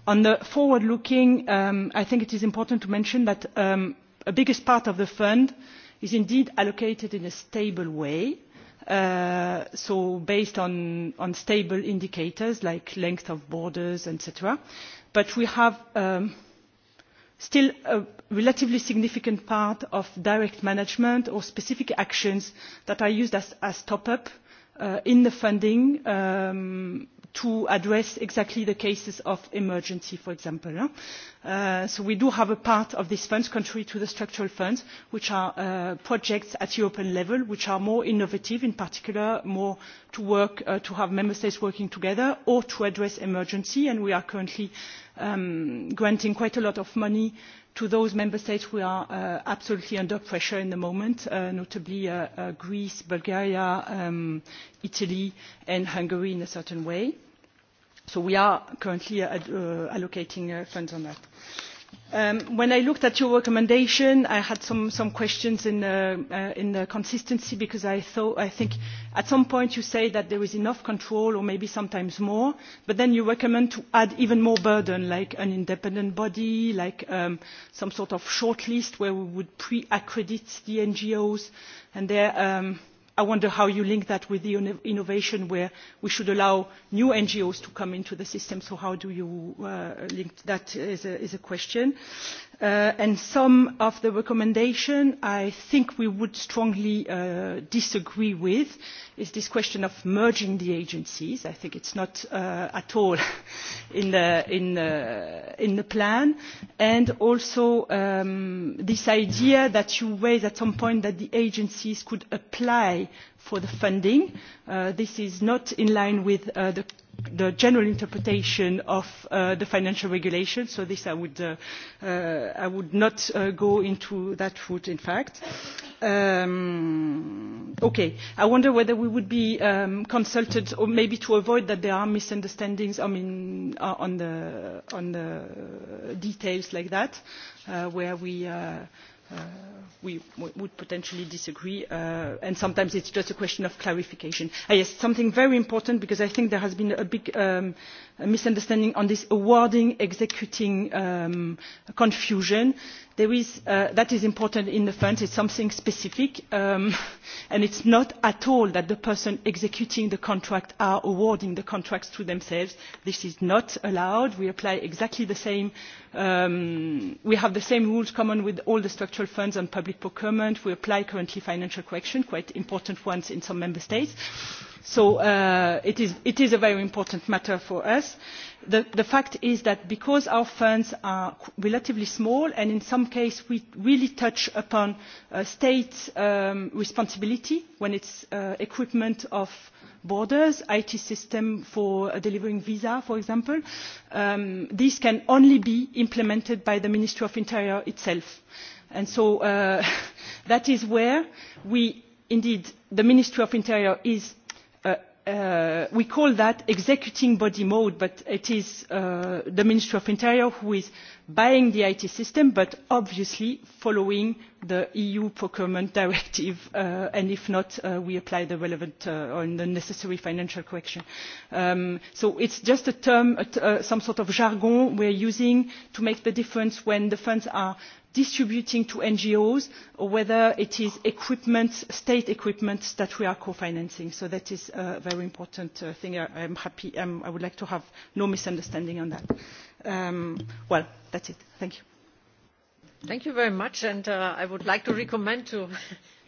on the forward looking um, i think it is important to mention that um, the biggest part of the fund is indeed allocated in a stable way uh, so based on, on stable indicators like length of borders etc but we have um, still a relatively significant part of direct management or specific actions that are used as, as top up uh, in the funding um, to address exactly the cases of emergency for example. No? Uh, so we do have a part of these funds contrary to the structural funds which are uh, projects at european level which are more innovative in particular more to work uh, to have member states working together or to address emergency and we are currently um, granting quite a lot of money to those member states who are uh, absolutely under pressure at the moment uh, notably uh, greece bulgaria um, italy and hungary in a certain way so we are currently allocating funds on that. Um, when i looked at your recommendation i had some, some questions in, uh, in the consistency because I, thought, i think at some point you say that there is enough control or maybe sometimes more but then you recommend to add even more burden like an independent body like um, some sort of shortlist where we would pre accredit the ngos and their um, i wonder how you link that with the innovation where we should allow new ngos to come into the system so how do you uh, link that is a, is a question. Uh, and some of the recommendations i think we would strongly uh, disagree with is this question of merging the agencies. i think it is not uh, at all in the, plan and also um, this idea that you raised at some point that the agencies could apply for the funding. this is not in line with the the general interpretation of uh, the financial regulation so this i would, uh, uh, I would not uh go into that route in fact. Um, okay. i wonder whether we would be um, consulted or maybe to avoid that there are misunderstandings I mean, uh, on, the, on the details like that uh where we uh Uh, we would potentially disagree uh, and sometimes it is just a question of clarification. Ah, yes, something very important because i think there has been a big um, misunderstanding on this awarding executing um, confusion is, uh, that is important in the fund it is something specific um, and it is not at all that the person executing the contract are awarding the contracts to themselves this is not allowed we apply exactly the same um, we have the same rules common with all the structural funds on public procurement we apply currently financial correction quite important ones in some member states so uh, it, is, a very important matter for us. The, fact is that because our funds are relatively small and in some cases we really touch upon uh, state um, responsibility when it is uh, equipment of borders it systems for delivering visas for example this um, these can only be implemented by the ministry of the interior itself so that is where we indeed the ministry of the interior is Uh, uh, we call that executing body mode but it is uh, the ministry of the interior who is buying the IT system, but obviously following the EU procurement directive, uh, and if not, uh, we apply the relevant uh, or the necessary financial correction. Um, so it's just a term, uh, some sort of jargon we're using to make the difference when the funds are distributing to NGOs or whether it is equipment, state equipment that we are co-financing. So that is a very important uh, thing. I, I'm happy. Um, I would like to have no misunderstanding on that. Um, well that is it thank you thank you very much and uh, i would like to recommend to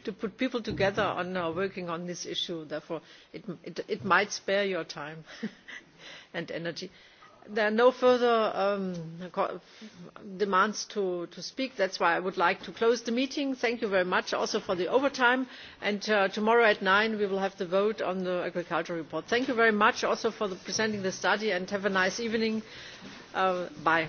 put people together on uh, working on this issue therefore it, it, it might spare your time and energy there are no further um, demands to, to speak that is why i would like to close the meeting. thank you very much also for the overtime and uh, tomorrow at nine we will have the vote on the agricultural report. thank you very much also for the, presenting the study and have a nice evening. Uh, bye.